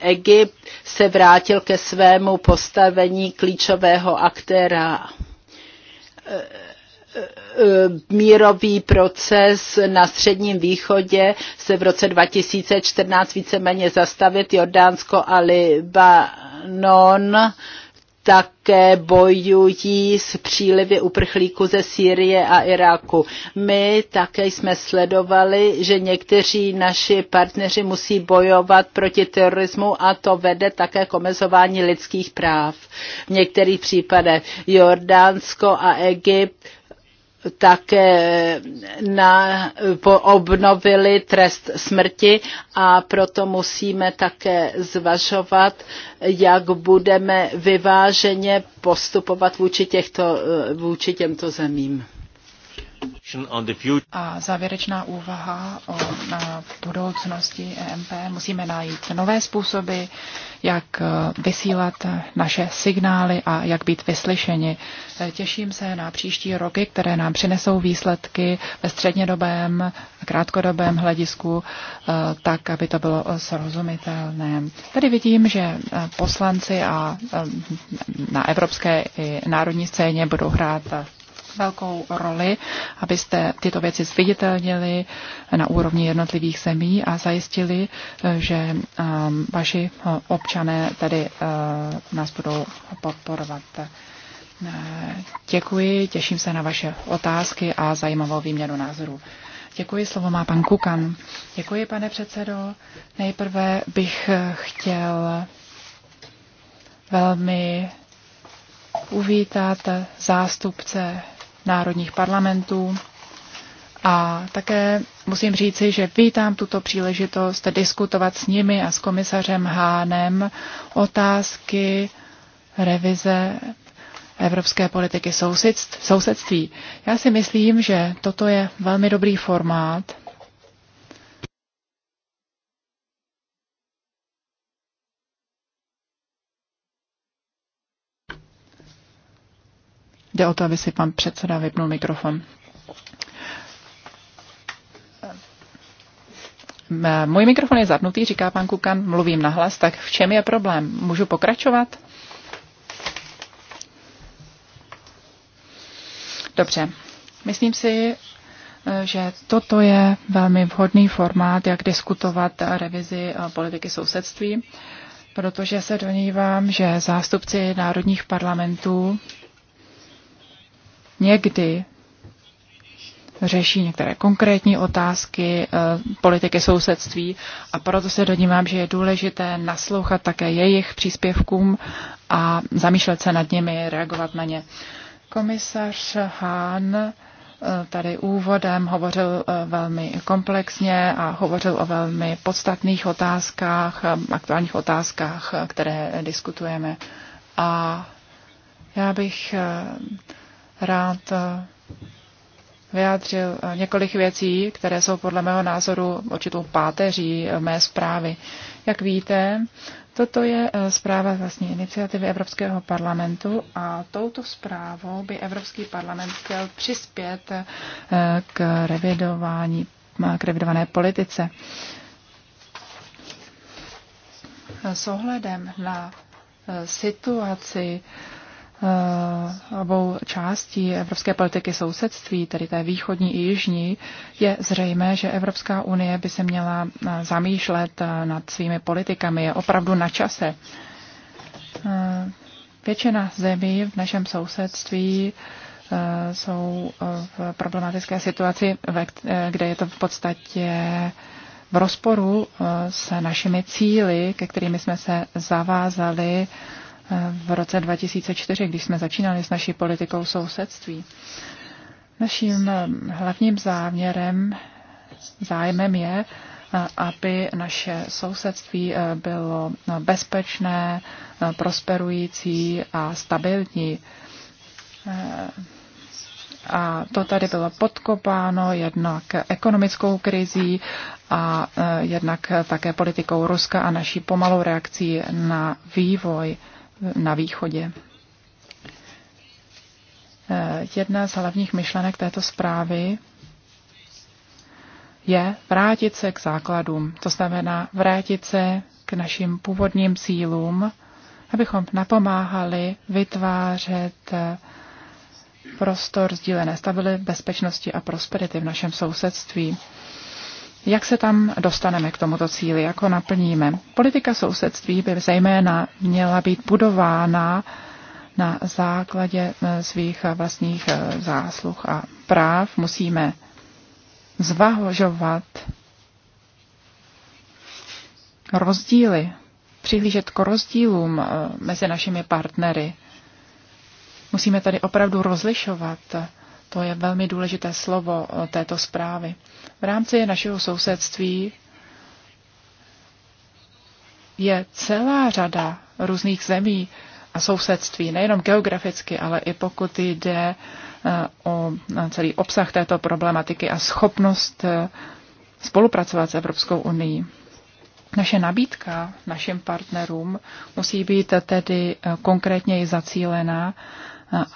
Egypt se vrátil ke svému postavení klíčového aktéra Eh, mírový proces na Středním východě se v roce 2014 víceméně zastavit. Jordánsko a Libanon také bojují s přílivy uprchlíků ze Sýrie a Iráku. My také jsme sledovali, že někteří naši partneři musí bojovat proti terorismu a to vede také k omezování lidských práv. V některých případech Jordánsko a Egypt také na, po, obnovili trest smrti a proto musíme také zvažovat, jak budeme vyváženě postupovat vůči, těchto, vůči těmto zemím. A závěrečná úvaha o budoucnosti EMP. Musíme najít nové způsoby, jak e, vysílat naše signály a jak být vyslyšeni. E, těším se na příští roky, které nám přinesou výsledky ve střednědobém, krátkodobém hledisku, e, tak, aby to bylo srozumitelné. Tady vidím, že poslanci a na evropské i národní scéně budou hrát velkou roli, abyste tyto věci zviditelnili na úrovni jednotlivých zemí a zajistili, že um, vaši eh, občané tady eh, nás budou podporovat. Eh, děkuji, těším se na vaše otázky a zajímavou výměnu názorů. Děkuji, slovo má pan Kukan. Děkuji, pane předsedo. Nejprve bych chtěl velmi uvítat zástupce národních parlamentů. A také musím říci, že vítám tuto příležitost diskutovat s nimi a s komisařem Hánem otázky revize evropské politiky sousedství. Já si myslím, že toto je velmi dobrý formát Jde o to, aby si pan předseda vypnul mikrofon. Eh, můj mikrofon je zapnutý, říká pan Kukan, mluvím nahlas, tak v čem je problém? Můžu pokračovat? Dobře, myslím si, eh, že toto je velmi vhodný formát, jak diskutovat revizi eh, politiky sousedství, protože se donívám, že zástupci národních parlamentů někdy řeší některé konkrétní otázky e, politiky sousedství a proto se dodívám, že je důležité naslouchat také jejich příspěvkům a zamýšlet se nad nimi, reagovat na ně. Komisař Hahn e, tady úvodem hovořil e, velmi komplexně a hovořil o velmi podstatných otázkách, aktuálních otázkách, které diskutujeme. A já bych rád eh, vyjádřil eh, několik věcí, které jsou podle mého názoru určitou páteří eh, mé zprávy. Jak víte, toto je zpráva z vlastní iniciativy Evropského parlamentu a touto zprávou by Evropský parlament chtěl přispět k revidování, k revidované politice. S ohledem na situaci Eh, obou částí evropské politiky sousedství, tedy té východní i jižní, je zřejmé, že Evropská unie by se měla eh, zamýšlet eh, nad svými politikami. Je opravdu na čase. Většina zemí v našem sousedství jsou v problematické situaci, kde je to v podstatě v rozporu s našimi cíly, ke kterými jsme se zavázali v roce 2004, když jsme začínali s naší politikou sousedství. Naším eh, hlavním záměrem, zájmem je, eh, aby naše sousedství eh, bylo bezpečné, prosperující a stabilní. A to tady bylo podkopáno jednak ekonomickou krizí a jednak také politikou Ruska a naší pomalou reakcí na vývoj na východě. Eh, jedna z hlavních myšlenek této zprávy je vrátit se k základům, to znamená vrátit se k našim původním cílům, abychom napomáhali vytvářet eh, prostor sdílené stability, bezpečnosti a prosperity v našem sousedství. Jak se tam dostaneme k tomuto cíli, jak ho naplníme? Politika sousedství by zejména měla být budována na základě eh, svých eh, vlastních eh, zásluh a práv. Musíme zvahožovat rozdíly, přihlížet k rozdílům mezi našimi partnery. Musíme tady opravdu rozlišovat. To je velmi důležité slovo této zprávy. V rámci našeho sousedství je celá řada různých zemí a sousedství, nejenom geograficky, ale i pokud jde eh, o eh, celý obsah této problematiky a schopnost eh, spolupracovat s Evropskou unii. Naše nabídka našim partnerům musí být tedy konkrétněji zacílená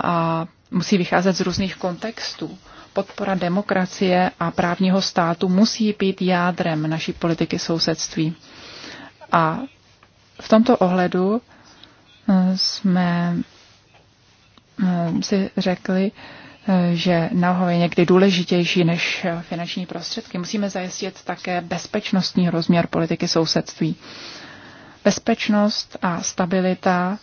a musí vycházet z různých kontextů podpora demokracie a právního státu musí být jádrem naší politiky sousedství. A v tomto ohledu eh, jsme eh, si řekli, eh, že na je někdy důležitější než finanční prostředky. Musíme zajistit také bezpečnostní rozměr politiky sousedství. Bezpečnost a stabilita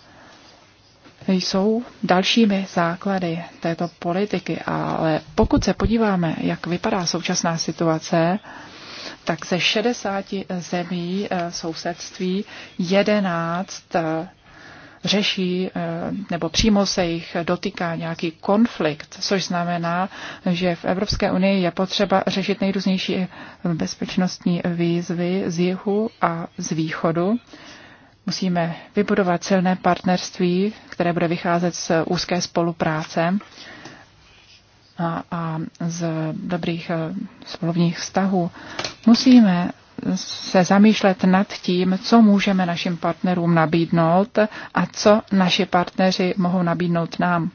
jsou dalšími základy této politiky, ale pokud se podíváme, jak vypadá současná situace, tak ze 60 zemí eh, sousedství 11 eh, řeší eh, nebo přímo se jich dotýká nějaký konflikt, což znamená, že v Evropské unii je potřeba řešit nejrůznější bezpečnostní výzvy z jihu a z východu Musíme vybudovat silné partnerství, které bude vycházet z úzké spolupráce a, a z dobrých eh, smluvních vztahů. Musíme se zamýšlet nad tím, co můžeme našim partnerům nabídnout a co naši partneři mohou nabídnout nám.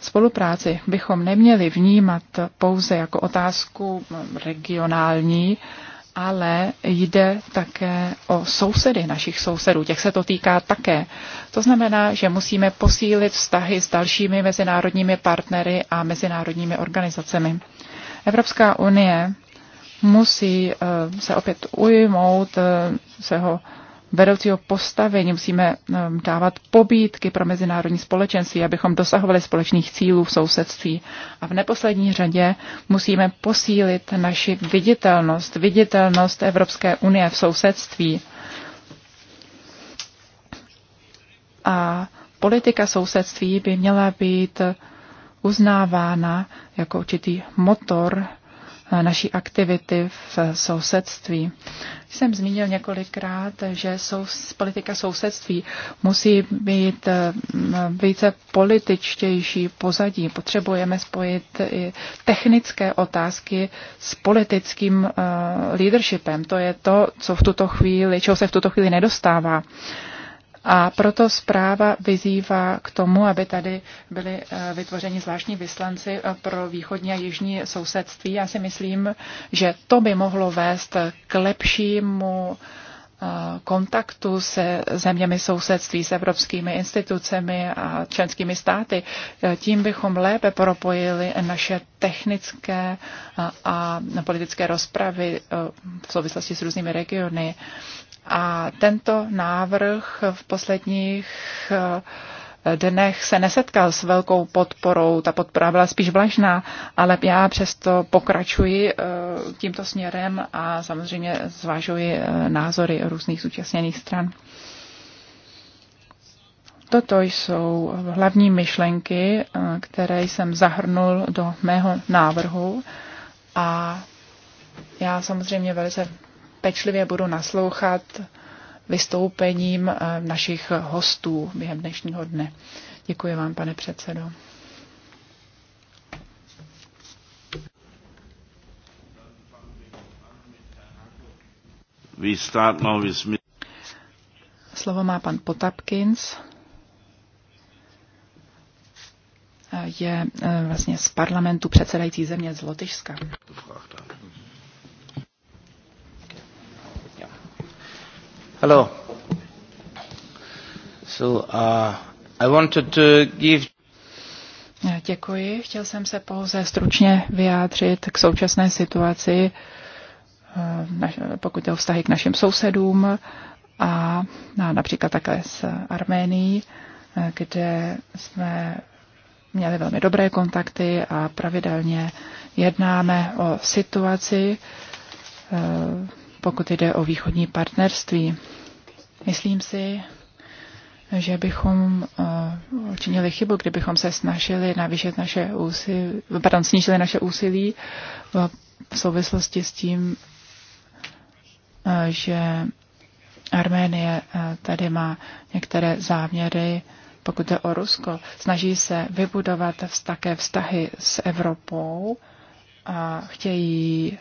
Spolupráci bychom neměli vnímat pouze jako otázku regionální, ale jde také o sousedy našich sousedů, těch se to týká také. To znamená, že musíme posílit vztahy s dalšími mezinárodními partnery a mezinárodními organizacemi. Evropská unie musí eh, se opět ujmout eh, svého vedoucího postavení, musíme um, dávat pobídky pro mezinárodní společenství, abychom dosahovali společných cílů v sousedství. A v neposlední řadě musíme posílit naši viditelnost, viditelnost Evropské unie v sousedství. A politika sousedství by měla být uznávána jako určitý motor Eh, naší aktivity v sousedství. Jsem zmínil několikrát, že sou, politika sousedství musí být eh, více političtější pozadí. Potřebujeme spojit i technické otázky s politickým eh, leadershipem. To je to, co v tuto chvíli, čeho se v tuto chvíli nedostává. A proto zpráva vyzývá k tomu, aby tady byly eh, vytvořeni zvláštní vyslanci eh, pro východní a jižní sousedství. Já si myslím, že to by mohlo vést k lepšímu eh, kontaktu se zeměmi sousedství, s evropskými institucemi a členskými státy. Tím bychom lépe propojili naše technické a politické rozpravy v souvislosti s různými regiony. A tento návrh v posledních eh, dnech se nesetkal s velkou podporou, ta podpora byla spíš vlažná, ale já přesto pokračuji eh, tímto směrem a samozřejmě zvažuji eh, názory různých zúčastněných stran. Toto jsou hlavní myšlenky, které jsem zahrnul do mého návrhu a já samozřejmě velice pečlivě budu naslouchat vystoupením eh, našich hostů během dnešního dne. Děkuji vám, pane předsedo. Slovo má pan Potapkins. Eh, je eh, vlastně z parlamentu předsedající země z Lotyšska. Hello. So, uh, I wanted to give... Děkuji. Chtěl jsem se pouze stručně vyjádřit k současné situaci, eh, pokud jde o vztahy k našim sousedům a například také s Arménií, eh, kde jsme měli velmi dobré kontakty a pravidelně jednáme o situaci eh, pokud jde o východní partnerství. Myslím si, že bychom eh, učinili chybu, kdybychom se snažili navýšit naše úsilí, pardon, snížili naše úsilí eh, v souvislosti s tím, eh, že Arménie tady má některé záměry, pokud jde o Rusko. Snaží se vybudovat také vztahy s Evropou a chtějí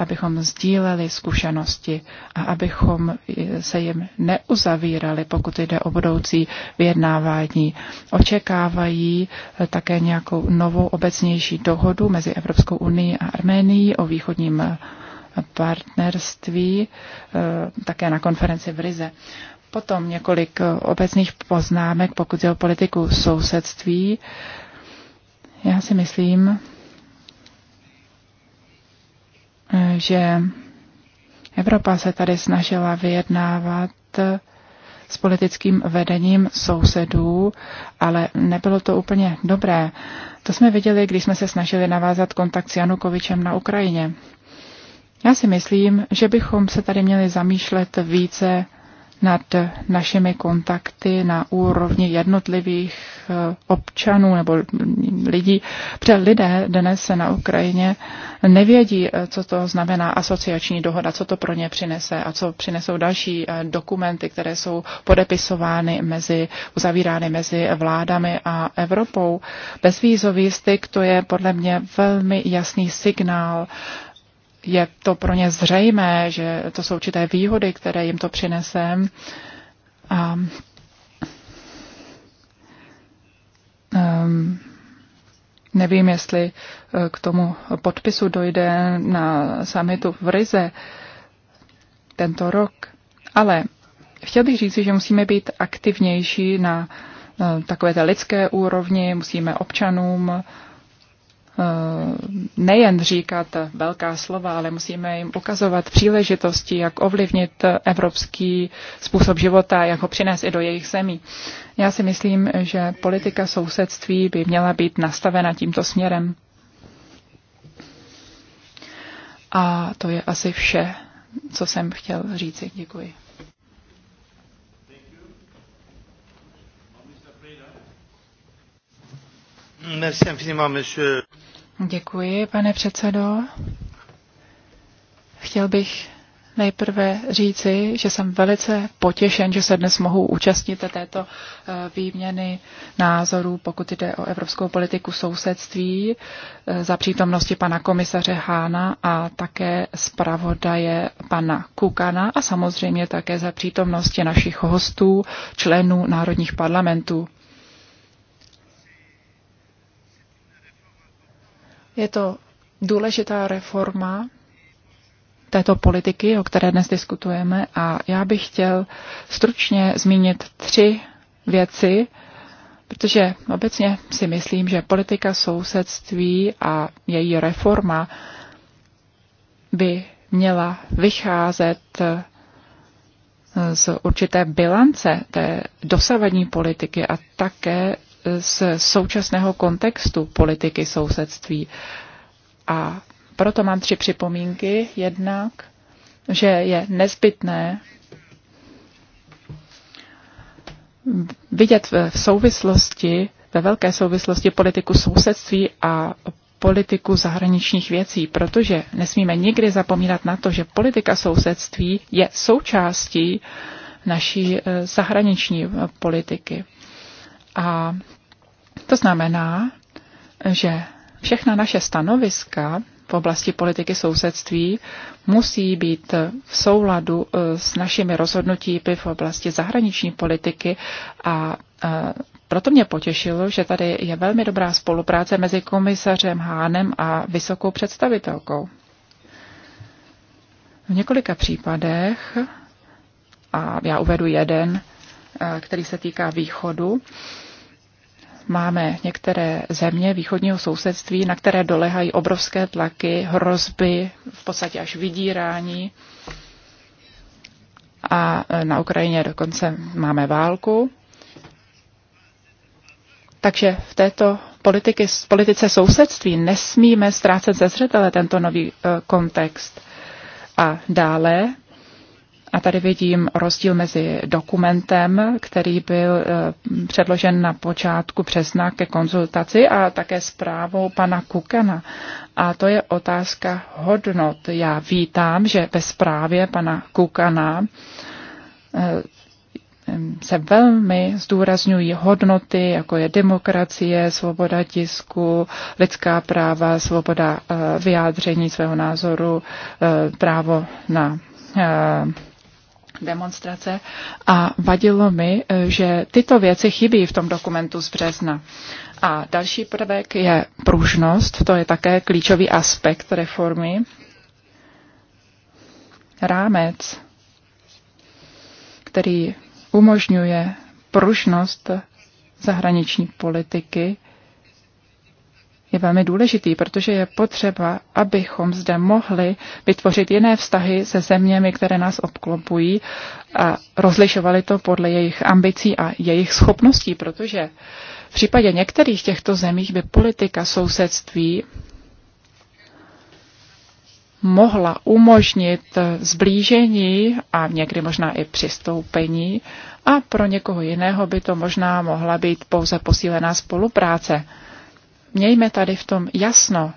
abychom sdíleli zkušenosti a abychom se jim neuzavírali, pokud jde o budoucí vyjednávání. Očekávají eh, také nějakou novou obecnější dohodu mezi Evropskou unii a Arménií o východním eh, partnerství, eh, také na konferenci v Rize. Potom několik obecných poznámek, pokud je o politiku sousedství. Já si myslím, že Evropa se tady snažila vyjednávat s politickým vedením sousedů, ale nebylo to úplně dobré. To jsme viděli, když jsme se snažili navázat kontakt s Janukovičem na Ukrajině. Já si myslím, že bychom se tady měli zamýšlet více nad našimi kontakty na úrovni jednotlivých eh, občanů nebo lidí. Protože lidé dnes na Ukrajině nevědí, eh, co to znamená asociační dohoda, co to pro ně přinese a co přinesou další eh, dokumenty, které jsou podepisovány mezi, uzavírány mezi vládami a Evropou. Bezvízový styk to je podle mě velmi jasný signál je to pro ně zřejmé, že to jsou určité výhody, které jim to přinese. A um, nevím, jestli eh, k tomu podpisu dojde na samitu v Rize tento rok. Ale chtěl bych říci, že musíme být aktivnější na eh, takové té lidské úrovni, musíme občanům Eh, nejen říkat velká slova, ale musíme jim ukazovat příležitosti, jak ovlivnit evropský způsob života, jak ho přinést i do jejich zemí. Já si myslím, že politika sousedství by měla být nastavena tímto směrem. A to je asi vše, co jsem chtěl říci. Děkuji. Merci infiniment, monsieur. Děkuji, pane předsedo. Chtěl bych nejprve říci, že jsem velice potěšen, že se dnes mohu účastnit této eh, výměny názorů, pokud jde o evropskou politiku sousedství, eh, za přítomnosti pana komisaře Hána a také zpravodaje pana Kukana a samozřejmě také za přítomnosti našich hostů, členů národních parlamentů. Je to důležitá reforma této politiky, o které dnes diskutujeme, a já bych chtěl stručně zmínit tři věci, protože obecně si myslím, že politika sousedství a její reforma by měla vycházet eh, z určité bilance té dosavadní politiky a také z současného kontextu politiky sousedství. A proto mám tři připomínky. Jednak, že je nezbytné vidět v souvislosti, ve velké souvislosti politiku sousedství a politiku zahraničních věcí, protože nesmíme nikdy zapomínat na to, že politika sousedství je součástí naší eh, zahraniční eh, politiky. A to znamená, že všechna naše stanoviska v oblasti politiky sousedství musí být v souladu eh, s našimi rozhodnutími v oblasti zahraniční politiky a eh, proto mě potěšilo, že tady je velmi dobrá spolupráce mezi komisařem Hánem a vysokou představitelkou. V několika případech, a já uvedu jeden, Eh, který se týká východu. Máme některé země východního sousedství, na které dolehají obrovské tlaky, hrozby, v podstatě až vydírání. A eh, na Ukrajině dokonce máme válku. Takže v této politiky, politice sousedství nesmíme ztrácet ze zřetele tento nový eh, kontext. A dále a tady vidím rozdíl mezi dokumentem, který byl eh, předložen na počátku března ke konzultaci a také zprávou pana Kukana. A to je otázka hodnot. Já vítám, že ve zprávě pana Kukana eh, se velmi zdůrazňují hodnoty, jako je demokracie, svoboda tisku, lidská práva, svoboda eh, vyjádření svého názoru, právo na demonstrace a vadilo mi, eh, že tyto věci chybí v tom dokumentu z března. A další prvek je pružnost, to je také klíčový aspekt reformy. Rámec, který umožňuje pružnost zahraniční politiky, je velmi důležitý, protože je potřeba, abychom zde mohli vytvořit jiné vztahy se zeměmi, které nás obklopují a rozlišovali to podle jejich ambicí a jejich schopností, protože v případě některých těchto zemích by politika sousedství mohla umožnit zblížení a někdy možná i přistoupení a pro někoho jiného by to možná mohla být pouze posílená spolupráce. Mějme tady v tom jasno.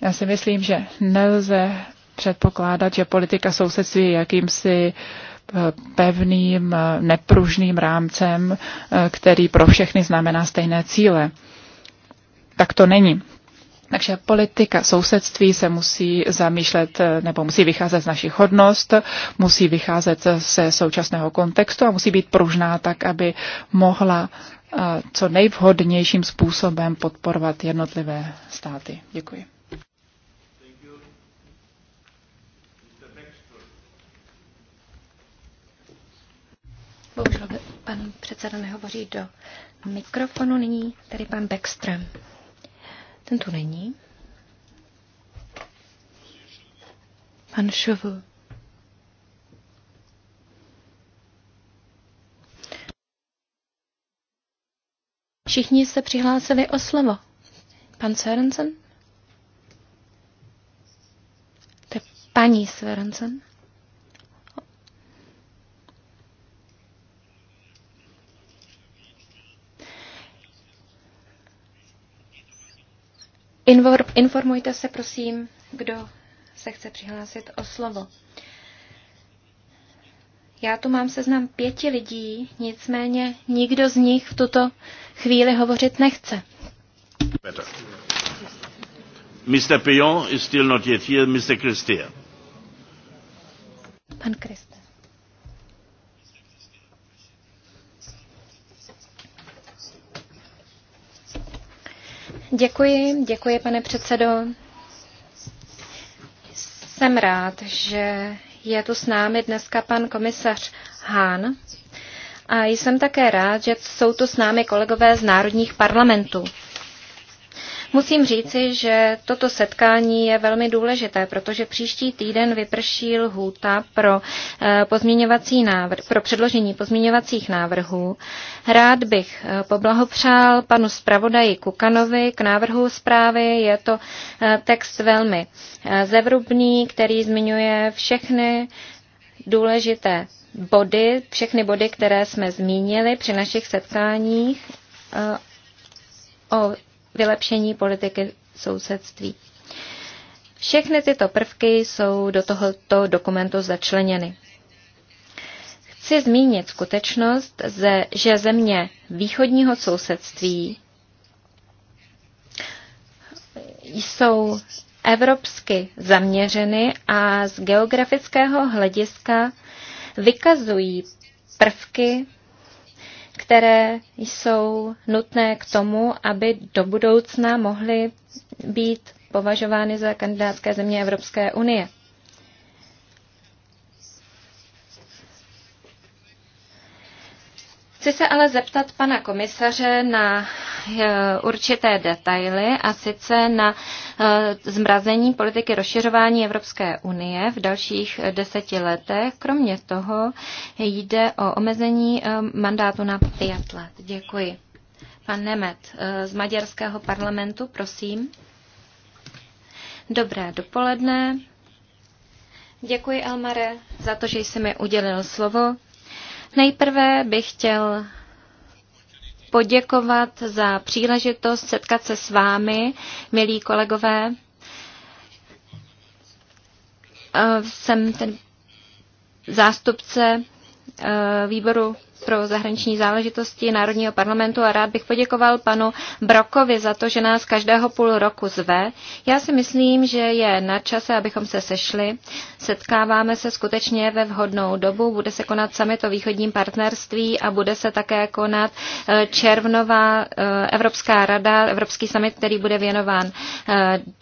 Já si myslím, že nelze předpokládat, že politika sousedství je jakýmsi eh, pevným, eh, nepružným rámcem, eh, který pro všechny znamená stejné cíle. Tak to není. Takže politika sousedství se musí zamýšlet nebo musí vycházet z našich hodnost, musí vycházet ze současného kontextu a musí být pružná tak, aby mohla co nejvhodnějším způsobem podporovat jednotlivé státy. Děkuji. Bohužel pan předseda nehovoří do mikrofonu. Nyní tady pan Beckström. Ten tu není. Pan Šovu. Všichni se přihlásili o slovo. Pan Sørensen? To je paní Sørensen. Informujte se, prosím, kdo se chce přihlásit o slovo. Já tu mám seznam pěti lidí, nicméně nikdo z nich v tuto chvíli hovořit nechce. Better. Mr. Pion is still not yet here. Mr. Christian. Pan Krista. Děkuji, děkuji, pane předsedo. Jsem rád, že je tu s námi dneska pan komisař Hán, a jsem také rád, že jsou tu s námi kolegové z národních parlamentů. Musím říci, že toto setkání je velmi důležité, protože příští týden vyprší lhůta pro, eh, pozměňovací návrh, pro předložení pozměňovacích návrhů. Rád bych eh, poblahopřál panu zpravodaji Kukanovi k návrhu zprávy. Je to eh, text velmi zevrubný, který zmiňuje všechny důležité body, všechny body, které jsme zmínili při našich setkáních o vylepšení politiky sousedství. Všechny tyto prvky jsou do tohoto dokumentu začleněny. Chci zmínit skutečnost, že země východního sousedství jsou evropsky zaměřeny a z geografického hlediska vykazují prvky které jsou nutné k tomu, aby do budoucna mohly být považovány za kandidátské země Evropské unie. Chci se ale zeptat pana komisaře na eh, určité detaily a sice na eh, zmrazení politiky rozšiřování Evropské unie v dalších eh, deseti letech. Kromě toho jde o omezení mandátu na pět let. Děkuji. Pan Nemet z Maďarského parlamentu, prosím. Dobré dopoledne. Děkuji, Elmare, za to, že jsi mi udělil slovo. Nejprve bych chtěl poděkovat za příležitost setkat se s vámi, milí kolegové. Jsem ten zástupce Eh, výboru pro zahraniční záležitosti Národního parlamentu a rád bych poděkoval panu Brokovi za to, že nás každého půl roku zve. Já si myslím, že je na čase, abychom se sešli. Setkáváme se skutečně ve vhodnou dobu. Bude se konat summit o východním partnerství a bude se také konat eh, červnová eh, Evropská rada, Evropský summit, který bude věnován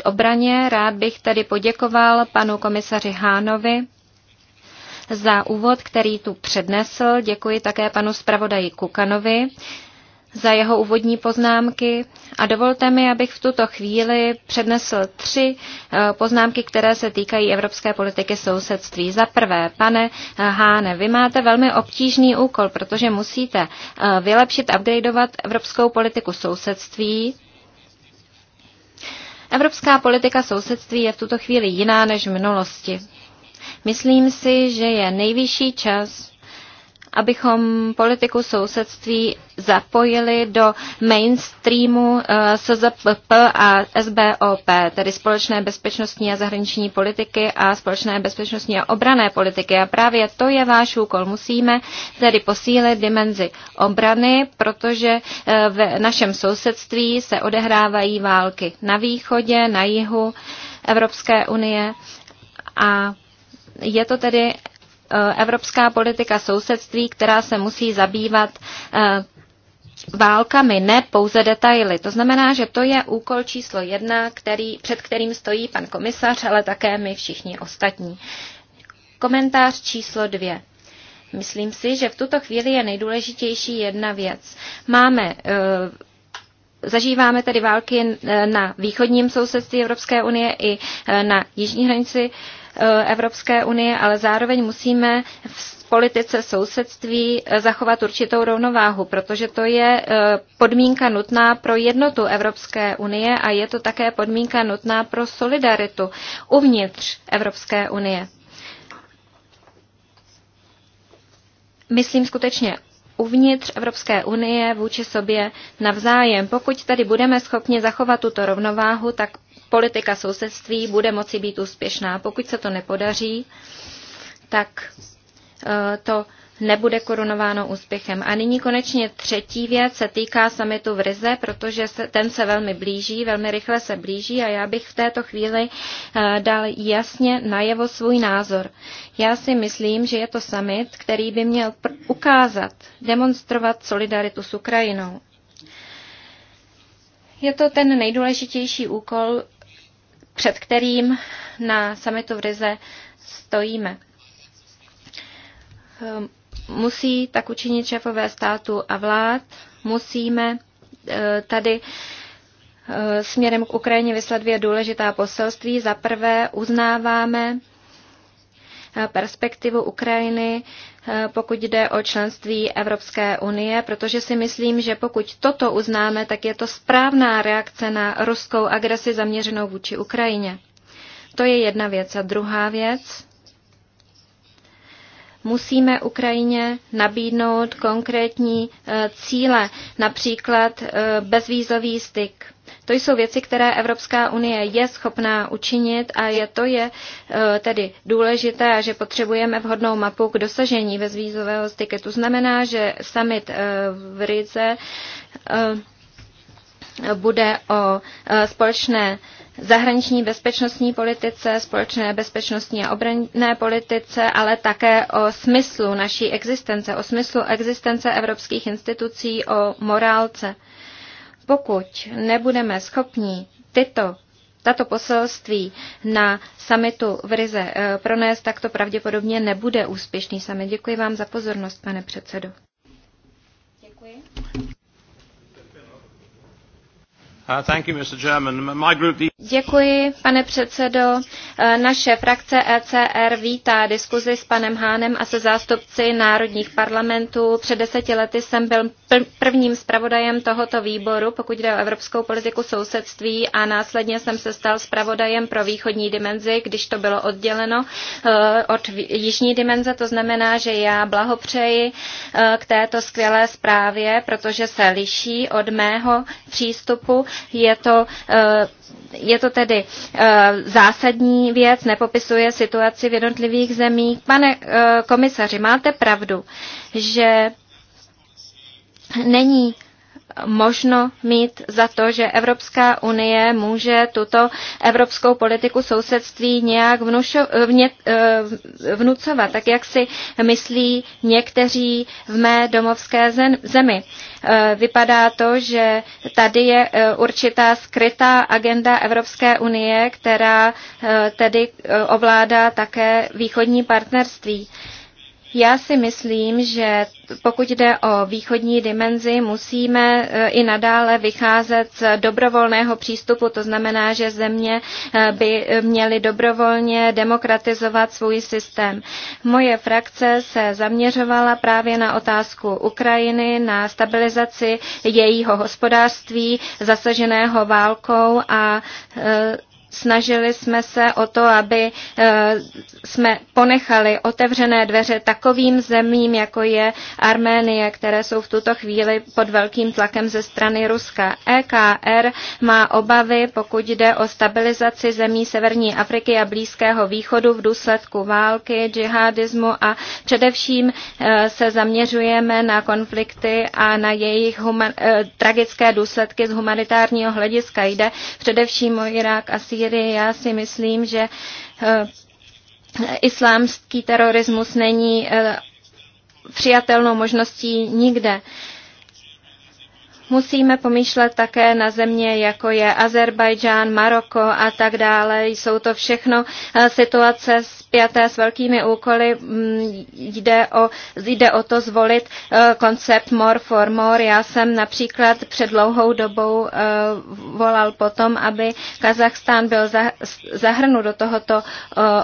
obraně. Rád bych tedy poděkoval panu komisaři Hánovi za úvod, který tu přednesl. Děkuji také panu zpravodaji Kukanovi za jeho úvodní poznámky a dovolte mi, abych v tuto chvíli přednesl tři eh, poznámky, které se týkají evropské politiky sousedství. Za prvé, pane eh, Háne, vy máte velmi obtížný úkol, protože musíte eh, vylepšit, upgradeovat evropskou politiku sousedství. Evropská politika sousedství je v tuto chvíli jiná než v minulosti. Myslím si, že je nejvyšší čas, abychom politiku sousedství zapojili do mainstreamu eh, SZPP a SBOP, tedy společné bezpečnostní a zahraniční politiky a společné bezpečnostní a obrané politiky. A právě to je váš úkol. Musíme tedy posílit dimenzi obrany, protože eh, v našem sousedství se odehrávají války na východě, na jihu Evropské unie a je to tedy eh, evropská politika sousedství, která se musí zabývat eh, válkami, ne pouze detaily. To znamená, že to je úkol číslo jedna, který, před kterým stojí pan komisař, ale také my všichni ostatní. Komentář číslo dvě. Myslím si, že v tuto chvíli je nejdůležitější jedna věc. Máme eh, Zažíváme tedy války na východním sousedství Evropské unie i na jižní hranici Eh, Evropské unie, ale zároveň musíme v politice sousedství eh, zachovat určitou rovnováhu, protože to je eh, podmínka nutná pro jednotu Evropské unie a je to také podmínka nutná pro solidaritu uvnitř Evropské unie. Myslím skutečně uvnitř Evropské unie vůči sobě navzájem. Pokud tady budeme schopni zachovat tuto rovnováhu, tak politika sousedství bude moci být úspěšná. Pokud se to nepodaří, tak eh, to nebude korunováno úspěchem. A nyní konečně třetí věc se týká samitu v Rize, protože se, ten se velmi blíží, velmi rychle se blíží a já bych v této chvíli eh, dal jasně najevo svůj názor. Já si myslím, že je to summit, který by měl ukázat, demonstrovat solidaritu s Ukrajinou. Je to ten nejdůležitější úkol před kterým na summitu v Rize stojíme. Ehm, musí tak učinit šéfové státu a vlád. Musíme e, tady e, směrem k Ukrajině vyslat dvě důležitá poselství. Za prvé uznáváme Eh, perspektivu Ukrajiny, eh, pokud jde o členství Evropské unie, protože si myslím, že pokud toto uznáme, tak je to správná reakce na ruskou agresi zaměřenou vůči Ukrajině. To je jedna věc. A druhá věc, musíme Ukrajině nabídnout konkrétní eh, cíle, například bezvýzový styk. To jsou věci, které Evropská unie je schopná učinit a je to je eh, tedy důležité, že potřebujeme vhodnou mapu k dosažení bezvízového styku. To znamená, že summit eh, v Rize eh, bude o společné zahraniční bezpečnostní politice, společné bezpečnostní a obranné politice, ale také o smyslu naší existence, o smyslu existence evropských institucí, o morálce. Pokud nebudeme schopni tyto tato poselství na samitu v Rize eh, pronést, tak to pravděpodobně nebude úspěšný samit. Děkuji vám za pozornost, pane předsedo. Uh, Děkuji, pane předsedo. Uh, naše frakce ECR vítá diskuzi s panem Hánem a se zástupci národních parlamentů. Před deseti lety jsem byl prvním zpravodajem tohoto výboru, pokud jde o evropskou politiku sousedství a následně jsem se stal zpravodajem pro východní dimenzi, když to bylo odděleno uh, od jižní dimenze. To znamená, že já blahopřeji k této skvělé zprávě, protože se liší od mého přístupu. Je to, eh, je to tedy eh, zásadní věc, nepopisuje situaci v jednotlivých zemích. Pane eh, komisaři, máte pravdu, že není možno mít za to, že Evropská unie může tuto evropskou politiku sousedství nějak vnušo, vně, eh, vnucovat, tak jak si myslí někteří v mé domovské zemi. Eh, vypadá to, že tady je eh, určitá skrytá agenda Evropské unie, která tedy ovládá také východní partnerství. Já si myslím, že pokud jde o východní dimenzi, musíme eh, i nadále vycházet z dobrovolného přístupu. To znamená, že země eh, by měly dobrovolně demokratizovat svůj systém. Moje frakce se zaměřovala právě na otázku Ukrajiny, na stabilizaci jejího hospodářství zasaženého válkou a eh, Snažili jsme se o to, aby eh, jsme ponechali otevřené dveře takovým zemím, jako je Arménie, které jsou v tuto chvíli pod velkým tlakem ze strany Ruska. EKR má obavy, pokud jde o stabilizaci zemí Severní Afriky a Blízkého východu v důsledku války, džihadismu a především eh, se zaměřujeme na konflikty a na jejich human- eh, tragické důsledky z humanitárního hlediska. Jde především o Irák a Sýrii Sýrii. Já si myslím, že eh, islámský terorismus není eh, přijatelnou možností nikde. Musíme pomýšlet také na země, jako je Azerbajdžán, Maroko a tak dále. Jsou to všechno eh, situace zpěté s velkými úkoly. Mm, jde o, jde o to zvolit eh, koncept more for more. Já jsem například před dlouhou dobou eh, volal potom, aby Kazachstán byl zahrnut do tohoto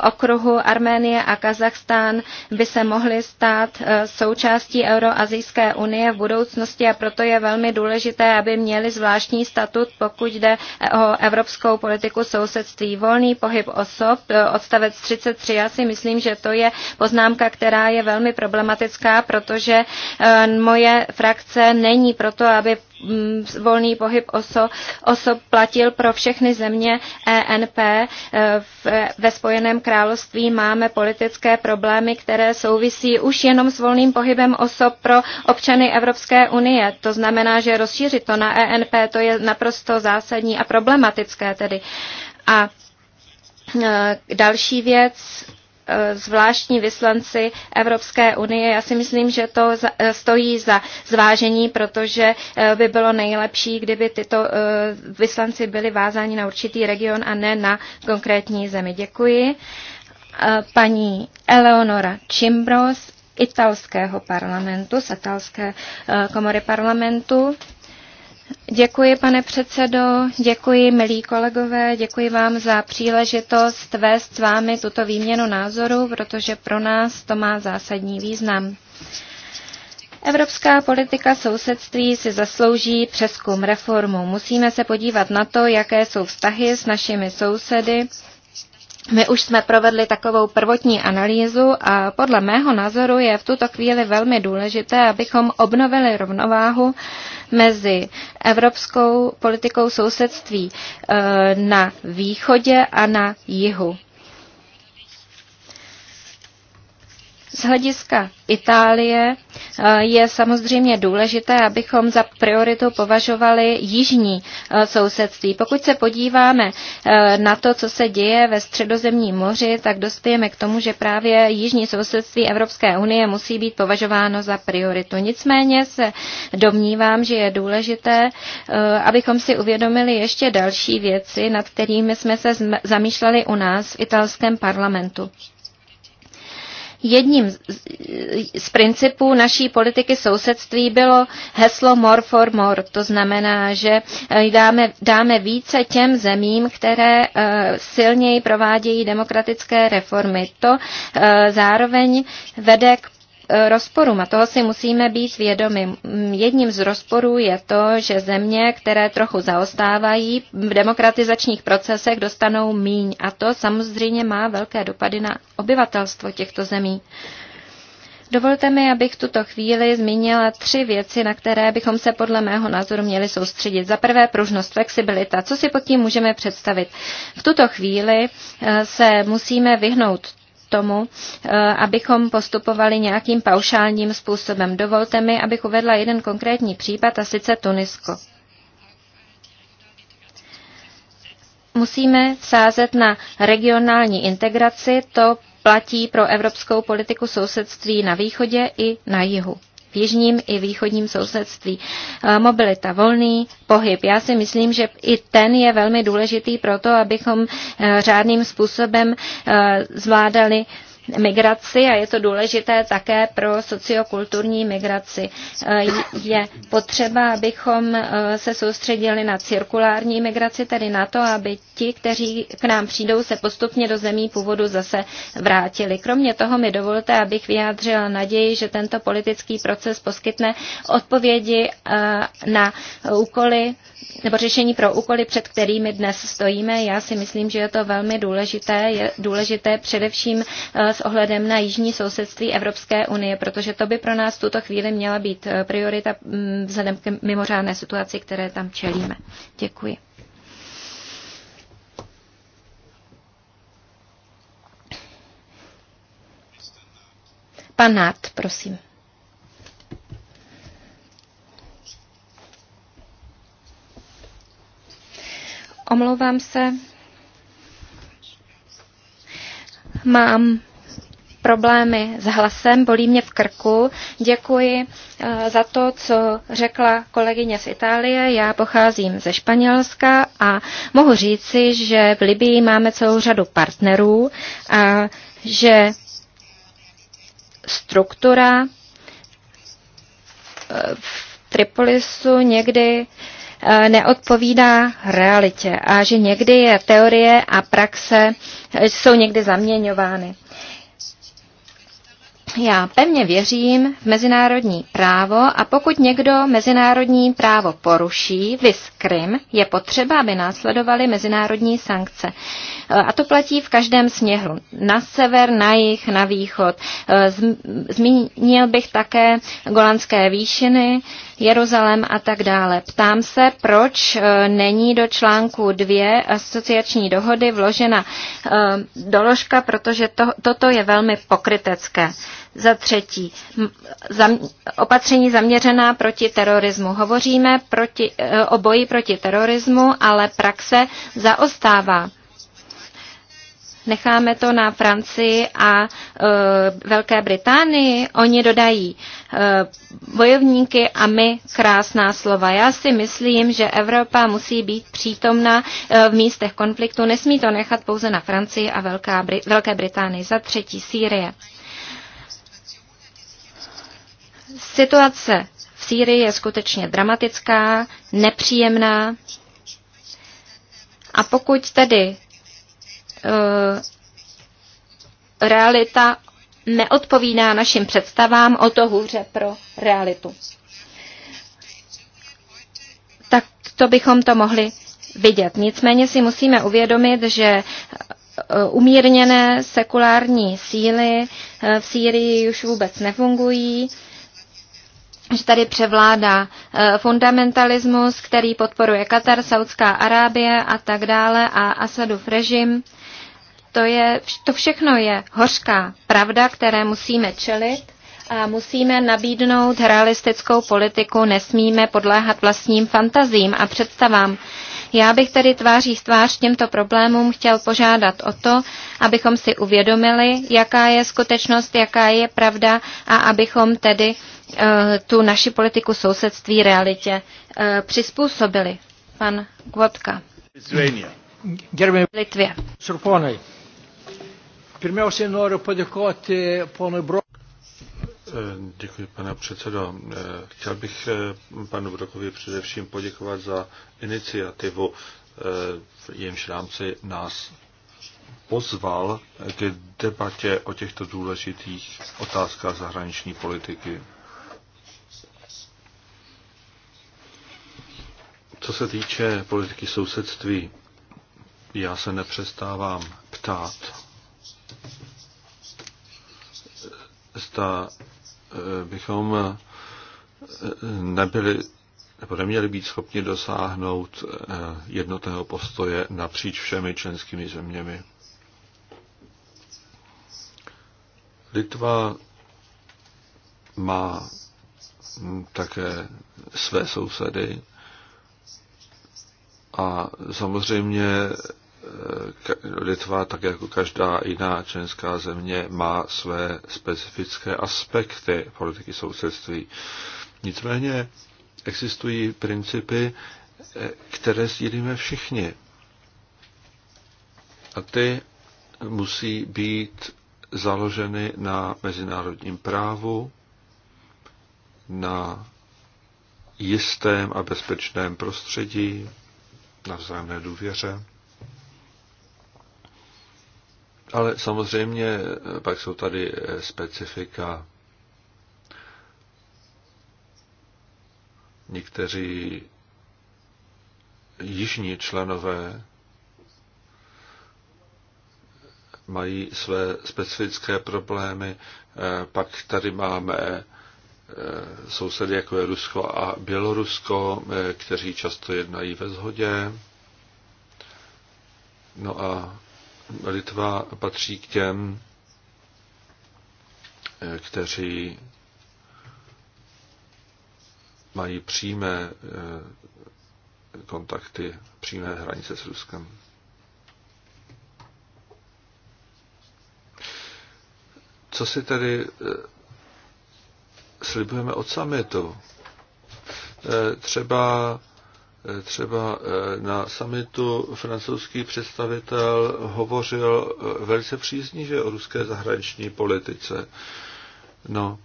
okruhu. Arménie a Kazachstán by se mohly stát součástí Euroazijské unie v budoucnosti a proto je velmi důležité, důležité, aby měli zvláštní statut, pokud jde o evropskou politiku sousedství. Volný pohyb osob, e, odstavec 33, já si myslím, že to je poznámka, která je velmi problematická, protože e, moje frakce není proto, aby Mm, volný pohyb oso, osob platil pro všechny země ENP. E, ve Spojeném království máme politické problémy, které souvisí už jenom s volným pohybem osob pro občany Evropské unie. To znamená, že rozšířit to na ENP, to je naprosto zásadní a problematické tedy. A e, další věc, Eh, zvláštní vyslanci Evropské unie. Já si myslím, že to eh, stojí za zvážení, protože eh, by bylo nejlepší, kdyby tyto vyslanci byli vázáni na určitý region a ne na konkrétní zemi. Děkuji. Paní Eleonora Čimbros, italského parlamentu, z italské komory parlamentu. Děkuji, pane předsedo, děkuji, milí kolegové, děkuji vám za příležitost vést s vámi tuto výměnu názoru, protože pro nás to má zásadní význam. Evropská politika sousedství si zaslouží přeskum reformu. Musíme se podívat na to, jaké jsou vztahy s našimi sousedy. My už jsme provedli takovou prvotní analýzu a podle mého názoru je v tuto chvíli velmi důležité, abychom obnovili rovnováhu mezi evropskou politikou sousedství eh, na východě a na jihu. Z hlediska Itálie eh, je samozřejmě důležité, abychom za prioritu považovali jižní eh, sousedství. Pokud se podíváme eh, na to, co se děje ve středozemním moři, tak dospějeme k tomu, že právě jižní sousedství Evropské unie musí být považováno za prioritu. Nicméně se domnívám, že je důležité, abychom si uvědomili ještě další věci, nad kterými jsme se zamýšleli u nás v italském parlamentu. Jedním z principů naší politiky sousedství bylo heslo more for more. To znamená, že eh, dáme, dáme více těm zemím, které eh, silněji provádějí demokratické reformy. To eh, zároveň vede k Eh, rozporům a toho si musíme být vědomi. Jedním z rozporů je to, že země, které trochu zaostávají v demokratizačních procesech, dostanou míň a to samozřejmě má velké dopady na obyvatelstvo těchto zemí. Dovolte mi, abych tuto chvíli zmínila tři věci, na které bychom se podle mého názoru měli soustředit. Za prvé pružnost, flexibilita. Co si pod tím můžeme představit? V tuto chvíli eh, se musíme vyhnout tomu, eh, abychom postupovali nějakým paušálním způsobem. Dovolte mi, abych uvedla jeden konkrétní případ, a sice Tunisko. Musíme sázet na regionální integraci, to platí pro evropskou politiku sousedství na východě i na jihu v jižním i východním sousedství. Eh, mobilita, volný pohyb. Já si myslím, že i ten je velmi důležitý pro to, abychom eh, řádným způsobem eh, zvládali migraci a je to důležité také pro sociokulturní migraci. Eh, je potřeba, abychom eh, se soustředili na cirkulární migraci, tedy na to, aby ti, kteří k nám přijdou, se postupně do zemí původu zase vrátili. Kromě toho mi dovolte, abych vyjádřila naději, že tento politický proces poskytne odpovědi eh, na úkoly nebo řešení pro úkoly, před kterými dnes stojíme. Já si myslím, že je to velmi důležité. Je důležité především s ohledem na jižní sousedství Evropské unie, protože to by pro nás v tuto chvíli měla být eh, priorita mm, vzhledem k mimořádné situaci, které tam čelíme. Děkuji. Pan Nát, prosím. Omlouvám se. Mám problémy s hlasem, bolí mě v krku. Děkuji eh, za to, co řekla kolegyně z Itálie. Já pocházím ze Španělska a mohu říci, že v Libii máme celou řadu partnerů a že struktura eh, v Tripolisu někdy eh, neodpovídá realitě a že někdy je teorie a praxe jsou někdy zaměňovány. Já pevně věřím v mezinárodní právo a pokud někdo mezinárodní právo poruší, vis Krim, je potřeba, aby následovaly mezinárodní sankce. E, a to platí v každém směru, Na sever, na jih, na východ. E, zmínil bych také Golandské výšiny, Jeruzalem a tak dále. Ptám se, proč e, není do článku 2 asociační dohody vložena doložka, protože to, toto je velmi pokrytecké. Za třetí, zam, opatření zaměřená proti terorismu. Hovoříme proti, eh, o boji proti terorismu, ale praxe zaostává. Necháme to na Francii a e, Velké Británii. Oni dodají e, bojovníky a my krásná slova. Já si myslím, že Evropa musí být přítomna e, v místech konfliktu. Nesmí to nechat pouze na Francii a Velká Bri- Velké Británii. Za třetí Sýrie. Situace v Sýrii je skutečně dramatická, nepříjemná. A pokud tedy uh, realita neodpovídá našim představám, o to hůře pro realitu. Tak to bychom to mohli vidět. Nicméně si musíme uvědomit, že eh, umírněné sekulární síly eh, v Sýrii už vůbec nefungují že tady převládá eh, fundamentalismus, který podporuje Katar, Saudská Arábie a tak dále a Asadův režim. To, je, to všechno je hořká pravda, které musíme čelit a musíme nabídnout realistickou politiku, nesmíme podléhat vlastním fantazím a představám. Já bych tedy tváří tvář těmto problémům chtěl požádat o to, abychom si uvědomili, jaká je skutečnost, jaká je pravda a abychom tedy eh, tu naši politiku sousedství realitě eh, přizpůsobili. Pan Gvodka. Litvě. Pirmiausiai noriu padėkoti ponui Bro. Děkuji, pane předsedo. Chtěl bych eh, panu Brokovi především poděkovat za iniciativu, v eh, jejímž rámci nás pozval k debatě o těchto důležitých otázkách zahraniční politiky. Co se týče politiky sousedství, já se nepřestávám ptát, zda bychom eh, nebyli nebo neměli být schopni dosáhnout eh, jednotného postoje napříč všemi členskými zeměmi. Litva má hm, také své sousedy a samozřejmě Eh, Litva, tak jako každá jiná členská země, má své specifické aspekty politiky sousedství. Nicméně existují principy, eh, které sdílíme všichni. A ty musí být založeny na mezinárodním právu, na jistém a bezpečném prostředí, na vzájemné důvěře. Ale samozřejmě eh, pak jsou tady eh, specifika. Někteří jižní členové mají své specifické problémy. Eh, pak tady máme sousedy, jako je Rusko a Bělorusko, kteří často jednají ve shodě. No a Litva patří k těm, eh, kteří mají přímé eh, kontakty, přímé hranice s Ruskem. Co si tedy eh, slibujeme od samitu? Třeba Třeba eh, na samitu francouzský představitel hovořil eh, velice příznivě o ruské zahraniční politice. No,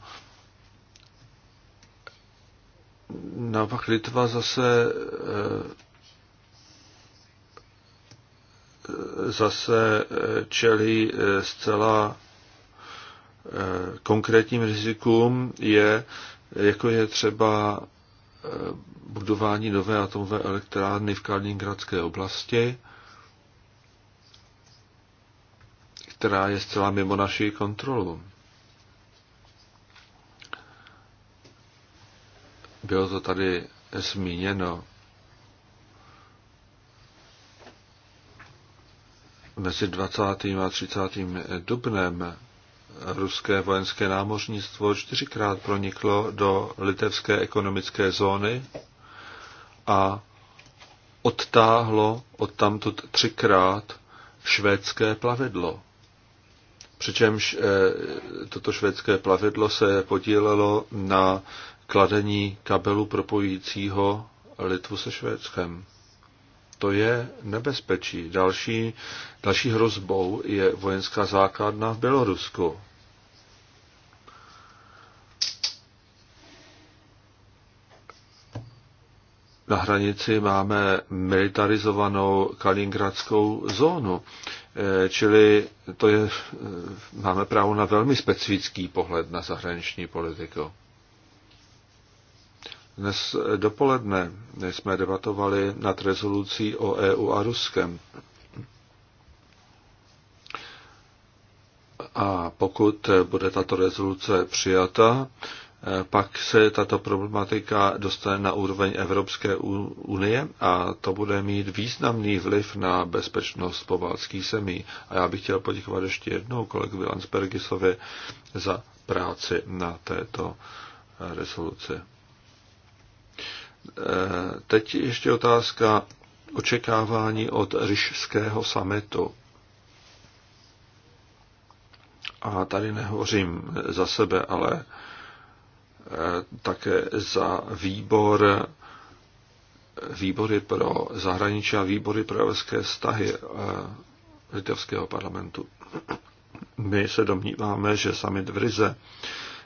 naopak Litva zase eh, zase čelí zcela konkrétním rizikům je, jako je třeba Eh, budování nové atomové elektrárny v Kaliningradské oblasti, která je zcela mimo naší kontrolu. Bylo to tady zmíněno. Mezi 20. a 30. dubnem ruské vojenské námořnictvo čtyřikrát proniklo do litevské ekonomické zóny a odtáhlo odtamtud třikrát švédské plavidlo. Přičemž eh, toto švédské plavidlo se podílelo na kladení kabelu propojujícího Litvu se Švédskem to je nebezpečí. Další, další hrozbou je vojenská základna v Bělorusku. Na hranici máme militarizovanou kaliningradskou zónu, eh, čili to je, eh, máme právo na velmi specifický pohled na zahraniční politiku. Dnes dopoledne jsme debatovali nad rezolucí o EU a Ruskem. A pokud bude tato rezoluce přijata, pak se tato problematika dostane na úroveň Evropské unie a to bude mít významný vliv na bezpečnost povalských zemí. A já bych chtěl poděkovat ještě jednou kolegovi Landsbergisovi za práci na této rezoluci. Eh, teď ještě otázka očekávání od Ryšského sametu A tady nehovořím za sebe, ale eh, také za výbor výbory pro zahraničí a výbory pro evropské vztahy eh, litevského parlamentu. My se domníváme, že summit v Rize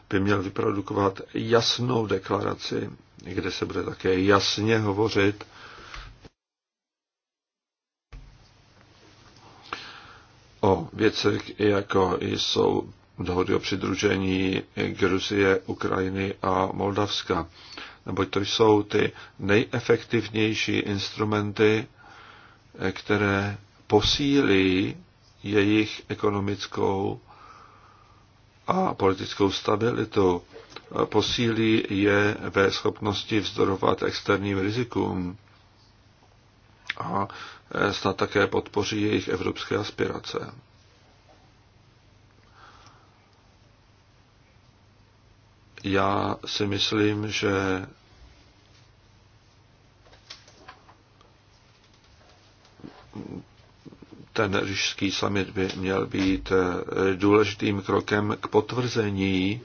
by měl vyprodukovat jasnou deklaraci kde se bude také jasně hovořit o věcech, jako jsou dohody o přidružení Gruzie, Ukrajiny a Moldavska. Neboť to jsou ty nejefektivnější instrumenty, které posílí jejich ekonomickou a politickou stabilitu, posílí je ve schopnosti vzdorovat externím rizikům a snad také podpoří jejich evropské aspirace. Já si myslím, že ten říšský summit by měl být eh, důležitým krokem k potvrzení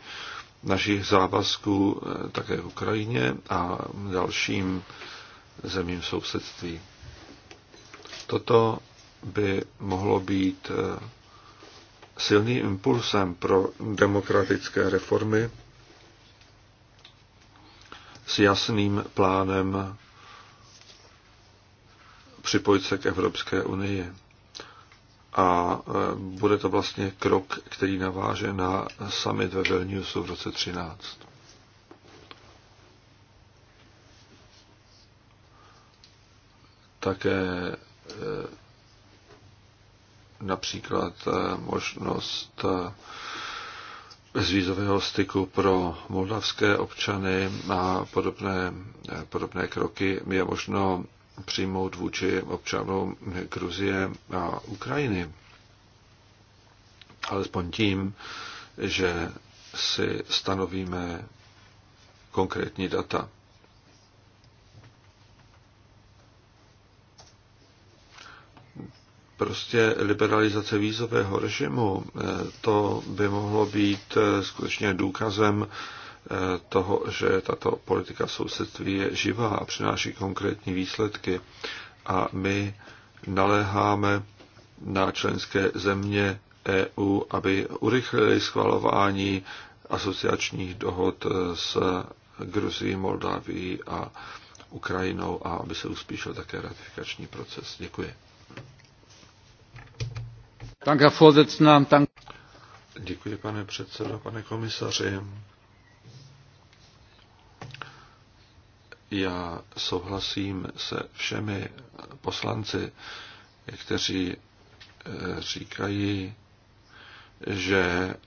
našich závazků eh, také v Ukrajině a dalším zemím sousedství. Toto by mohlo být eh, silným impulsem pro demokratické reformy s jasným plánem připojit se k Evropské unii a e, bude to vlastně krok, který naváže na summit ve Vilniusu v roce 13. Také e, například e, možnost zvízového styku pro moldavské občany a podobné, podobné kroky je možno přijmout vůči občanům Gruzie a Ukrajiny. Alespoň tím, že si stanovíme konkrétní data. Prostě liberalizace vízového režimu, eh, to by mohlo být eh, skutečně důkazem toho, že tato politika sousedství je živá a přináší konkrétní výsledky. A my naléháme na členské země EU, aby urychlili schvalování asociačních dohod s Gruzií, Moldavií a Ukrajinou a aby se uspíšil také ratifikační proces. Děkuji. Děkuji, pane předsedo, pane komisaři. Já souhlasím se všemi poslanci, kteří eh, říkají, že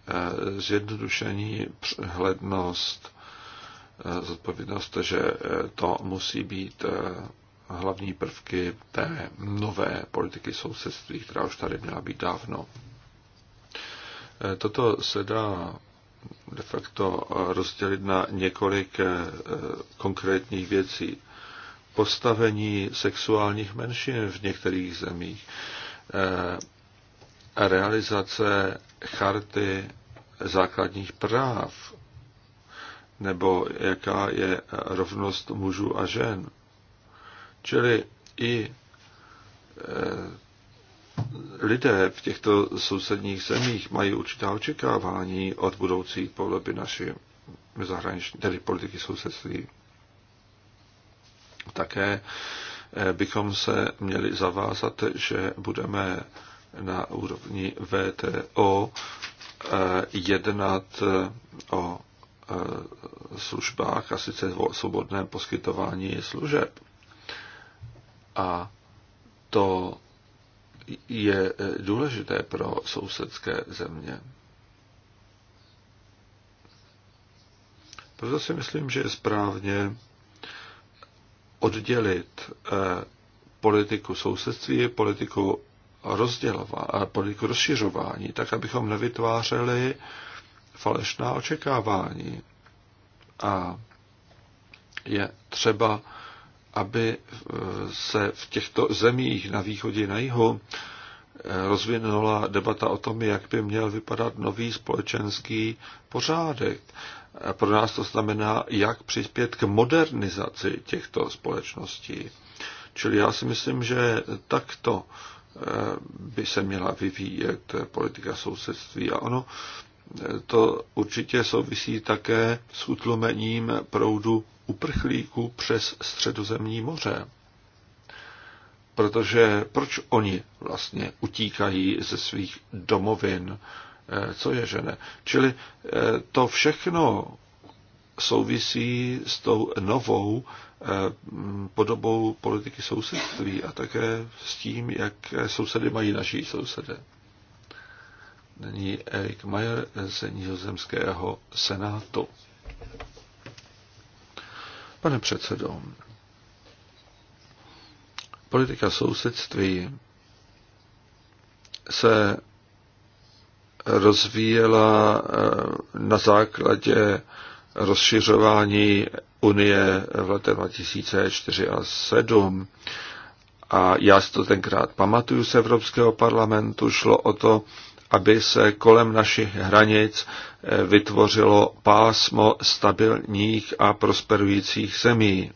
eh, zjednodušení přehlednost, eh, zodpovědnost, že to musí být hlavní prvky té nové politiky sousedství, která už tady měla být dávno. Toto se dá de facto eh, rozdělit na několik eh, konkrétních věcí. Postavení sexuálních menšin v některých zemích, eh, realizace charty základních práv, nebo jaká je rovnost mužů a žen. Čili i lidé v těchto sousedních zemích mají určitá očekávání od budoucí podoby naší zahraniční, tedy politiky sousedství. Také eh, bychom se měli zavázat, že budeme na úrovni VTO eh, jednat eh, o službách a sice o svobodném poskytování služeb. A to je eh, důležité pro sousedské země. Proto si myslím, že je správně oddělit eh, politiku sousedství, politiku, eh, politiku rozšiřování, tak abychom nevytvářeli falešná očekávání. A je třeba aby e, se v těchto zemích na východě na jihu e, rozvinula debata o tom, jak by měl vypadat nový společenský pořádek. Pro nás to znamená, jak přispět k modernizaci těchto společností. Čili já si myslím, že takto e, by se měla vyvíjet politika sousedství. A ono to určitě souvisí také s utlumením proudu uprchlíků přes středozemní moře. Protože proč oni vlastně utíkají ze svých domovin, eh, co je žene? Čili eh, to všechno souvisí s tou novou eh, podobou politiky sousedství a také s tím, jak sousedy mají naší sousedy nyní Erik Mayer z Nizozemského senátu. Pane předsedo, politika sousedství se rozvíjela eh, na základě rozšiřování Unie v letech 2004 a 2007. A já si to tenkrát pamatuju z Evropského parlamentu, šlo o to aby se kolem našich hranic eh, vytvořilo pásmo stabilních a prosperujících zemí.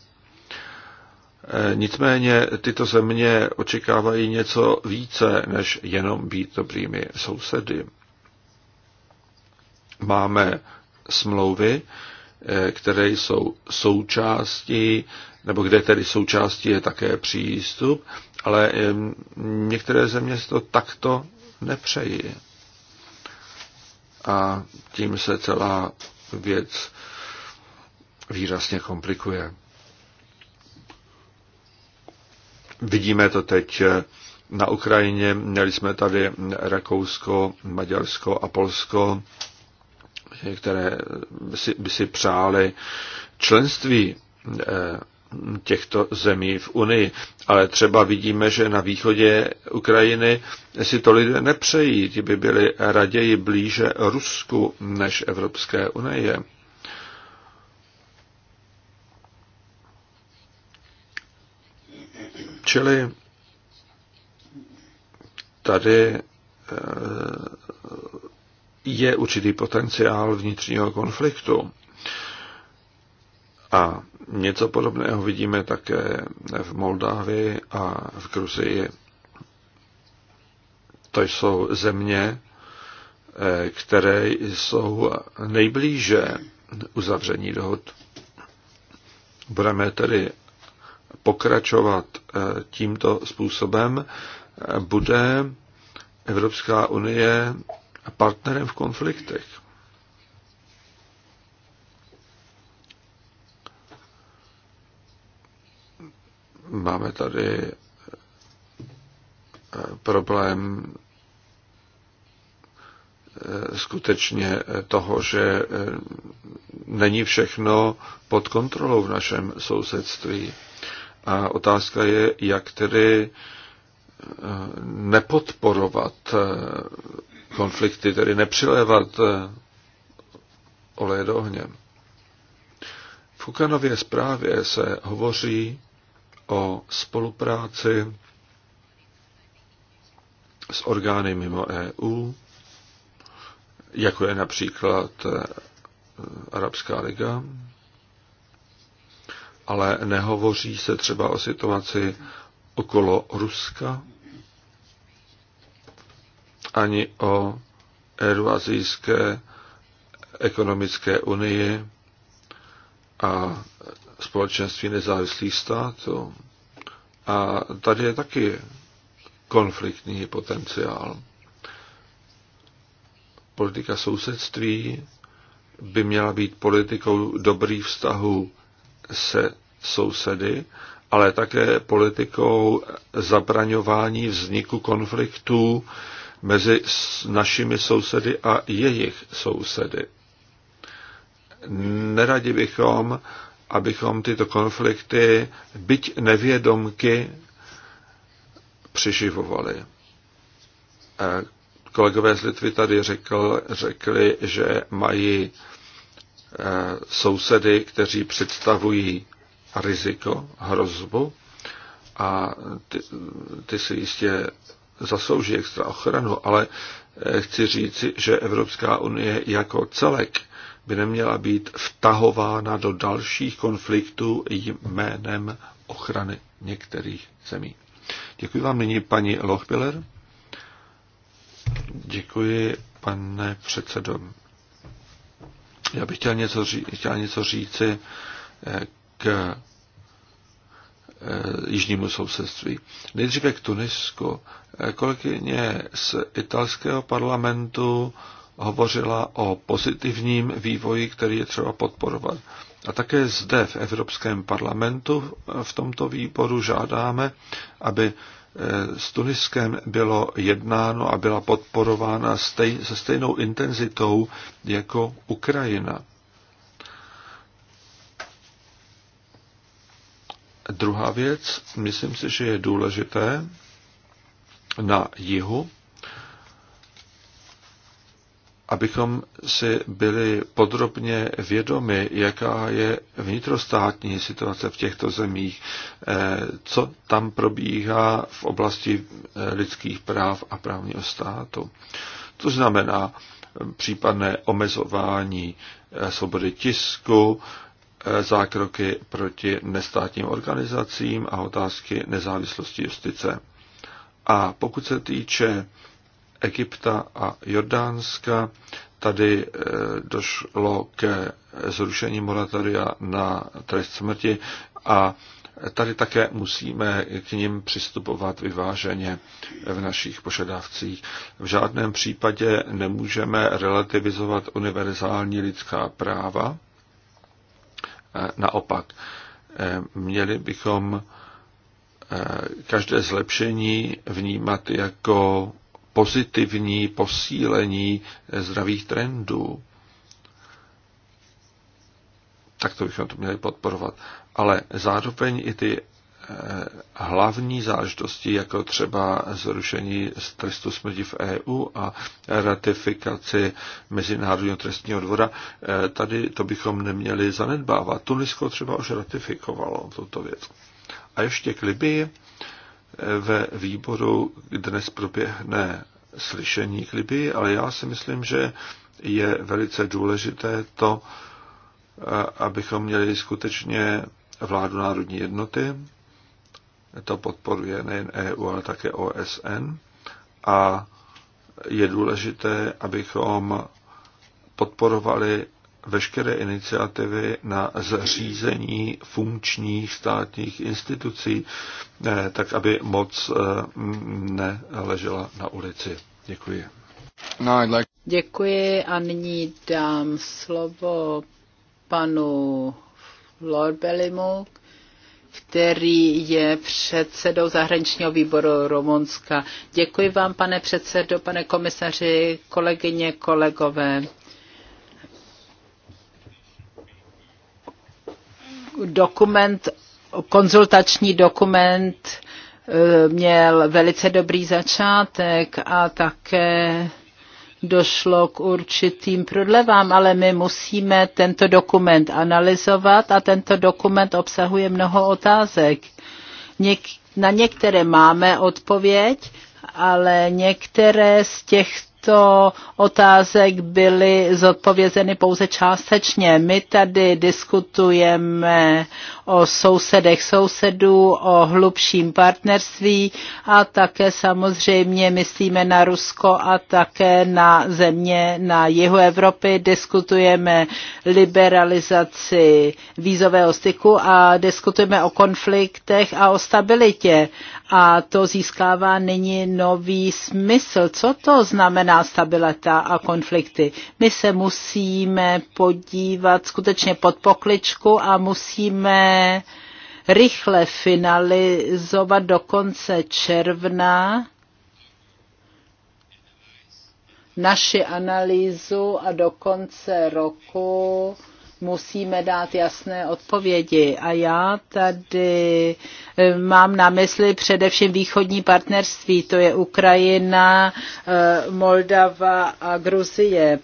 Eh, nicméně tyto země očekávají něco více, než jenom být dobrými sousedy. Máme smlouvy, eh, které jsou součástí, nebo kde tedy součástí je také přístup, ale některé země to takto nepřeji. A tím se celá věc výrazně komplikuje. Vidíme to teď na Ukrajině, měli jsme tady Rakousko, Maďarsko a Polsko, které by si, by si přáli členství eh, těchto zemí v Unii. Ale třeba vidíme, že na východě Ukrajiny si to lidé nepřejí, ti by byli raději blíže Rusku než Evropské unie. Čili tady eh, je určitý potenciál vnitřního konfliktu. A něco podobného vidíme také v Moldávii a v Gruzii. To jsou země, eh, které jsou nejblíže uzavření dohod. Budeme tedy pokračovat eh, tímto způsobem. Eh, bude Evropská unie partnerem v konfliktech. Máme tady eh, problém eh, skutečně toho, že eh, není všechno pod kontrolou v našem sousedství. A otázka je, jak tedy nepodporovat konflikty, tedy nepřilévat oleje do ohně. V Fukanově zprávě se hovoří o spolupráci s orgány mimo EU, jako je například eh, Arabská liga, ale nehovoří se třeba o situaci okolo Ruska, ani o Euroazijské ekonomické unii a společenství nezávislých států. A tady je taky konfliktní potenciál. Politika sousedství by měla být politikou dobrých vztahů se sousedy, ale také politikou zabraňování vzniku konfliktů mezi našimi sousedy a jejich sousedy. Neradi bychom abychom tyto konflikty byť nevědomky přiživovali. Kolegové z Litvy tady řekl, řekli, že mají e, sousedy, kteří představují riziko, hrozbu a ty, ty si jistě zaslouží extra ochranu, ale e, chci říci, že Evropská unie jako celek by neměla být vtahována do dalších konfliktů jménem ochrany některých zemí. Děkuji vám nyní paní Lochbiller. Děkuji, pane předsedo. Já bych chtěl něco, ří, chtěl něco říci eh, k eh, jižnímu sousedství. Nejdříve k Tunisku. Eh, kolegyně z italského parlamentu hovořila o pozitivním vývoji, který je třeba podporovat. A také zde v Evropském parlamentu v tomto výboru žádáme, aby eh, s Tuniskem bylo jednáno a byla podporována stej, se stejnou intenzitou jako Ukrajina. Druhá věc, myslím si, že je důležité na jihu abychom si byli podrobně vědomi, jaká je vnitrostátní situace v těchto zemích, eh, co tam probíhá v oblasti eh, lidských práv a právního státu. To znamená eh, případné omezování svobody tisku, zákroky proti nestátním organizacím a otázky nezávislosti justice. A pokud se týče Egypta a Jordánska. Tady eh, došlo ke zrušení moratoria na trest smrti a tady také musíme k ním přistupovat vyváženě v našich požadavcích. V žádném případě nemůžeme relativizovat univerzální lidská práva. Eh, naopak, eh, měli bychom každé zlepšení vnímat jako pozitivní posílení zdravých trendů. Tak to bychom to měli podporovat. Ale zároveň i ty eh, hlavní záležitosti, jako třeba zrušení trestu smrti v EU a ratifikaci Mezinárodního trestního dvora, eh, tady to bychom neměli zanedbávat. Tunisko třeba už ratifikovalo tuto věc. A ještě k Libii ve výboru dnes proběhne slyšení k Libii, ale já si myslím, že je velice důležité to, eh, abychom měli skutečně vládu národní jednoty. To podporuje nejen EU, ale také OSN. A je důležité, abychom podporovali veškeré iniciativy na zřízení funkčních státních institucí, eh, tak aby moc eh, neležela na ulici. Děkuji. No, Děkuji a nyní dám slovo panu Florbelimu, který je předsedou zahraničního výboru Rumunska. Děkuji vám, pane předsedo, pane komisaři, kolegyně, kolegové. dokument, konzultační dokument eh, měl velice dobrý začátek a také došlo k určitým prodlevám, ale my musíme tento dokument analyzovat a tento dokument obsahuje mnoho otázek. Něk- na některé máme odpověď, ale některé z těch těchto otázek byly zodpovězeny pouze částečně. My tady diskutujeme o sousedech sousedů, o hlubším partnerství a také samozřejmě myslíme na Rusko a také na země na jihu Evropy. Diskutujeme liberalizaci vízového styku a diskutujeme o konfliktech a o stabilitě. A to získává nyní nový smysl. Co to znamená stabilita a konflikty? My se musíme podívat skutečně pod pokličku a musíme rychle finalizovat do konce června naši analýzu a do konce roku musíme dát jasné odpovědi. A já tady eh, mám na mysli především východní partnerství, to je Ukrajina, eh, Moldava a Gruzie.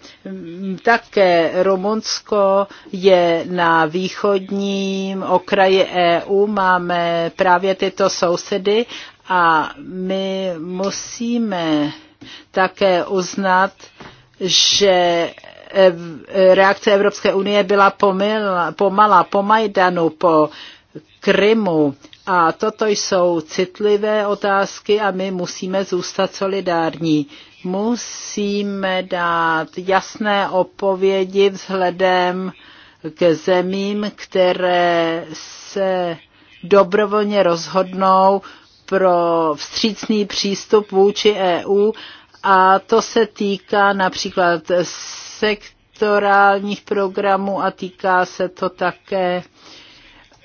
Také Rumunsko je na východním okraji EU, máme právě tyto sousedy a my musíme také uznat, že Eh, reakce Evropské unie byla pomalá po Majdanu, po Krymu. A toto jsou citlivé otázky a my musíme zůstat solidární. Musíme dát jasné odpovědi vzhledem k zemím, které se dobrovolně rozhodnou pro vstřícný přístup vůči EU a to se týká například sektorálních programů a týká se to také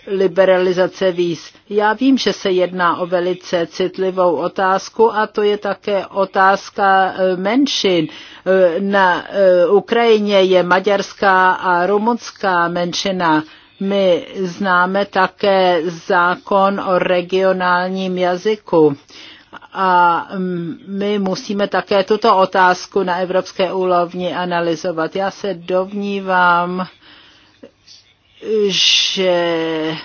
liberalizace víz. Já vím, že se jedná o velice citlivou otázku a to je také otázka e, menšin. E, na e, Ukrajině je maďarská a rumunská menšina. My známe také zákon o regionálním jazyku a mm, my musíme také tuto otázku na evropské úrovni analyzovat. Já se dovnívám, že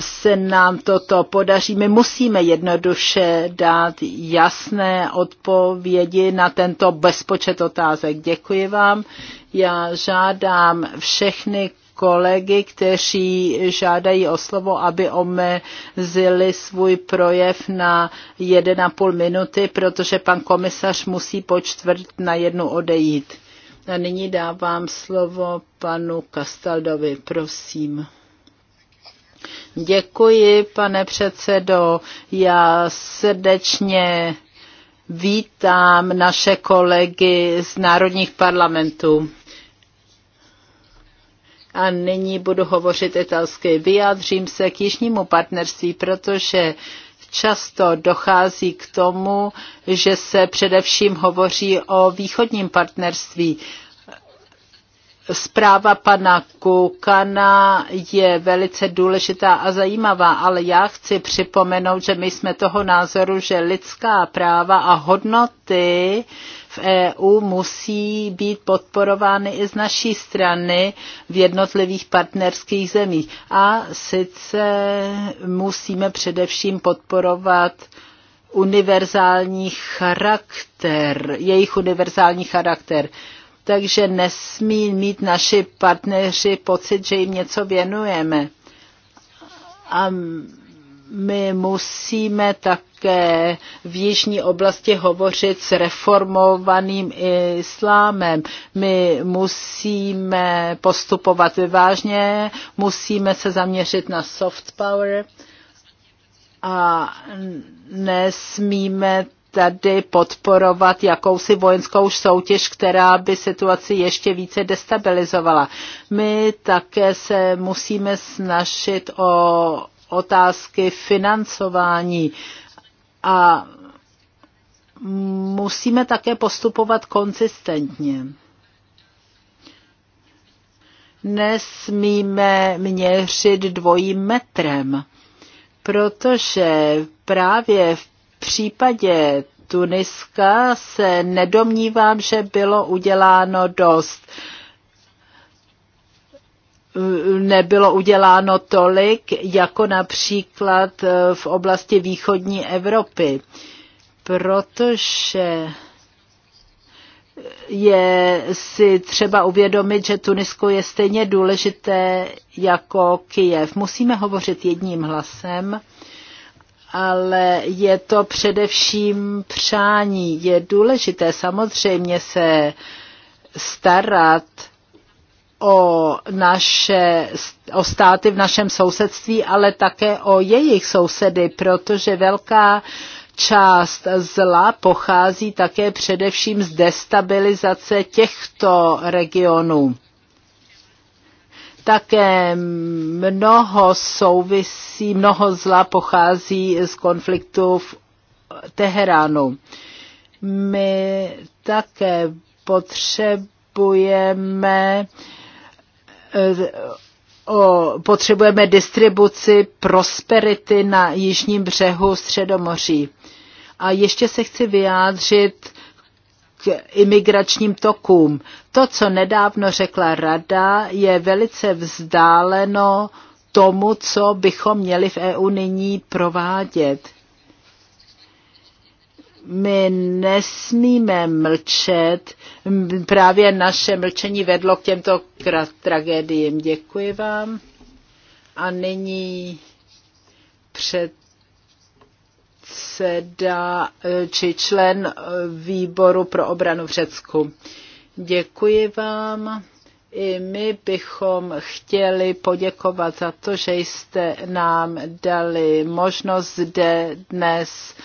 se nám toto podaří. My musíme jednoduše dát jasné odpovědi na tento bezpočet otázek. Děkuji vám. Já žádám všechny kolegy, kteří žádají o slovo, aby omezili svůj projev na 1,5 minuty, protože pan komisař musí po čtvrt na jednu odejít. A nyní dávám slovo panu Kastaldovi, prosím. Děkuji, pane předsedo. Já srdečně vítám naše kolegy z národních parlamentů a nyní budu hovořit italsky. Vyjádřím se k jižnímu partnerství, protože často dochází k tomu, že se především hovoří o východním partnerství. Zpráva pana Kukana je velice důležitá a zajímavá, ale já chci připomenout, že my jsme toho názoru, že lidská práva a hodnoty v EU musí být podporovány i z naší strany v jednotlivých partnerských zemích. A sice musíme především podporovat univerzální charakter, jejich univerzální charakter. Takže nesmí mít naši partneři pocit, že jim něco věnujeme. A my musíme tak také v jižní oblasti hovořit s reformovaným islámem. My musíme postupovat vyvážně, musíme se zaměřit na soft power a nesmíme tady podporovat jakousi vojenskou soutěž, která by situaci ještě více destabilizovala. My také se musíme snažit o otázky financování. A musíme také postupovat konsistentně. Nesmíme měřit dvojím metrem, protože právě v případě Tuniska se nedomnívám, že bylo uděláno dost. Uh, nebylo uděláno tolik, jako například eh, v oblasti východní Evropy, protože je si třeba uvědomit, že Tunisko je stejně důležité jako Kijev. Musíme hovořit jedním hlasem, ale je to především přání. Je důležité samozřejmě se starat o, naše, o státy v našem sousedství, ale také o jejich sousedy, protože velká část zla pochází také především z destabilizace těchto regionů. Také mnoho souvisí, mnoho zla pochází z konfliktu v Teheránu. My také potřebujeme uh, potřebujeme distribuci prosperity na jižním břehu Středomoří. A ještě se chci vyjádřit k imigračním tokům. To, co nedávno řekla Rada, je velice vzdáleno tomu, co bychom měli v EU nyní provádět my nesmíme mlčet. Právě naše mlčení vedlo k těmto tragédiím. Děkuji vám. A nyní předseda e, či člen e, výboru pro obranu v Řecku. Děkuji vám. I my bychom chtěli poděkovat za to, že jste nám dali možnost zde dnes uh,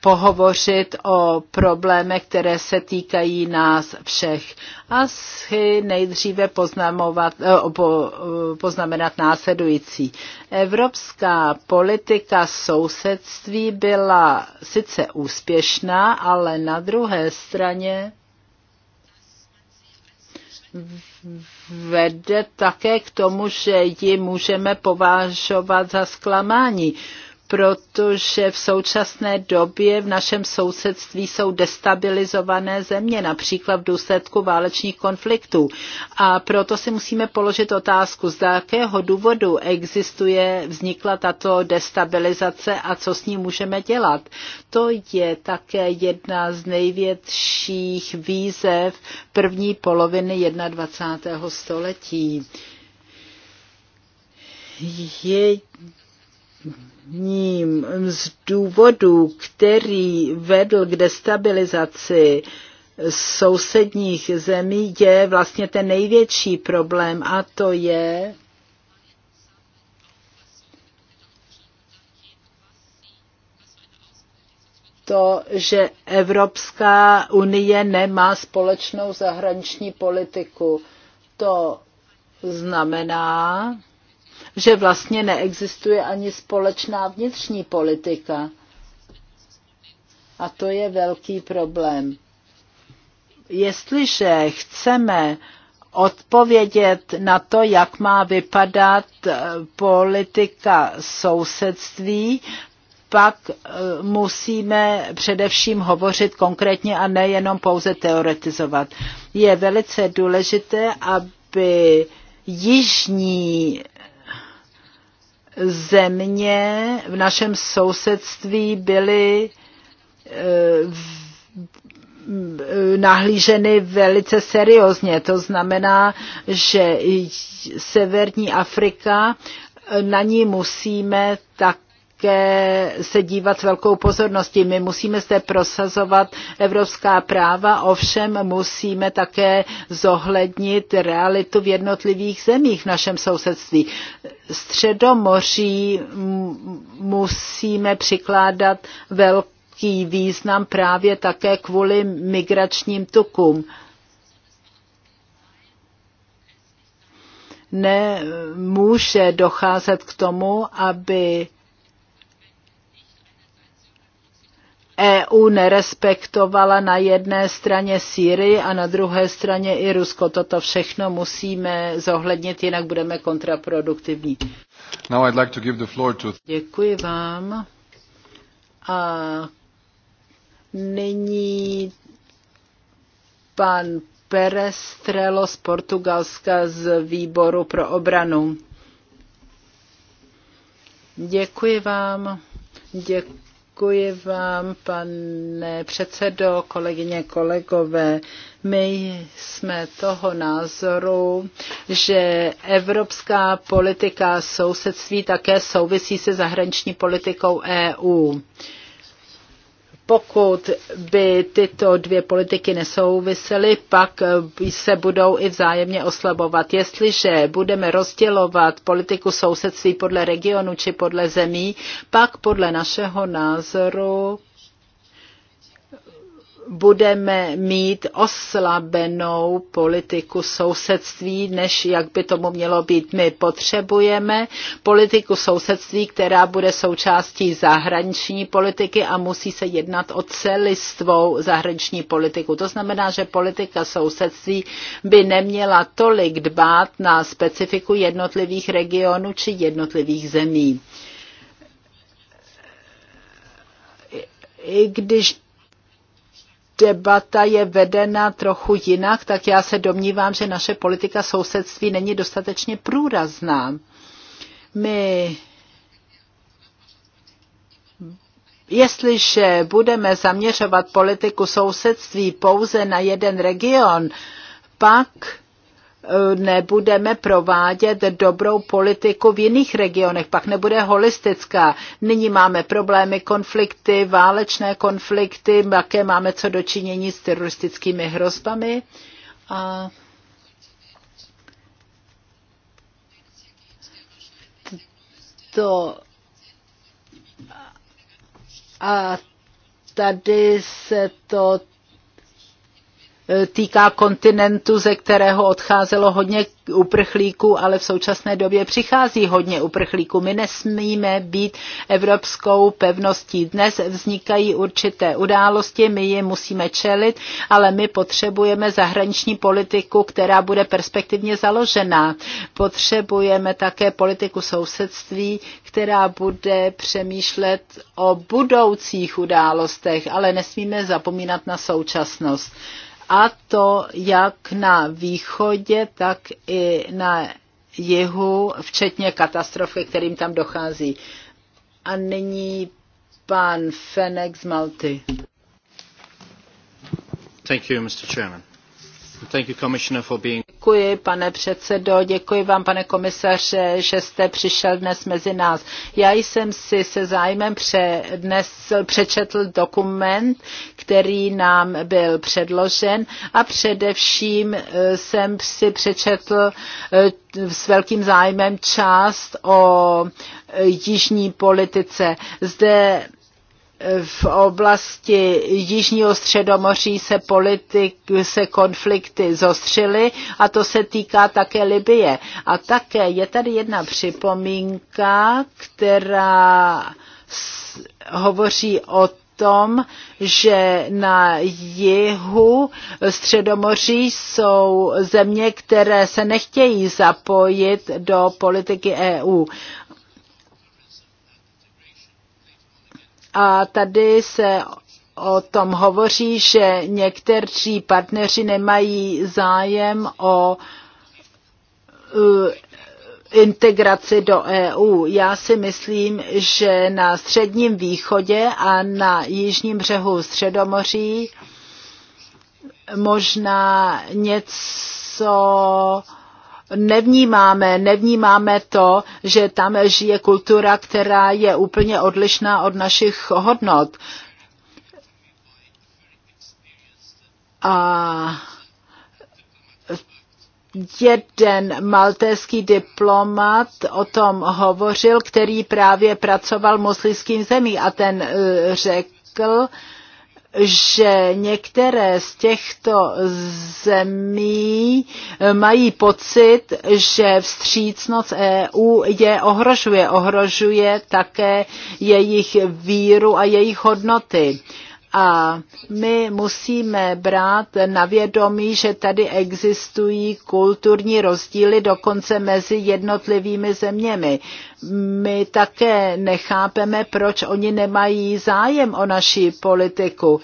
pohovořit o problémech, které se týkají nás všech. A si nejdříve eh, eh, poznamenat následující. Evropská politika sousedství byla sice úspěšná, ale na druhé straně vede také k tomu, že ji můžeme považovat za zklamání protože v současné době v našem sousedství jsou destabilizované země, například v důsledku válečních konfliktů. A proto si musíme položit otázku, z jakého důvodu existuje, vznikla tato destabilizace a co s ní můžeme dělat. To je také jedna z největších výzev první poloviny 21. století. Je jedním z důvodů, který vedl k destabilizaci sousedních zemí, je vlastně ten největší problém a to je to, že Evropská unie nemá společnou zahraniční politiku. To znamená, že vlastně neexistuje ani společná vnitřní politika. A to je velký problém. Jestliže chceme odpovědět na to, jak má vypadat eh, politika sousedství, pak eh, musíme především hovořit konkrétně a nejenom pouze teoretizovat. Je velice důležité, aby jižní země v našem sousedství byly eh, nahlíženy velice seriózně. To znamená, že Severní Afrika na ní musíme tak také se dívat s velkou pozorností. My musíme zde prosazovat evropská práva, ovšem musíme také zohlednit realitu v jednotlivých zemích v našem sousedství. Středomoří musíme přikládat velký význam právě také kvůli migračním tukům. nemůže docházet k tomu, aby EU nerespektovala na jedné straně Sýrii a na druhé straně i Rusko. Toto všechno musíme zohlednit, jinak budeme kontraproduktivní. Now I'd like to give the floor to... Děkuji vám. A nyní pan Perestrelo z Portugalska z výboru pro obranu. Děkuji vám. Děkuji Děkuji vám, pane předsedo, kolegyně, kolegové. My jsme toho názoru, že evropská politika sousedství také souvisí se zahraniční politikou EU pokud by tyto dvě politiky nesouvisely, pak se budou i vzájemně oslabovat. Jestliže budeme rozdělovat politiku sousedství podle regionu či podle zemí, pak podle našeho názoru budeme mít oslabenou politiku sousedství, než jak by tomu mělo být. My potřebujeme politiku sousedství, která bude součástí zahraniční politiky a musí se jednat o celistvou zahraniční politiku. To znamená, že politika sousedství by neměla tolik dbát na specifiku jednotlivých regionů či jednotlivých zemí. I když debata je vedena trochu jinak, tak já se domnívám, že naše politika sousedství není dostatečně průrazná. My Jestliže budeme zaměřovat politiku sousedství pouze na jeden region, pak nebudeme provádět dobrou politiku v jiných regionech, pak nebude holistická. Nyní máme problémy, konflikty, válečné konflikty, jaké máme co dočinění s teroristickými hrozbami. A to a tady se to týká kontinentu, ze kterého odcházelo hodně uprchlíků, ale v současné době přichází hodně uprchlíků. My nesmíme být evropskou pevností. Dnes vznikají určité události, my je musíme čelit, ale my potřebujeme zahraniční politiku, která bude perspektivně založená. Potřebujeme také politiku sousedství, která bude přemýšlet o budoucích událostech, ale nesmíme zapomínat na současnost a to jak na východě, tak i na jihu, včetně katastrofy, kterým tam dochází. A nyní pan Fenek z Malty. Thank you, Mr. Chairman. Děkuji, pane předsedo, děkuji vám, pane komisaře, že jste přišel dnes mezi nás. Já jsem si se zájmem přednesl, přečetl dokument, který nám byl předložen a především eh, jsem si přečetl eh, s velkým zájmem část o eh, jižní politice. Zde v oblasti Jižního středomoří se politik, se konflikty zostřily a to se týká také Libie. A také je tady jedna připomínka, která hovoří o tom, že na jihu Středomoří jsou země, které se nechtějí zapojit do politiky EU. A tady se o tom hovoří, že někteří partneři nemají zájem o eh, integraci do EU. Já si myslím, že na středním východě a na jižním břehu Středomoří možná něco nevnímáme, nevnímáme to, že tam žije kultura, která je úplně odlišná od našich hodnot. A jeden maltéský diplomat o tom hovořil, který právě pracoval v muslimským zemí a ten eh, řekl, že některé z těchto zemí mají pocit, že vstřícnost EU je ohrožuje. Ohrožuje také jejich víru a jejich hodnoty. A my musíme brát na vědomí, že tady existují kulturní rozdíly dokonce mezi jednotlivými zeměmi. My také nechápeme, proč oni nemají zájem o naši politiku.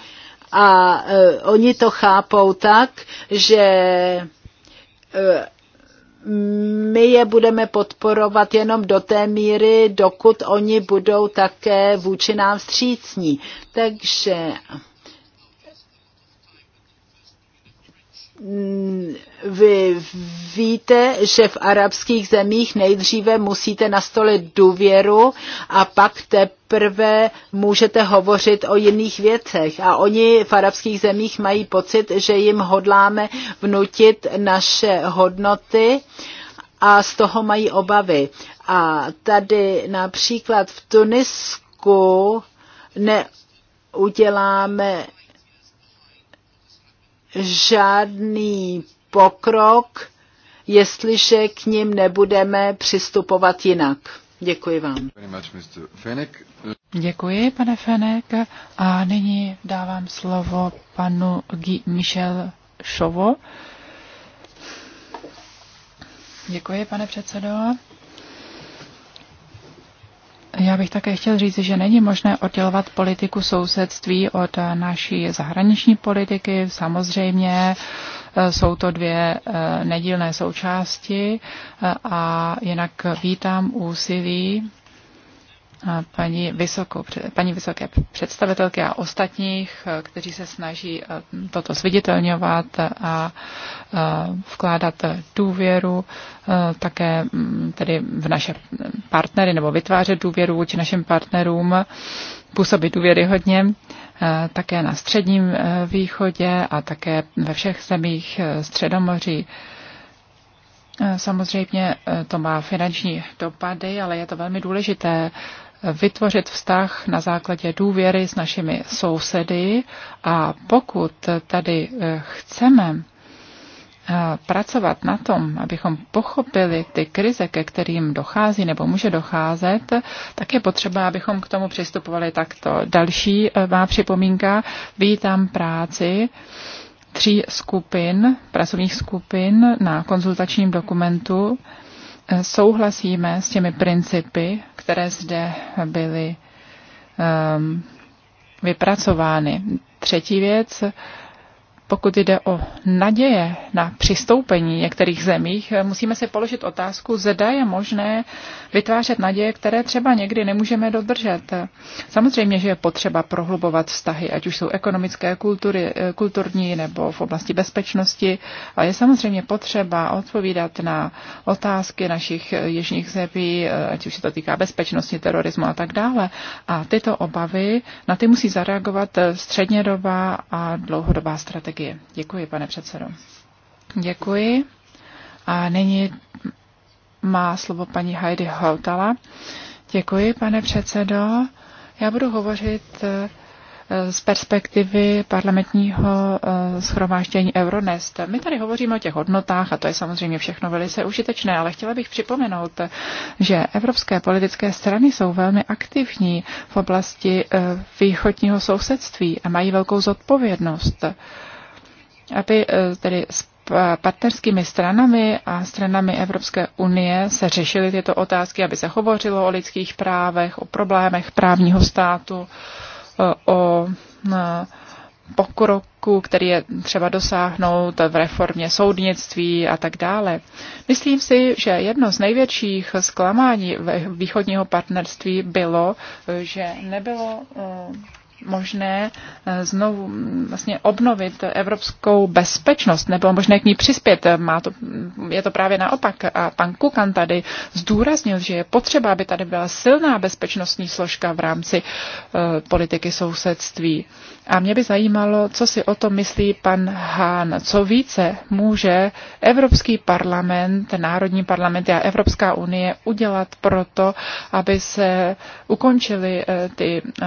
A uh, oni to chápou tak, že uh, my je budeme podporovat jenom do té míry, dokud oni budou také vůči nám vstřícní. Takže Mm, vy víte, že v arabských zemích nejdříve musíte nastolit důvěru a pak teprve můžete hovořit o jiných věcech. A oni v arabských zemích mají pocit, že jim hodláme vnutit naše hodnoty a z toho mají obavy. A tady například v Tunisku neuděláme žádný pokrok, jestliže k ním nebudeme přistupovat jinak. Děkuji vám. Děkuji, pane Fenek. A nyní dávám slovo panu G- Michel Šovo. Děkuji, pane předsedo. Já bych také chtěl říct, že není možné oddělovat politiku sousedství od eh, naší zahraniční politiky. Samozřejmě eh, jsou to dvě eh, nedílné součásti a jinak vítám úsilí paní, vysokou, paní vysoké představitelky a ostatních, eh, kteří se snaží eh, toto zviditelňovat a eh, vkládat důvěru také mm, tedy v naše partnery nebo vytvářet důvěru vůči našim partnerům, působit hodně také na středním východě a také ve všech zemích Středomoří. Samozřejmě to má finanční dopady, ale je to velmi důležité vytvořit vztah na základě důvěry s našimi sousedy a pokud tady eh, chceme eh, pracovat na tom, abychom pochopili ty krize, ke kterým dochází nebo může docházet, tak je potřeba, abychom k tomu přistupovali takto. Další eh, má připomínka, vítám práci tří skupin, pracovních skupin na konzultačním dokumentu souhlasíme s těmi principy, které zde byly um, vypracovány. Třetí věc, pokud jde o naděje na přistoupení některých zemích, musíme si položit otázku, zda je možné vytvářet naděje, které třeba někdy nemůžeme dodržet. Samozřejmě, že je potřeba prohlubovat vztahy, ať už jsou ekonomické, kultury, kulturní nebo v oblasti bezpečnosti. A je samozřejmě potřeba odpovídat na otázky našich jižních zemí, ať už se to týká bezpečnosti, terorismu a tak dále. A tyto obavy, na ty musí zareagovat střednědobá a dlouhodobá strategie strategie. Děkuji, pane předsedo. Děkuji. A nyní má slovo paní Heidi Hautala. Děkuji, pane předsedo. Já budu hovořit eh, z perspektivy parlamentního eh, schromáždění Euronest. My tady hovoříme o těch hodnotách a to je samozřejmě všechno velice užitečné, ale chtěla bych připomenout, že evropské politické strany jsou velmi aktivní v oblasti eh, východního sousedství a mají velkou zodpovědnost aby eh, tedy s partnerskými stranami a stranami Evropské unie se řešily tyto otázky, aby se hovořilo o lidských právech, o problémech právního státu, eh, o eh, pokroku, který je třeba dosáhnout v reformě soudnictví a tak dále. Myslím si, že jedno z největších zklamání východního partnerství bylo, že nebylo možné eh, znovu mm, vlastně obnovit evropskou bezpečnost nebo možné k ní přispět. Má to, mm, je to právě naopak. A pan Kukan tady zdůraznil, že je potřeba, aby tady byla silná bezpečnostní složka v rámci uh, politiky sousedství. Uh, a mě by zajímalo, co si o tom myslí pan Hán. Co více může Evropský parlament, Národní parlament a Evropská unie udělat proto, aby se ukončily eh, ty eh,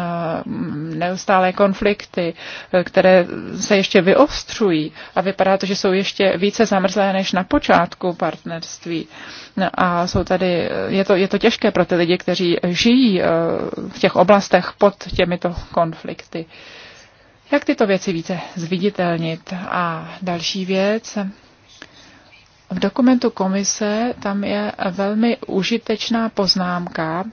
neustálé konflikty, eh, které se ještě vyostřují a vypadá to, že jsou ještě více zamrzlé než na počátku partnerství. No a jsou tady, je, to, je to těžké pro ty lidi, kteří žijí v těch oblastech pod těmito konflikty. Jak tyto věci více zviditelnit? A další věc, v dokumentu komise tam je velmi užitečná poznámka,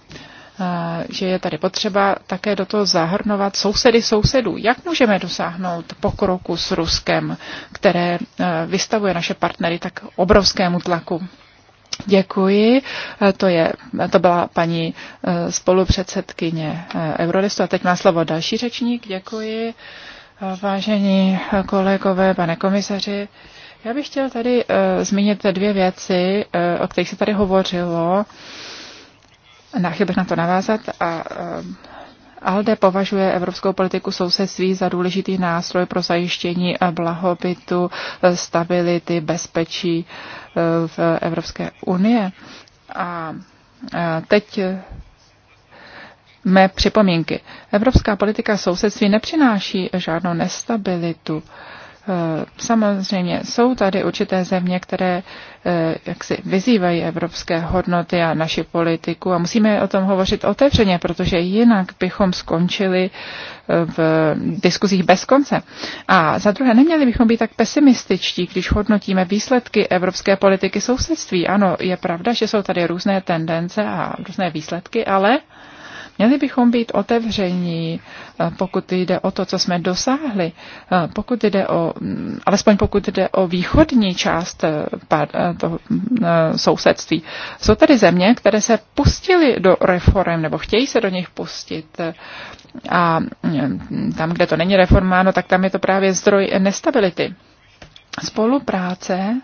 eh, že je tady potřeba také do toho zahrnovat sousedy sousedů. Jak můžeme dosáhnout pokroku s Ruskem, které eh, vystavuje naše partnery tak obrovskému tlaku? Děkuji. E, to, je, to byla paní e, spolupředsedkyně e, Eurolistu. A teď má slovo další řečník. Děkuji. Vážení kolegové, pane komisaři, já bych chtěl tady uh, zmínit dvě věci, uh, o kterých se tady hovořilo. Na bych na to navázat a uh, ALDE považuje evropskou politiku sousedství za důležitý nástroj pro zajištění blahobytu, stability, bezpečí eh, v Evropské unie. A eh, teď eh, mé připomínky. Evropská politika sousedství nepřináší žádnou nestabilitu. Eh, samozřejmě jsou tady určité země, které eh, jak si vyzývají evropské hodnoty a naši politiku a musíme o tom hovořit otevřeně, protože jinak bychom skončili eh, v diskuzích bez konce. A za druhé, neměli bychom být tak pesimističtí, když hodnotíme výsledky evropské politiky sousedství. Ano, je pravda, že jsou tady různé tendence a různé výsledky, ale Měli bychom být otevření, eh, pokud jde o to, co jsme dosáhli, eh, pokud jde o, mm, alespoň pokud jde o východní část eh, toho mm, sousedství. Jsou tady země, které se pustily do reform nebo chtějí se do nich pustit a mm, tam, kde to není reformáno, tak tam je to právě zdroj nestability. Spolupráce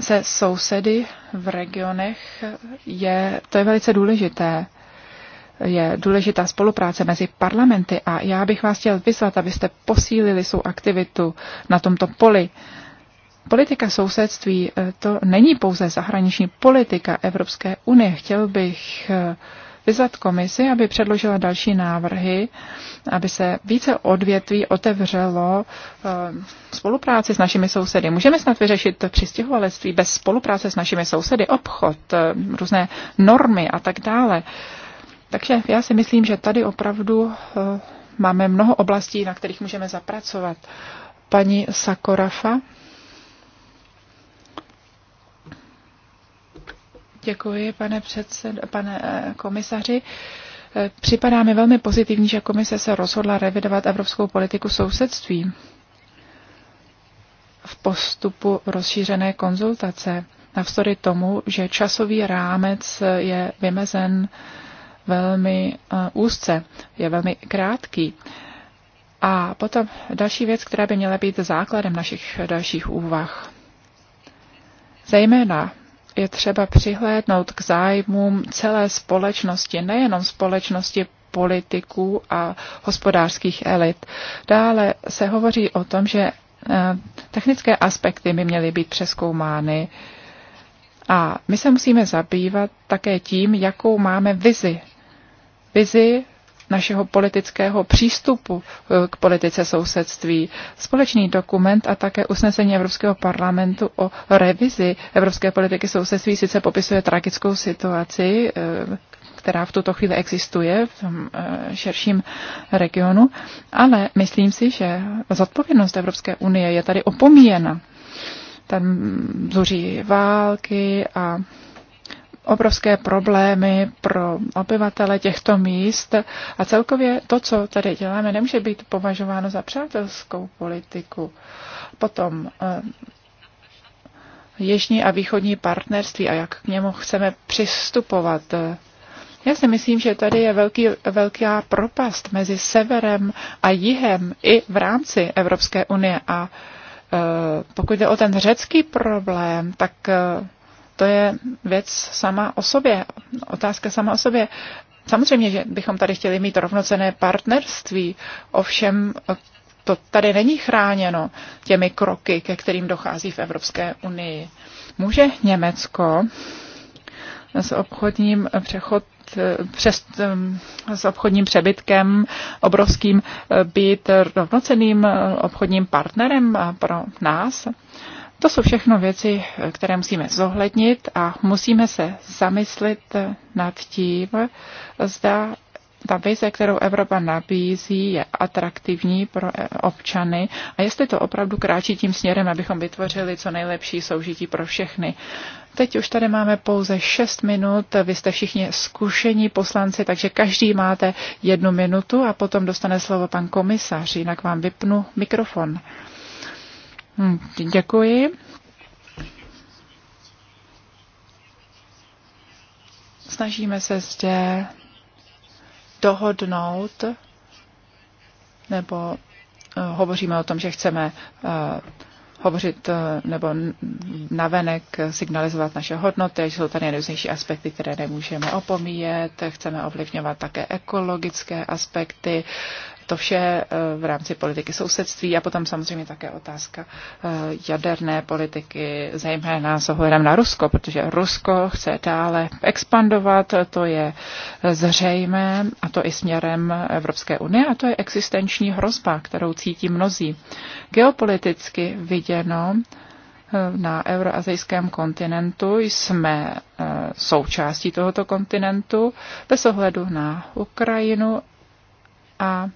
se sousedy v regionech je, to je velice důležité je důležitá spolupráce mezi parlamenty a já bych vás chtěl vyzvat, abyste posílili svou aktivitu na tomto poli. Politika sousedství eh, to není pouze zahraniční politika Evropské unie. Chtěl bych eh, vyzvat komisi, aby předložila další návrhy, aby se více odvětví otevřelo eh, spolupráci s našimi sousedy. Můžeme snad vyřešit přistěhovalectví bez spolupráce s našimi sousedy, obchod, různé normy a tak dále. Takže já si myslím, že tady opravdu eh, máme mnoho oblastí, na kterých můžeme zapracovat. Paní Sakorafa. Děkuji, pane, předsed, pane eh, komisaři. Eh, připadá mi velmi pozitivní, že komise se rozhodla revidovat evropskou politiku sousedství v postupu rozšířené konzultace, navzdory tomu, že časový rámec je vymezen velmi eh, úzce, je velmi krátký. A potom další věc, která by měla být základem našich dalších úvah. Zejména je třeba přihlédnout k zájmům celé společnosti, nejenom společnosti politiků a hospodářských elit. Dále se hovoří o tom, že eh, technické aspekty by měly být přeskoumány a my se musíme zabývat také tím, jakou máme vizi vizi našeho politického přístupu eh, k politice sousedství. Společný dokument a také usnesení Evropského parlamentu o revizi evropské politiky sousedství sice popisuje tragickou situaci, eh, která v tuto chvíli existuje v tom eh, širším regionu, ale myslím si, že zodpovědnost Evropské unie je tady opomíjena. Tam zuří války a obrovské problémy pro obyvatele těchto míst a celkově to, co tady děláme, nemůže být považováno za přátelskou politiku. Potom eh, jižní a východní partnerství a jak k němu chceme přistupovat. Já si myslím, že tady je velký, velká propast mezi severem a jihem i v rámci Evropské unie a eh, pokud jde o ten řecký problém, tak eh, to je věc sama o sobě, otázka sama o sobě. Samozřejmě, že bychom tady chtěli mít rovnocené partnerství, ovšem to tady není chráněno těmi kroky, ke kterým dochází v Evropské unii. Může Německo s obchodním přechod přes, s obchodním přebytkem obrovským být rovnoceným obchodním partnerem pro nás? To jsou všechno věci, které musíme zohlednit a musíme se zamyslit nad tím, zda ta vize, kterou Evropa nabízí, je atraktivní pro eh, občany a jestli to opravdu kráčí tím směrem, abychom vytvořili co nejlepší soužití pro všechny. Teď už tady máme pouze 6 minut, vy jste všichni zkušení poslanci, takže každý máte jednu minutu a potom dostane slovo pan komisař, jinak vám vypnu mikrofon. Hm, děkuji. Snažíme se zde dohodnout, nebo eh, hovoříme o tom, že chceme eh, hovořit eh, nebo navenek signalizovat naše hodnoty, že jsou tady nejrůznější aspekty, které nemůžeme opomíjet, chceme ovlivňovat také ekologické aspekty, to vše eh, v rámci politiky sousedství a potom samozřejmě také otázka eh, jaderné politiky, zejména s ohledem na Rusko, protože Rusko chce dále expandovat, to je zřejmé a to i směrem Evropské unie a to je existenční hrozba, kterou cítí mnozí. Geopoliticky viděno, eh, na euroazijském kontinentu, jsme součástí tohoto kontinentu bez ohledu na Ukrajinu a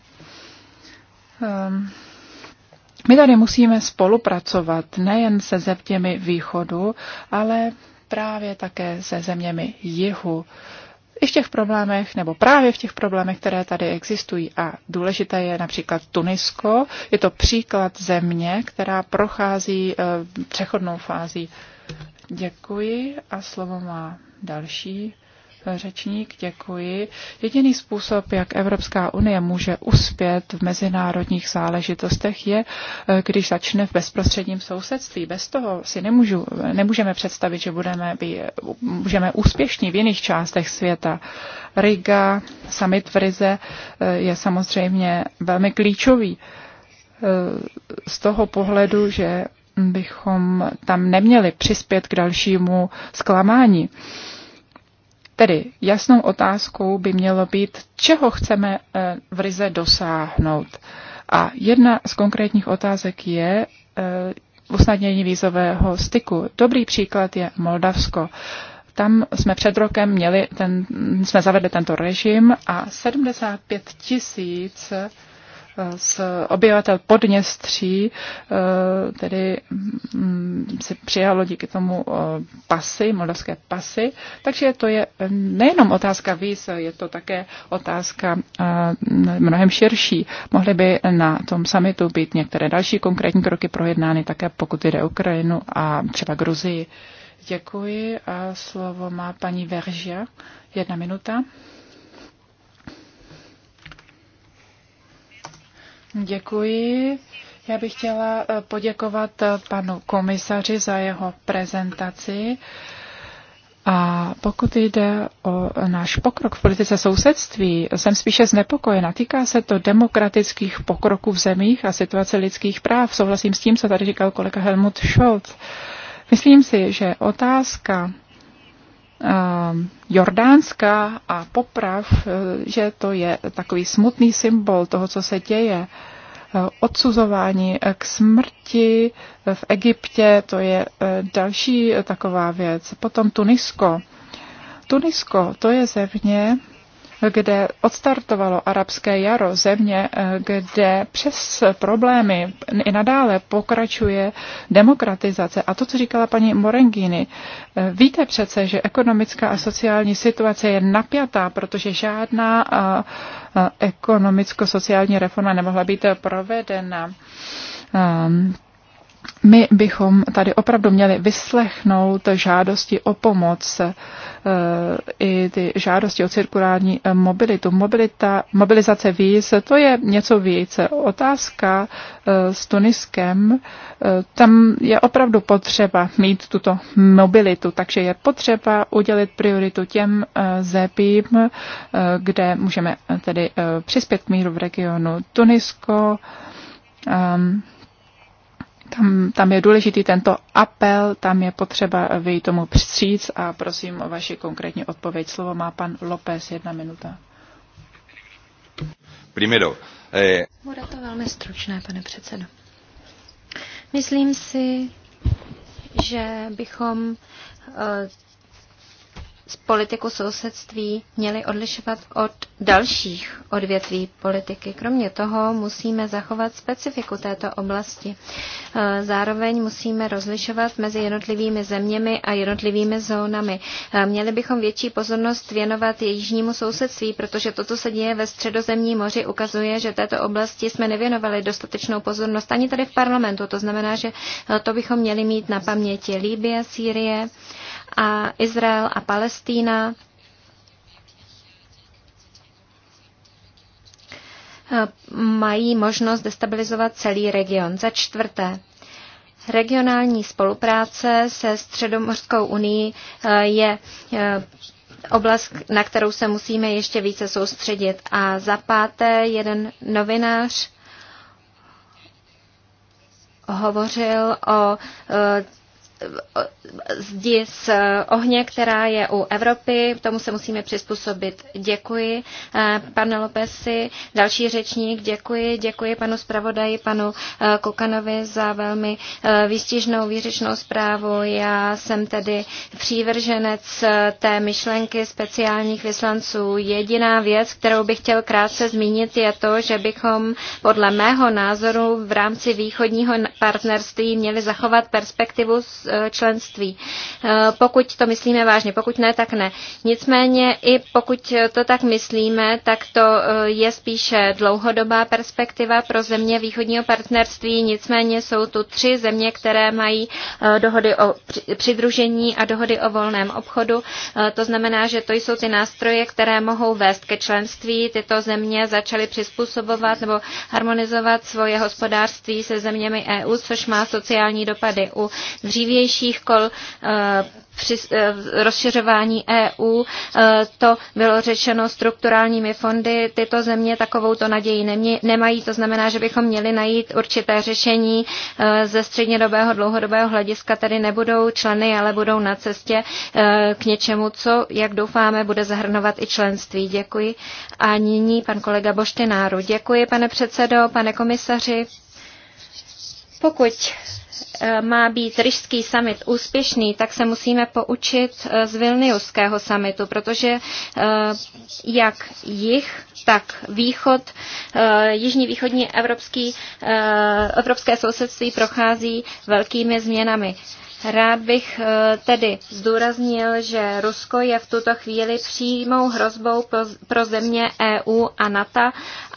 Ehm, my tady musíme spolupracovat nejen se zeměmi východu, ale právě také se zeměmi jihu. I v těch problémech, nebo právě v těch problémech, které tady existují. A důležité je například Tunisko. Je to příklad země, která prochází ehm, přechodnou fází. Děkuji a slovo má další řečník, děkuji. Jediný způsob, jak Evropská unie může uspět v mezinárodních záležitostech, je, eh, když začne v bezprostředním sousedství. Bez toho si nemůžu, nemůžeme představit, že budeme, by, můžeme úspěšní v jiných částech světa. Riga, summit v Rize eh, je samozřejmě velmi klíčový eh, z toho pohledu, že bychom tam neměli přispět k dalšímu zklamání. Tedy jasnou otázkou by mělo být, čeho chceme eh, v Rize dosáhnout. A jedna z konkrétních otázek je eh, usnadnění vízového styku. Dobrý příklad je Moldavsko. Tam jsme před rokem měli ten, jsme zavedli tento režim a 75 tisíc 000 z obyvatel Podněstří eh, tedy mm, si přijalo díky tomu eh, pasy, moldavské pasy. Takže to je eh, nejenom otázka víc, je to také otázka mnohem širší. Mohly by na tom samitu být některé další konkrétní kroky projednány také, pokud jde o Ukrajinu a třeba Gruzii. Děkuji a slovo má paní Veržia. Jedna minuta. Děkuji. Já bych chtěla eh, poděkovat eh, panu komisaři za jeho prezentaci. A pokud jde o náš pokrok v politice sousedství, jsem spíše znepokojena. Týká se to demokratických pokroků v zemích a situace lidských práv. Souhlasím s tím, co tady říkal kolega Helmut Scholz. Myslím si, že otázka Ehm, Jordánska a poprav, eh, že to je takový smutný symbol toho, co se děje. Eh, odsuzování eh, k smrti v Egyptě, to je další taková věc. Potom Tunisko. Tunisko, to je země, kde odstartovalo arabské jaro, země, eh, kde přes problémy i nadále pokračuje demokratizace. A to, co říkala paní Morengini, eh, víte přece, že ekonomická a sociální situace je napjatá, protože žádná eh, ekonomicko-sociální reforma nemohla být provedena ehm, my bychom tady opravdu měli vyslechnout žádosti o pomoc, eh, i ty žádosti o cirkulární eh, mobilitu. Mobilita, mobilizace víc, to je něco víc. Otázka eh, s Tuniskem, tam je opravdu potřeba mít tuto mobilitu, takže je potřeba udělit prioritu těm zemím, kde můžeme tedy přispět k míru v regionu. Tunisko, um, tam, tam je důležitý tento apel, tam je potřeba vy tomu přistříc a prosím o vaši konkrétní odpověď. Slovo má pan López, jedna minuta. Primero. Eh... Bude to velmi stručné, pane předsedo. Myslím si, že bychom eh, z politiku sousedství měli odlišovat od dalších odvětví politiky. Kromě toho musíme zachovat specifiku této oblasti. Eh, zároveň musíme rozlišovat mezi jednotlivými zeměmi a jednotlivými zónami. Eh, měli bychom větší pozornost věnovat jižnímu sousedství, protože to, co se děje ve středozemní moři, ukazuje, že této oblasti jsme nevěnovali dostatečnou pozornost ani tady v parlamentu. To znamená, že eh, to bychom měli mít na paměti Líbie, Sýrie a Izrael a Palestina Kristýna. mají možnost destabilizovat celý region. Za čtvrté, regionální spolupráce se Středomorskou unii eh, je eh, oblast, na kterou se musíme ještě více soustředit. A za páté, jeden novinář hovořil o eh, zdi z ohně, která je u Evropy. Tomu se musíme přizpůsobit. Děkuji, eh, pane Lopesi. Další řečník, děkuji. Děkuji panu zpravodaji, panu eh, Kukanovi za velmi eh, výstižnou výřečnou zprávu. Já jsem tedy přívrženec té myšlenky speciálních vyslanců. Jediná věc, kterou bych chtěl krátce zmínit, je to, že bychom podle mého názoru v rámci východního partnerství měli zachovat perspektivu s Eh, členství. Eh, pokud to myslíme vážně, pokud ne, tak ne. Nicméně i pokud to tak myslíme, tak to eh, je spíše dlouhodobá perspektiva pro země východního partnerství. Nicméně jsou tu tři země, které mají dohody o přidružení a dohody o volném obchodu. To znamená, že to jsou ty nástroje, které mohou vést ke členství. Tyto země začaly přizpůsobovat nebo harmonizovat svoje hospodářství se zeměmi EU, což má sociální dopady. U dříví dřívějších kol eh, při eh, rozšiřování EU. Eh, to bylo řečeno strukturálními fondy. Tyto země takovouto naději nemají. To znamená, že bychom měli najít určité řešení ze střednědobého dlouhodobého hlediska. Tady nebudou členy, ale budou na cestě k něčemu, co, jak doufáme, bude zahrnovat i členství. Děkuji. A nyní pan kolega Boštenáru. Děkuji, pane předsedo, pane komisaři. Pokud Eh, má být ryšský summit úspěšný, tak se musíme poučit eh, z Vilniuského summitu, protože eh, jak jich, tak východ, jižní východní evropský, evropské sousedství prochází velkými změnami. Rád bych eh, tedy zdůraznil, že Rusko je v tuto chvíli přímou hrozbou pro země EU a NATO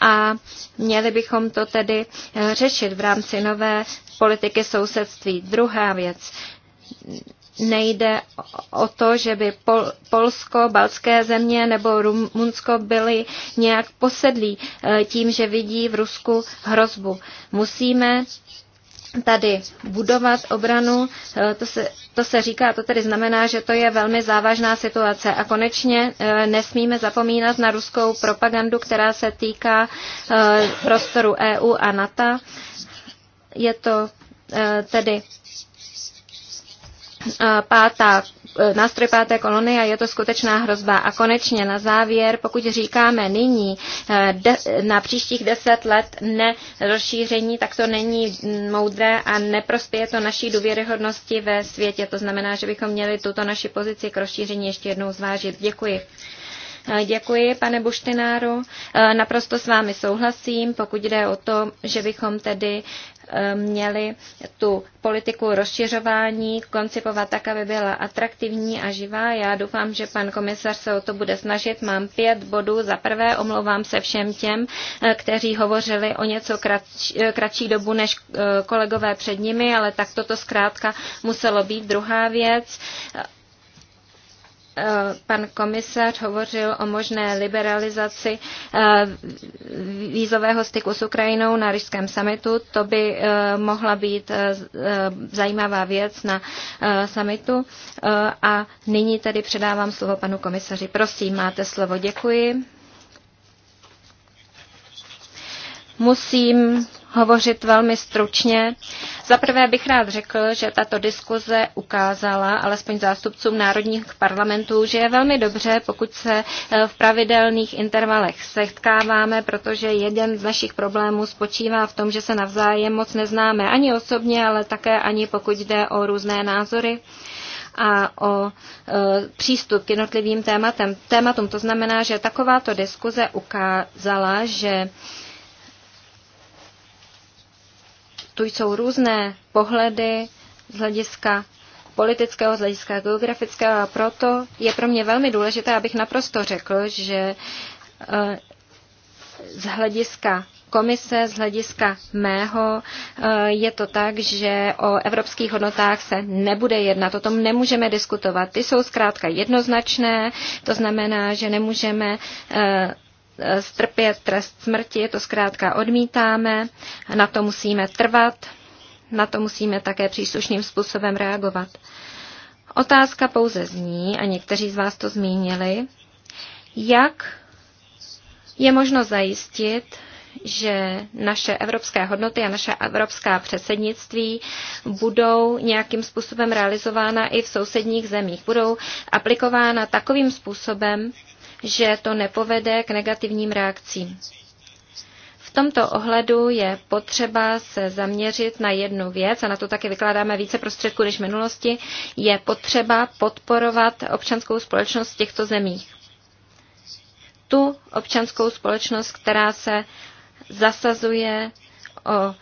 a měli bychom to tedy eh, řešit v rámci nové politiky sousedství. Druhá věc nejde o to, že by Pol- Polsko, Balské země nebo Rumunsko byly nějak posedlí eh, tím, že vidí v Rusku hrozbu. Musíme tady budovat obranu, eh, to se, to se říká, to tedy znamená, že to je velmi závažná situace. A konečně eh, nesmíme zapomínat na ruskou propagandu, která se týká eh, prostoru EU a NATO. Je to tedy pátá Eh, nástroj páté kolony a je to skutečná hrozba. A konečně na závěr, pokud říkáme nyní eh, de, na příštích deset let ne rozšíření, tak to není moudré a neprospěje to naší důvěryhodnosti ve světě. To znamená, že bychom měli tuto naši pozici k rozšíření ještě jednou zvážit. Děkuji. Děkuji, pane Buštináru. Naprosto s vámi souhlasím, pokud jde o to, že bychom tedy e, měli tu politiku rozšiřování koncipovat tak, aby byla atraktivní a živá. Já doufám, že pan komisař se o to bude snažit. Mám pět bodů. Za prvé omlouvám se všem těm, e, kteří hovořili o něco kratší, e, kratší dobu než kolegové před nimi, ale tak toto zkrátka muselo být. Druhá věc, Eh, pan komisař hovořil o možné liberalizaci eh, vízového styku s Ukrajinou na Ryšském samitu. To by eh, mohla být zajímavá věc na samitu. A nyní tedy předávám slovo panu komisaři. Prosím, máte slovo. Děkuji. Musím hovořit velmi stručně. Zaprvé bych rád řekl, že tato diskuze ukázala alespoň zástupcům národních parlamentů, že je velmi dobře, pokud se eh, v pravidelných intervalech setkáváme, protože jeden z našich problémů spočívá v tom, že se navzájem moc neznáme ani osobně, ale také ani pokud jde o různé názory a o e, přístup k jednotlivým tématem, tématům. To znamená, že takováto diskuze ukázala, že e, tu jsou různé pohledy z hlediska politického, z hlediska geografického a proto je pro mě velmi důležité, abych naprosto řekl, že eh, z hlediska komise, z hlediska mého, eh, je to tak, že o evropských hodnotách se nebude jednat. O tom nemůžeme diskutovat. Ty jsou zkrátka jednoznačné, to znamená, že nemůžeme eh, Eh, strpět trest smrti, to zkrátka odmítáme, na to musíme trvat, na to musíme také příslušným způsobem reagovat. Otázka pouze zní, a někteří z vás to zmínili, jak je možno zajistit, že naše evropské hodnoty a naše evropská předsednictví budou nějakým způsobem realizována i v sousedních zemích. Budou aplikována takovým způsobem, že to nepovede k negativním reakcím. V tomto ohledu je potřeba se zaměřit na jednu věc, a na to také vykládáme více prostředků než v minulosti, je potřeba podporovat občanskou společnost v těchto zemích. Tu občanskou společnost, která se zasazuje o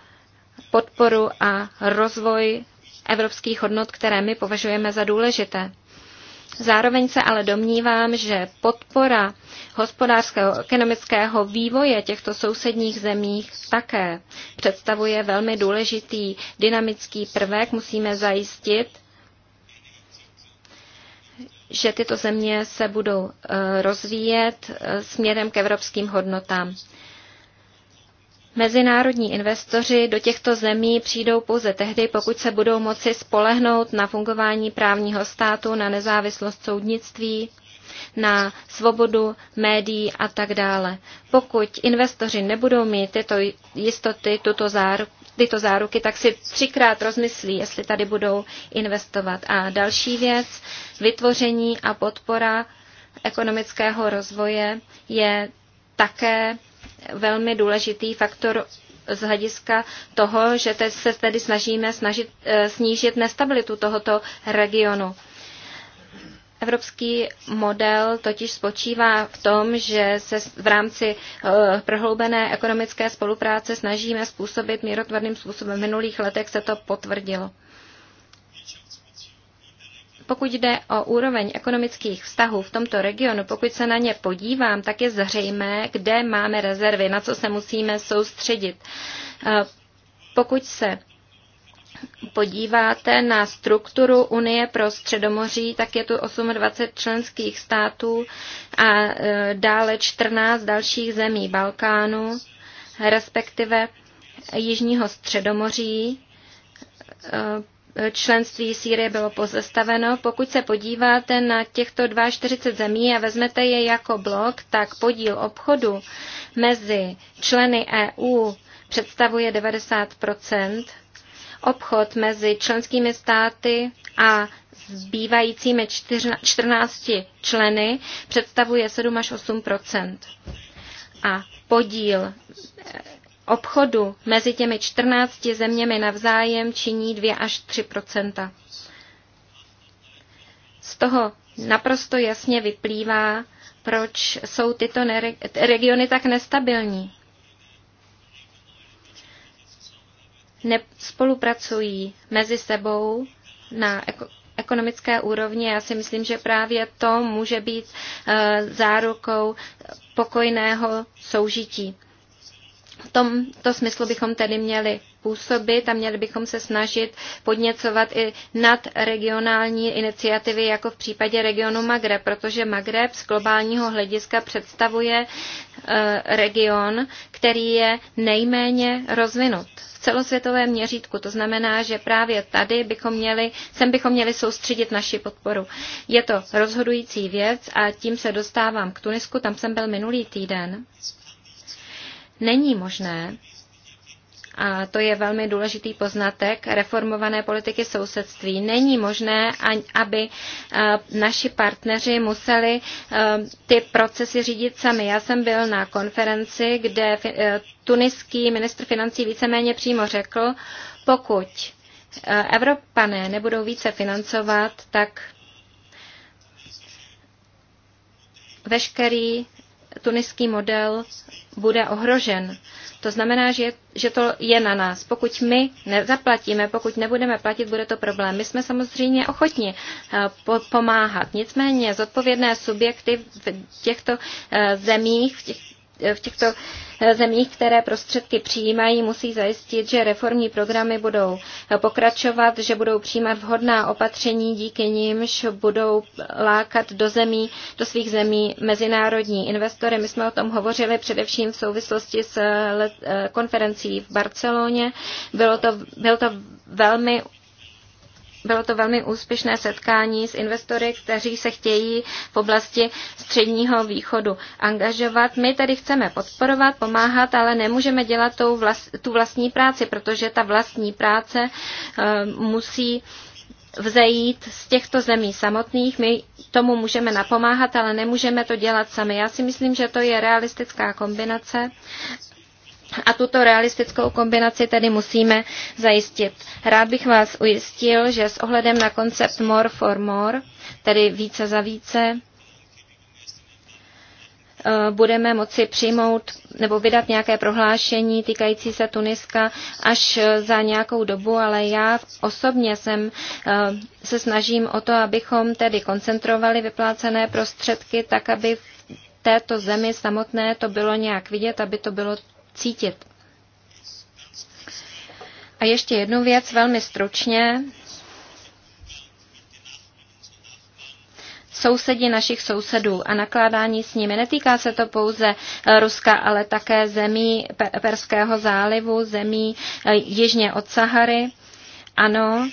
podporu a rozvoj evropských hodnot, které my považujeme za důležité. Zároveň se ale domnívám, že podpora hospodářského ekonomického vývoje těchto sousedních zemích také představuje velmi důležitý dynamický prvek. Musíme zajistit, že tyto země se budou eh, rozvíjet eh, směrem k evropským hodnotám. Mezinárodní investoři do těchto zemí přijdou pouze tehdy, pokud se budou moci spolehnout na fungování právního státu, na nezávislost soudnictví, na svobodu médií a tak dále. Pokud investoři nebudou mít tyto jistoty, tuto záruku, tyto záruky, tak si třikrát rozmyslí, jestli tady budou investovat. A další věc, vytvoření a podpora ekonomického rozvoje je také velmi důležitý faktor z hlediska toho, že teď se tedy snažíme snažit, eh, snížit nestabilitu tohoto regionu. Evropský model totiž spočívá v tom, že se v rámci eh, prohloubené ekonomické spolupráce snažíme způsobit mírotvorným způsobem. V minulých letech se to potvrdilo. Pokud jde o úroveň ekonomických vztahů v tomto regionu, pokud se na ně podívám, tak je zřejmé, kde máme rezervy, na co se musíme soustředit. Eh, pokud se podíváte na strukturu Unie pro Středomoří, tak je tu 28 členských států a eh, dále 14 dalších zemí Balkánu, respektive Jižního Středomoří eh, členství Sýrie bylo pozastaveno. Pokud se podíváte na těchto 42 zemí a vezmete je jako blok, tak podíl obchodu mezi členy EU představuje 90 Obchod mezi členskými státy a zbývajícími 14 členy představuje 7 až 8 A podíl obchodu mezi těmi 14 zeměmi navzájem činí 2 až 3 Z toho naprosto jasně vyplývá, proč jsou tyto regiony tak nestabilní. Nespolupracují mezi sebou na ekonomické úrovni. Já si myslím, že právě to může být eh, zárukou pokojného soužití. V tomto smyslu bychom tedy měli působit a měli bychom se snažit podněcovat i nad regionální iniciativy, jako v případě regionu Magreb, protože Magreb z globálního hlediska představuje eh, region, který je nejméně rozvinut v celosvětovém měřítku. To znamená, že právě tady bychom měli, sem bychom měli soustředit naši podporu. Je to rozhodující věc a tím se dostávám k Tunisku, tam jsem byl minulý týden není možné, a to je velmi důležitý poznatek reformované politiky sousedství. Není možné, aby naši partneři museli ty procesy řídit sami. Já jsem byl na konferenci, kde e, tuniský ministr financí víceméně přímo řekl, pokud e, Evropané nebudou více financovat, tak veškerý tuniský model bude ohrožen. To znamená, že, že to je na nás. Pokud my nezaplatíme, pokud nebudeme platit, bude to problém. My jsme samozřejmě ochotni eh, pomáhat. Nicméně zodpovědné subjekty v těchto eh, zemích, v těch v těchto zemích, které prostředky přijímají, musí zajistit, že reformní programy budou pokračovat, že budou přijímat vhodná opatření, díky nimž budou lákat do zemí, do svých zemí mezinárodní investory. My jsme o tom hovořili především v souvislosti s eh, konferencí v Barceloně. Bylo to, byl to velmi bylo to velmi úspěšné setkání s investory, kteří se chtějí v oblasti středního východu angažovat. My tady chceme podporovat, pomáhat, ale nemůžeme dělat tu, vlast, tu vlastní práci, protože ta vlastní práce eh, musí vzejít z těchto zemí samotných. My tomu můžeme napomáhat, ale nemůžeme to dělat sami. Já si myslím, že to je realistická kombinace a tuto realistickou kombinaci tedy musíme zajistit. Rád bych vás ujistil, že s ohledem na koncept more for more, tedy více za více, eh, budeme moci přijmout nebo vydat nějaké prohlášení týkající se Tuniska až eh, za nějakou dobu, ale já osobně jsem, eh, se snažím o to, abychom tedy koncentrovali vyplácené prostředky tak, aby v této zemi samotné to bylo nějak vidět, aby to bylo cítit. A ještě jednu věc velmi stručně. sousedi našich sousedů a nakládání s nimi. Netýká se to pouze eh, Ruska, ale také zemí Perského zálivu, zemí eh, jižně od Sahary. Ano,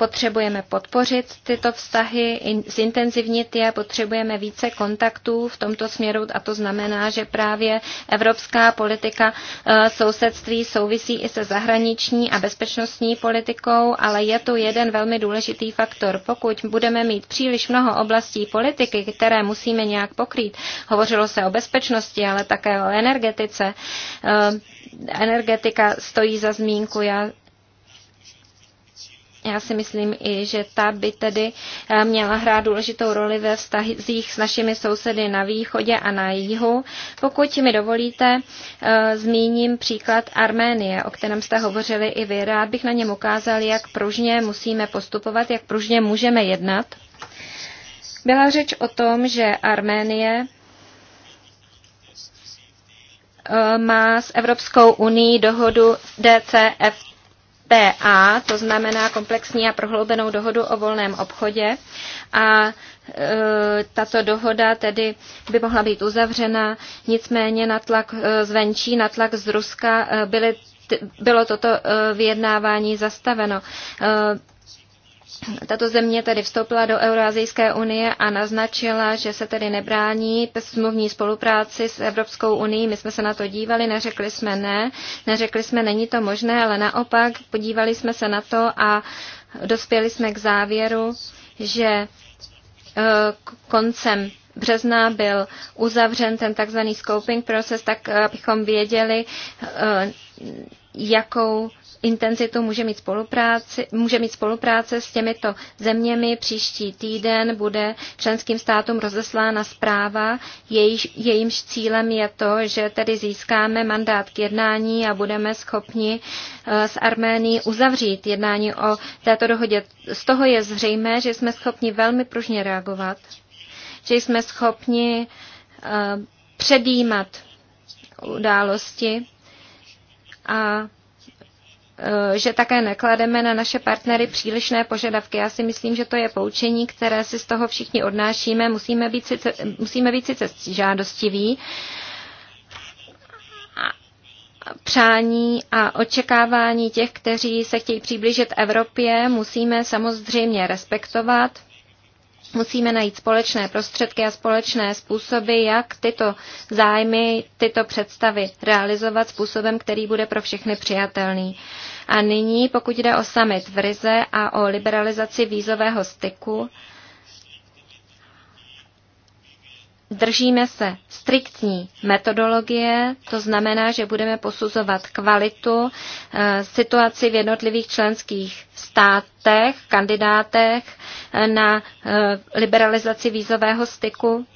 Potřebujeme podpořit tyto vztahy, zintenzivnit je, potřebujeme více kontaktů v tomto směru a to znamená, že právě evropská politika eh, sousedství souvisí i se zahraniční a bezpečnostní politikou, ale je tu jeden velmi důležitý faktor. Pokud budeme mít příliš mnoho oblastí politiky, které musíme nějak pokrýt, hovořilo se o bezpečnosti, ale také o energetice, eh, energetika stojí za zmínku. Já já si myslím i, že ta by tedy eh, měla hrát důležitou roli ve vztazích s našimi sousedy na východě a na jihu. Pokud mi dovolíte, eh, zmíním příklad Arménie, o kterém jste hovořili i vy. Rád bych na něm ukázal, jak pružně musíme postupovat, jak pružně můžeme jednat. Byla řeč o tom, že Arménie eh, má s Evropskou unii dohodu DCFT FTA, to znamená komplexní a prohloubenou dohodu o volném obchodě. A e, tato dohoda tedy by mohla být uzavřena, nicméně na tlak e, zvenčí, na tlak z Ruska e, byly bylo toto vyjednávání zastaveno tato země tedy vstoupila do Eurázijské unie a naznačila, že se tedy nebrání smluvní spolupráci s Evropskou unii. My jsme se na to dívali, neřekli jsme ne, neřekli jsme není to možné, ale naopak podívali jsme se na to a dospěli jsme k závěru, že e, koncem března byl uzavřen ten takzvaný scoping proces, tak e, abychom věděli, e, jakou intenzitu může mít, spolupráce, může mít spolupráce s těmito zeměmi. Příští týden bude členským státům rozeslána zpráva. Jejíž, jejímž cílem je to, že tedy získáme mandát k jednání a budeme schopni eh, s Arménií uzavřít jednání o této dohodě. Z toho je zřejmé, že jsme schopni velmi pružně reagovat, že jsme schopni eh, předjímat události a Eh, že také neklademe na naše partnery přílišné požadavky. Já si myslím, že to je poučení, které si z toho všichni odnášíme. Musíme být sice, musíme být sice žádostiví, přání a očekávání těch, kteří se chtějí přiblížit Evropě, musíme samozřejmě respektovat. Musíme najít společné prostředky a společné způsoby, jak tyto zájmy, tyto představy realizovat způsobem, který bude pro všechny přijatelný. A nyní, pokud jde o summit v Rize a o liberalizaci vízového styku, Držíme se striktní metodologie, to znamená, že budeme posuzovat kvalitu, eh, situaci v jednotlivých členských státech, kandidátech eh, na eh, liberalizaci vízového styku.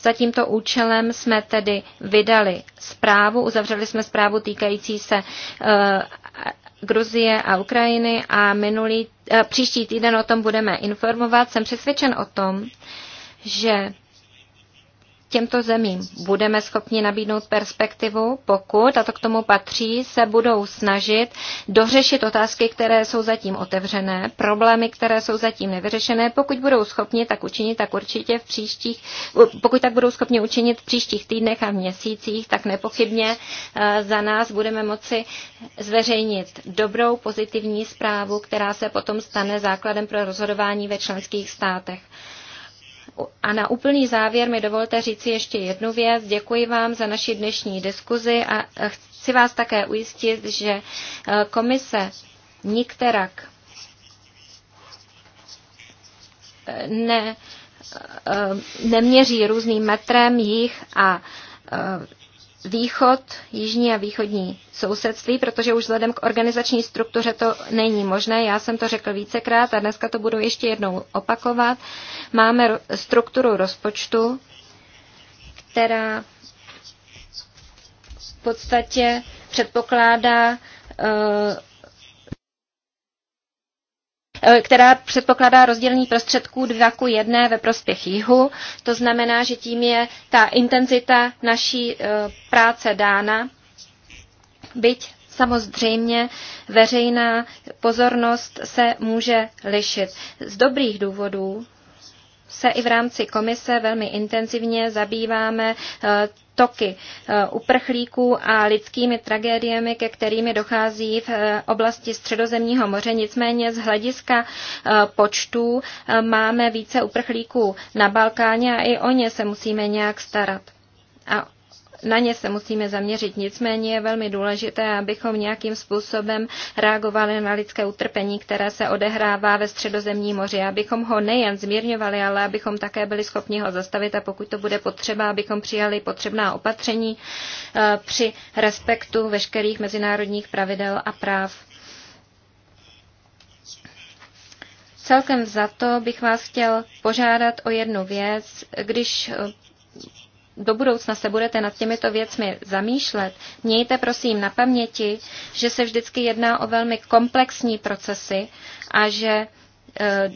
Za tímto účelem jsme tedy vydali zprávu, uzavřeli jsme zprávu týkající se Gruzie a Ukrajiny a minulý, příští týden o tom budeme informovat. Jsem přesvědčen o tom, že těmto zemím budeme schopni nabídnout perspektivu, pokud, a to k tomu patří, se budou snažit dořešit otázky, které jsou zatím otevřené, problémy, které jsou zatím nevyřešené. Pokud budou schopni tak učinit, tak určitě v příštích, pokud tak budou schopni učinit v příštích týdnech a měsících, tak nepochybně eh, za nás budeme moci zveřejnit dobrou pozitivní zprávu, která se potom stane základem pro rozhodování ve členských státech. A na úplný závěr mi dovolte říci ještě jednu věc. Děkuji vám za naši dnešní diskuzi a chci vás také ujistit, že eh, komise nikterak eh, ne, eh, neměří různým metrem jich a východ, jižní a východní sousedství, protože už vzhledem k organizační struktuře to není možné. Já jsem to řekl vícekrát a dneska to budu ještě jednou opakovat. Máme strukturu rozpočtu, která v podstatě předpokládá eh, Eh, která předpokládá rozdělení prostředků 2 ku 1 ve prospěch jihu. To znamená, že tím je ta intenzita naší eh, práce dána, byť samozřejmě veřejná pozornost se může lišit. Z dobrých důvodů se i v rámci komise velmi intenzivně zabýváme eh, toky eh, uprchlíků a lidskými tragédiemi, ke kterými dochází v eh, oblasti Středozemního moře. Nicméně z hlediska počtů máme více uprchlíků na Balkáně a i o ně se musíme nějak starat. A na ně se musíme zaměřit. Nicméně je velmi důležité, abychom nějakým způsobem reagovali na lidské utrpení, které se odehrává ve středozemní moři, abychom ho nejen zmírňovali, ale abychom také byli schopni ho zastavit a pokud to bude potřeba, abychom přijali potřebná opatření eh, při respektu veškerých mezinárodních pravidel a práv. Celkem za to bych vás chtěl požádat o jednu věc. Když eh, do budoucna se budete nad těmito věcmi zamýšlet, mějte prosím na paměti, že se vždycky jedná o velmi komplexní procesy a že eh,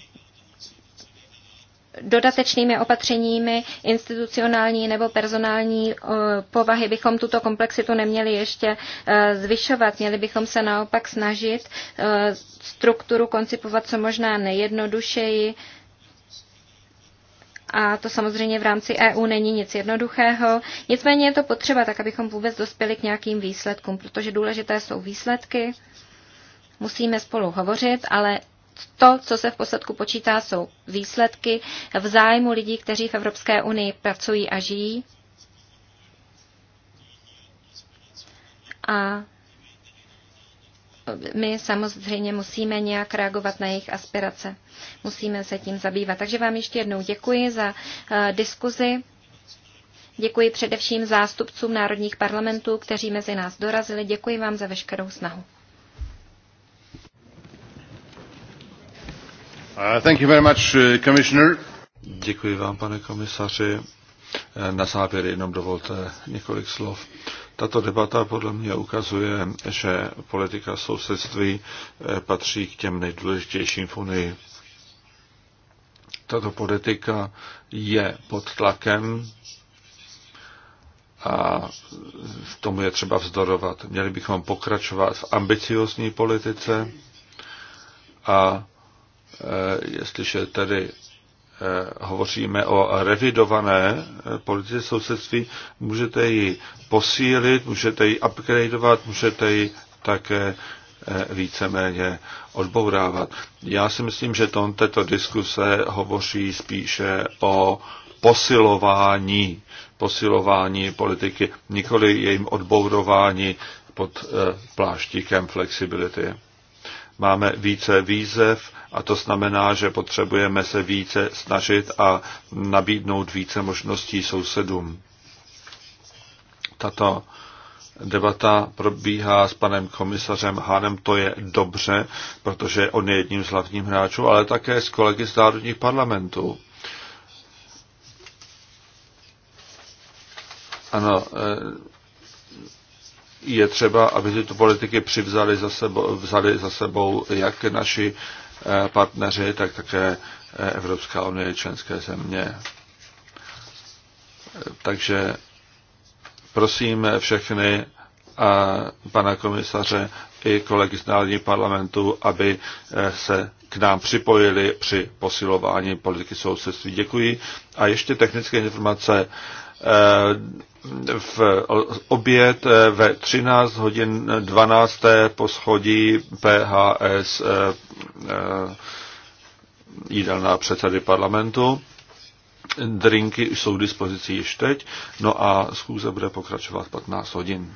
dodatečnými opatřeními institucionální nebo personální eh, povahy bychom tuto komplexitu neměli ještě eh, zvyšovat. Měli bychom se naopak snažit strukturu koncipovat co možná nejjednodušeji, a to samozřejmě v rámci EU není nic jednoduchého. Nicméně je to potřeba tak, abychom vůbec dospěli k nějakým výsledkům, protože důležité jsou výsledky. Musíme spolu hovořit, ale to, co se v posledku počítá, jsou výsledky v zájmu lidí, kteří v Evropské unii pracují a žijí. A my samozřejmě musíme nějak reagovat na jejich aspirace. Musíme se tím zabývat. Takže vám ještě jednou děkuji za eh, diskuzi. Děkuji především zástupcům národních parlamentů, kteří mezi nás dorazili. Děkuji vám za veškerou snahu. Uh, thank you very much, uh, Děkuji vám, pane komisaři. Eh, na závěr jenom dovolte několik slov. Tato debata podle mě ukazuje, že politika sousedství eh, patří k těm nejdůležitějším v Unii. Tato politika je pod tlakem a tomu je třeba vzdorovat. Měli bychom pokračovat v ambiciozní politice a eh, jestliže tedy Eh, hovoříme o revidované eh, politice sousedství, můžete ji posílit, můžete ji upgradeovat, můžete ji také eh, víceméně odbourávat. Já si myslím, že tom této diskuse hovoří spíše o posilování, posilování politiky, nikoli jejím odbourování pod pláštíkem flexibility. Máme více výzev, a to znamená, že potřebujeme se více snažit a nabídnout více možností sousedům. Tato debata probíhá s panem komisařem Hanem, to je dobře, protože on je jedním z hlavních hráčů, ale také s kolegy z národních parlamentů. Ano, eh, je třeba, aby tyto politiky přivzali za sebou, vzali za sebou jak naši partneři, tak také Evropská unie, členské země. Takže prosím všechny a pana komisaře i kolegy z Národní parlamentu, aby se k nám připojili při posilování politiky sousedství. Děkuji. A ještě technické informace. Eh, v oběd eh, ve 13 hodin 12. po schodí PHS eh, jídelná předsedy parlamentu. Drinky jsou k dispozici již teď, no a schůze bude pokračovat 15 hodin.